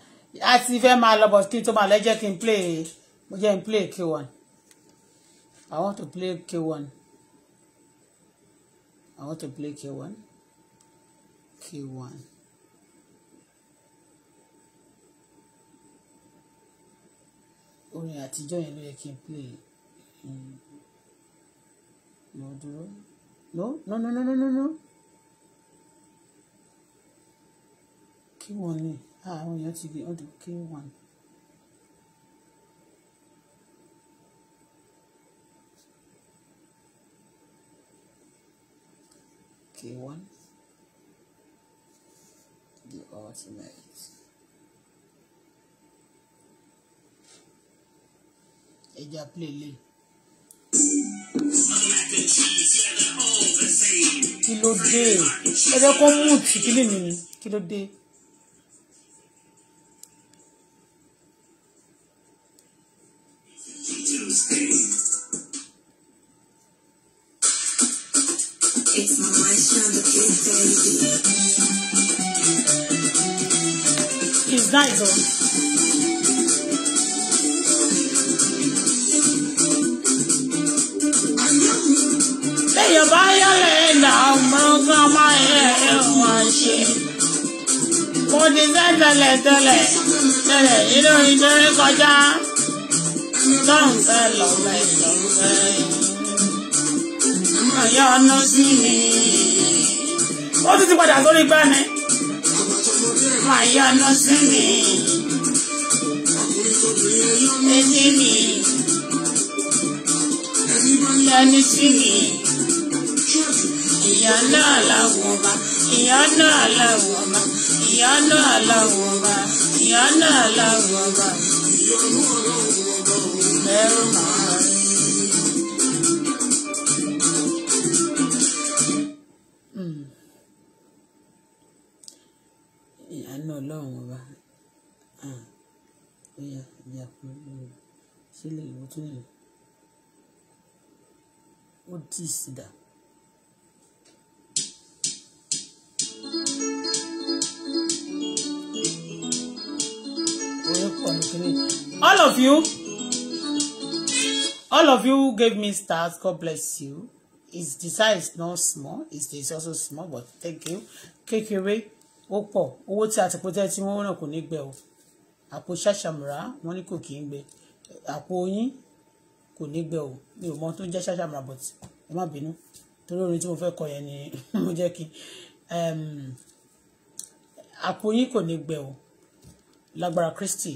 a ti fẹ́ máa lọ bọ̀ kí tó máa lọ kí n play mo jẹ́ n play K1 I want to play K1 I want to play K1 K1. orin àtijọ́ yẹn ló yẹ kí n play lọ dúró no no no no no no no one. wọ́n ní ah, àwọn èèyàn ti di ọdún kí one. k one. the ultimate ẹja plẹ̀lẹ̀. kí ló dé ẹjọ́ kan mú tìkílì mi ni kí ló dé. It's my shine, the big baby. He's nice, though. ya bayale na mama ye wanshi mo ti fẹ́ tẹ̀lẹ̀ tẹ̀lẹ̀ tẹ̀lẹ̀ inú ìdórí kọjá lọ́run fẹ́ lọ́wọ́ ẹ̀ lọ́run fẹ́ ọ̀yọ́ ọ̀nà sí mi. ó tún ti padà sórí gbani ọ̀yọ́ ọ̀nà sí mi. ẹni mi ẹni sí mi ìyá náà làwọn ọba ìyá náà làwọn ọba ìyá náà làwọn ọba ìyá náà làwọn ọba. Ẹ̀rù màá rí. Hmm. àánú ọlọ́run ọba ọyà ìyá fún sílẹ̀ ìwọ́tún yìí ó dì í sí dáa. All of you, all of you gave me stars. God bless you. It's the size not small. It's, also small, but thank you. Kékeré, ó pọ̀. Owó tí a ti pọ̀ tẹ́tí wọ́n náà kò ní gbẹ o. Àpò ṣàṣàmùrà wọ́n ní kò kí ń gbẹ. Àpò oyin kò ní gbẹ o. Mi ò mọ tó jẹ́ ṣàṣàmùrà but ẹ má bínú. Torí orin tí mo fẹ́ kọ yẹn ni <laughs> mo jẹ́ kí. Àpò oyin kò ní gbẹ o. Lágbára Kristi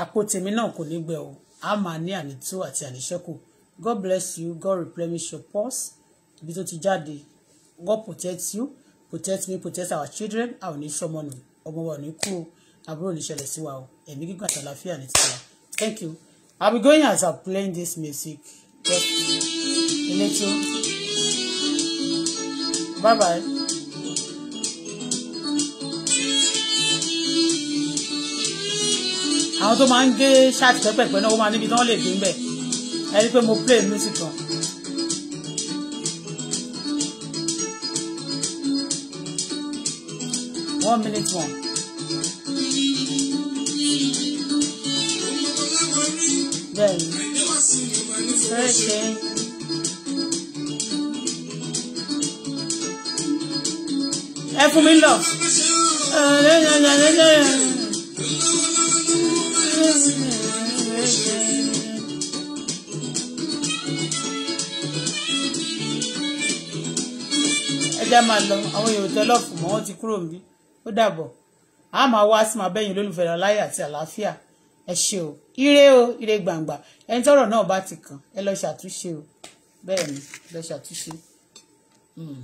àpò náà kò ní gbẹ o a máa ní ànító àti àníṣẹ́kù God bless you God replenish your purse ibi tó ti jáde God protect you protect me protect our children a ò ní sọmọ nù ọmọ wa ò ní kú o àbúrò ní ṣẹlẹ̀ sí wa o ẹ̀mí gígùn àti àlàáfíà ní tiwa thank you I be going as I playing this music just a little bye bye. àwọn tó máa ń gé ṣáàtì pẹ́pẹ́pẹ́ náà ó máa níbi tí wọ́n lè gbé ń bẹ̀ ẹ rí i pé mo play music kan. one minute one. ẹ fún mi lọ. ẹja máa lọ àwọn èrò tọlọ́fù mọ́ wọ́n ti kúrò níbí ó dàbọ̀ a máa wá sí máa bẹ́yìn olólùfẹ́ láyé àti àlàáfíà ẹ ṣe o ire o ire gbàǹgbà ẹni tọ́rọ̀ náà bá ti kàn ẹ lọ ṣàtúnṣe o bẹ́ẹ̀ ni lọ ṣàtúnṣe. Hmm.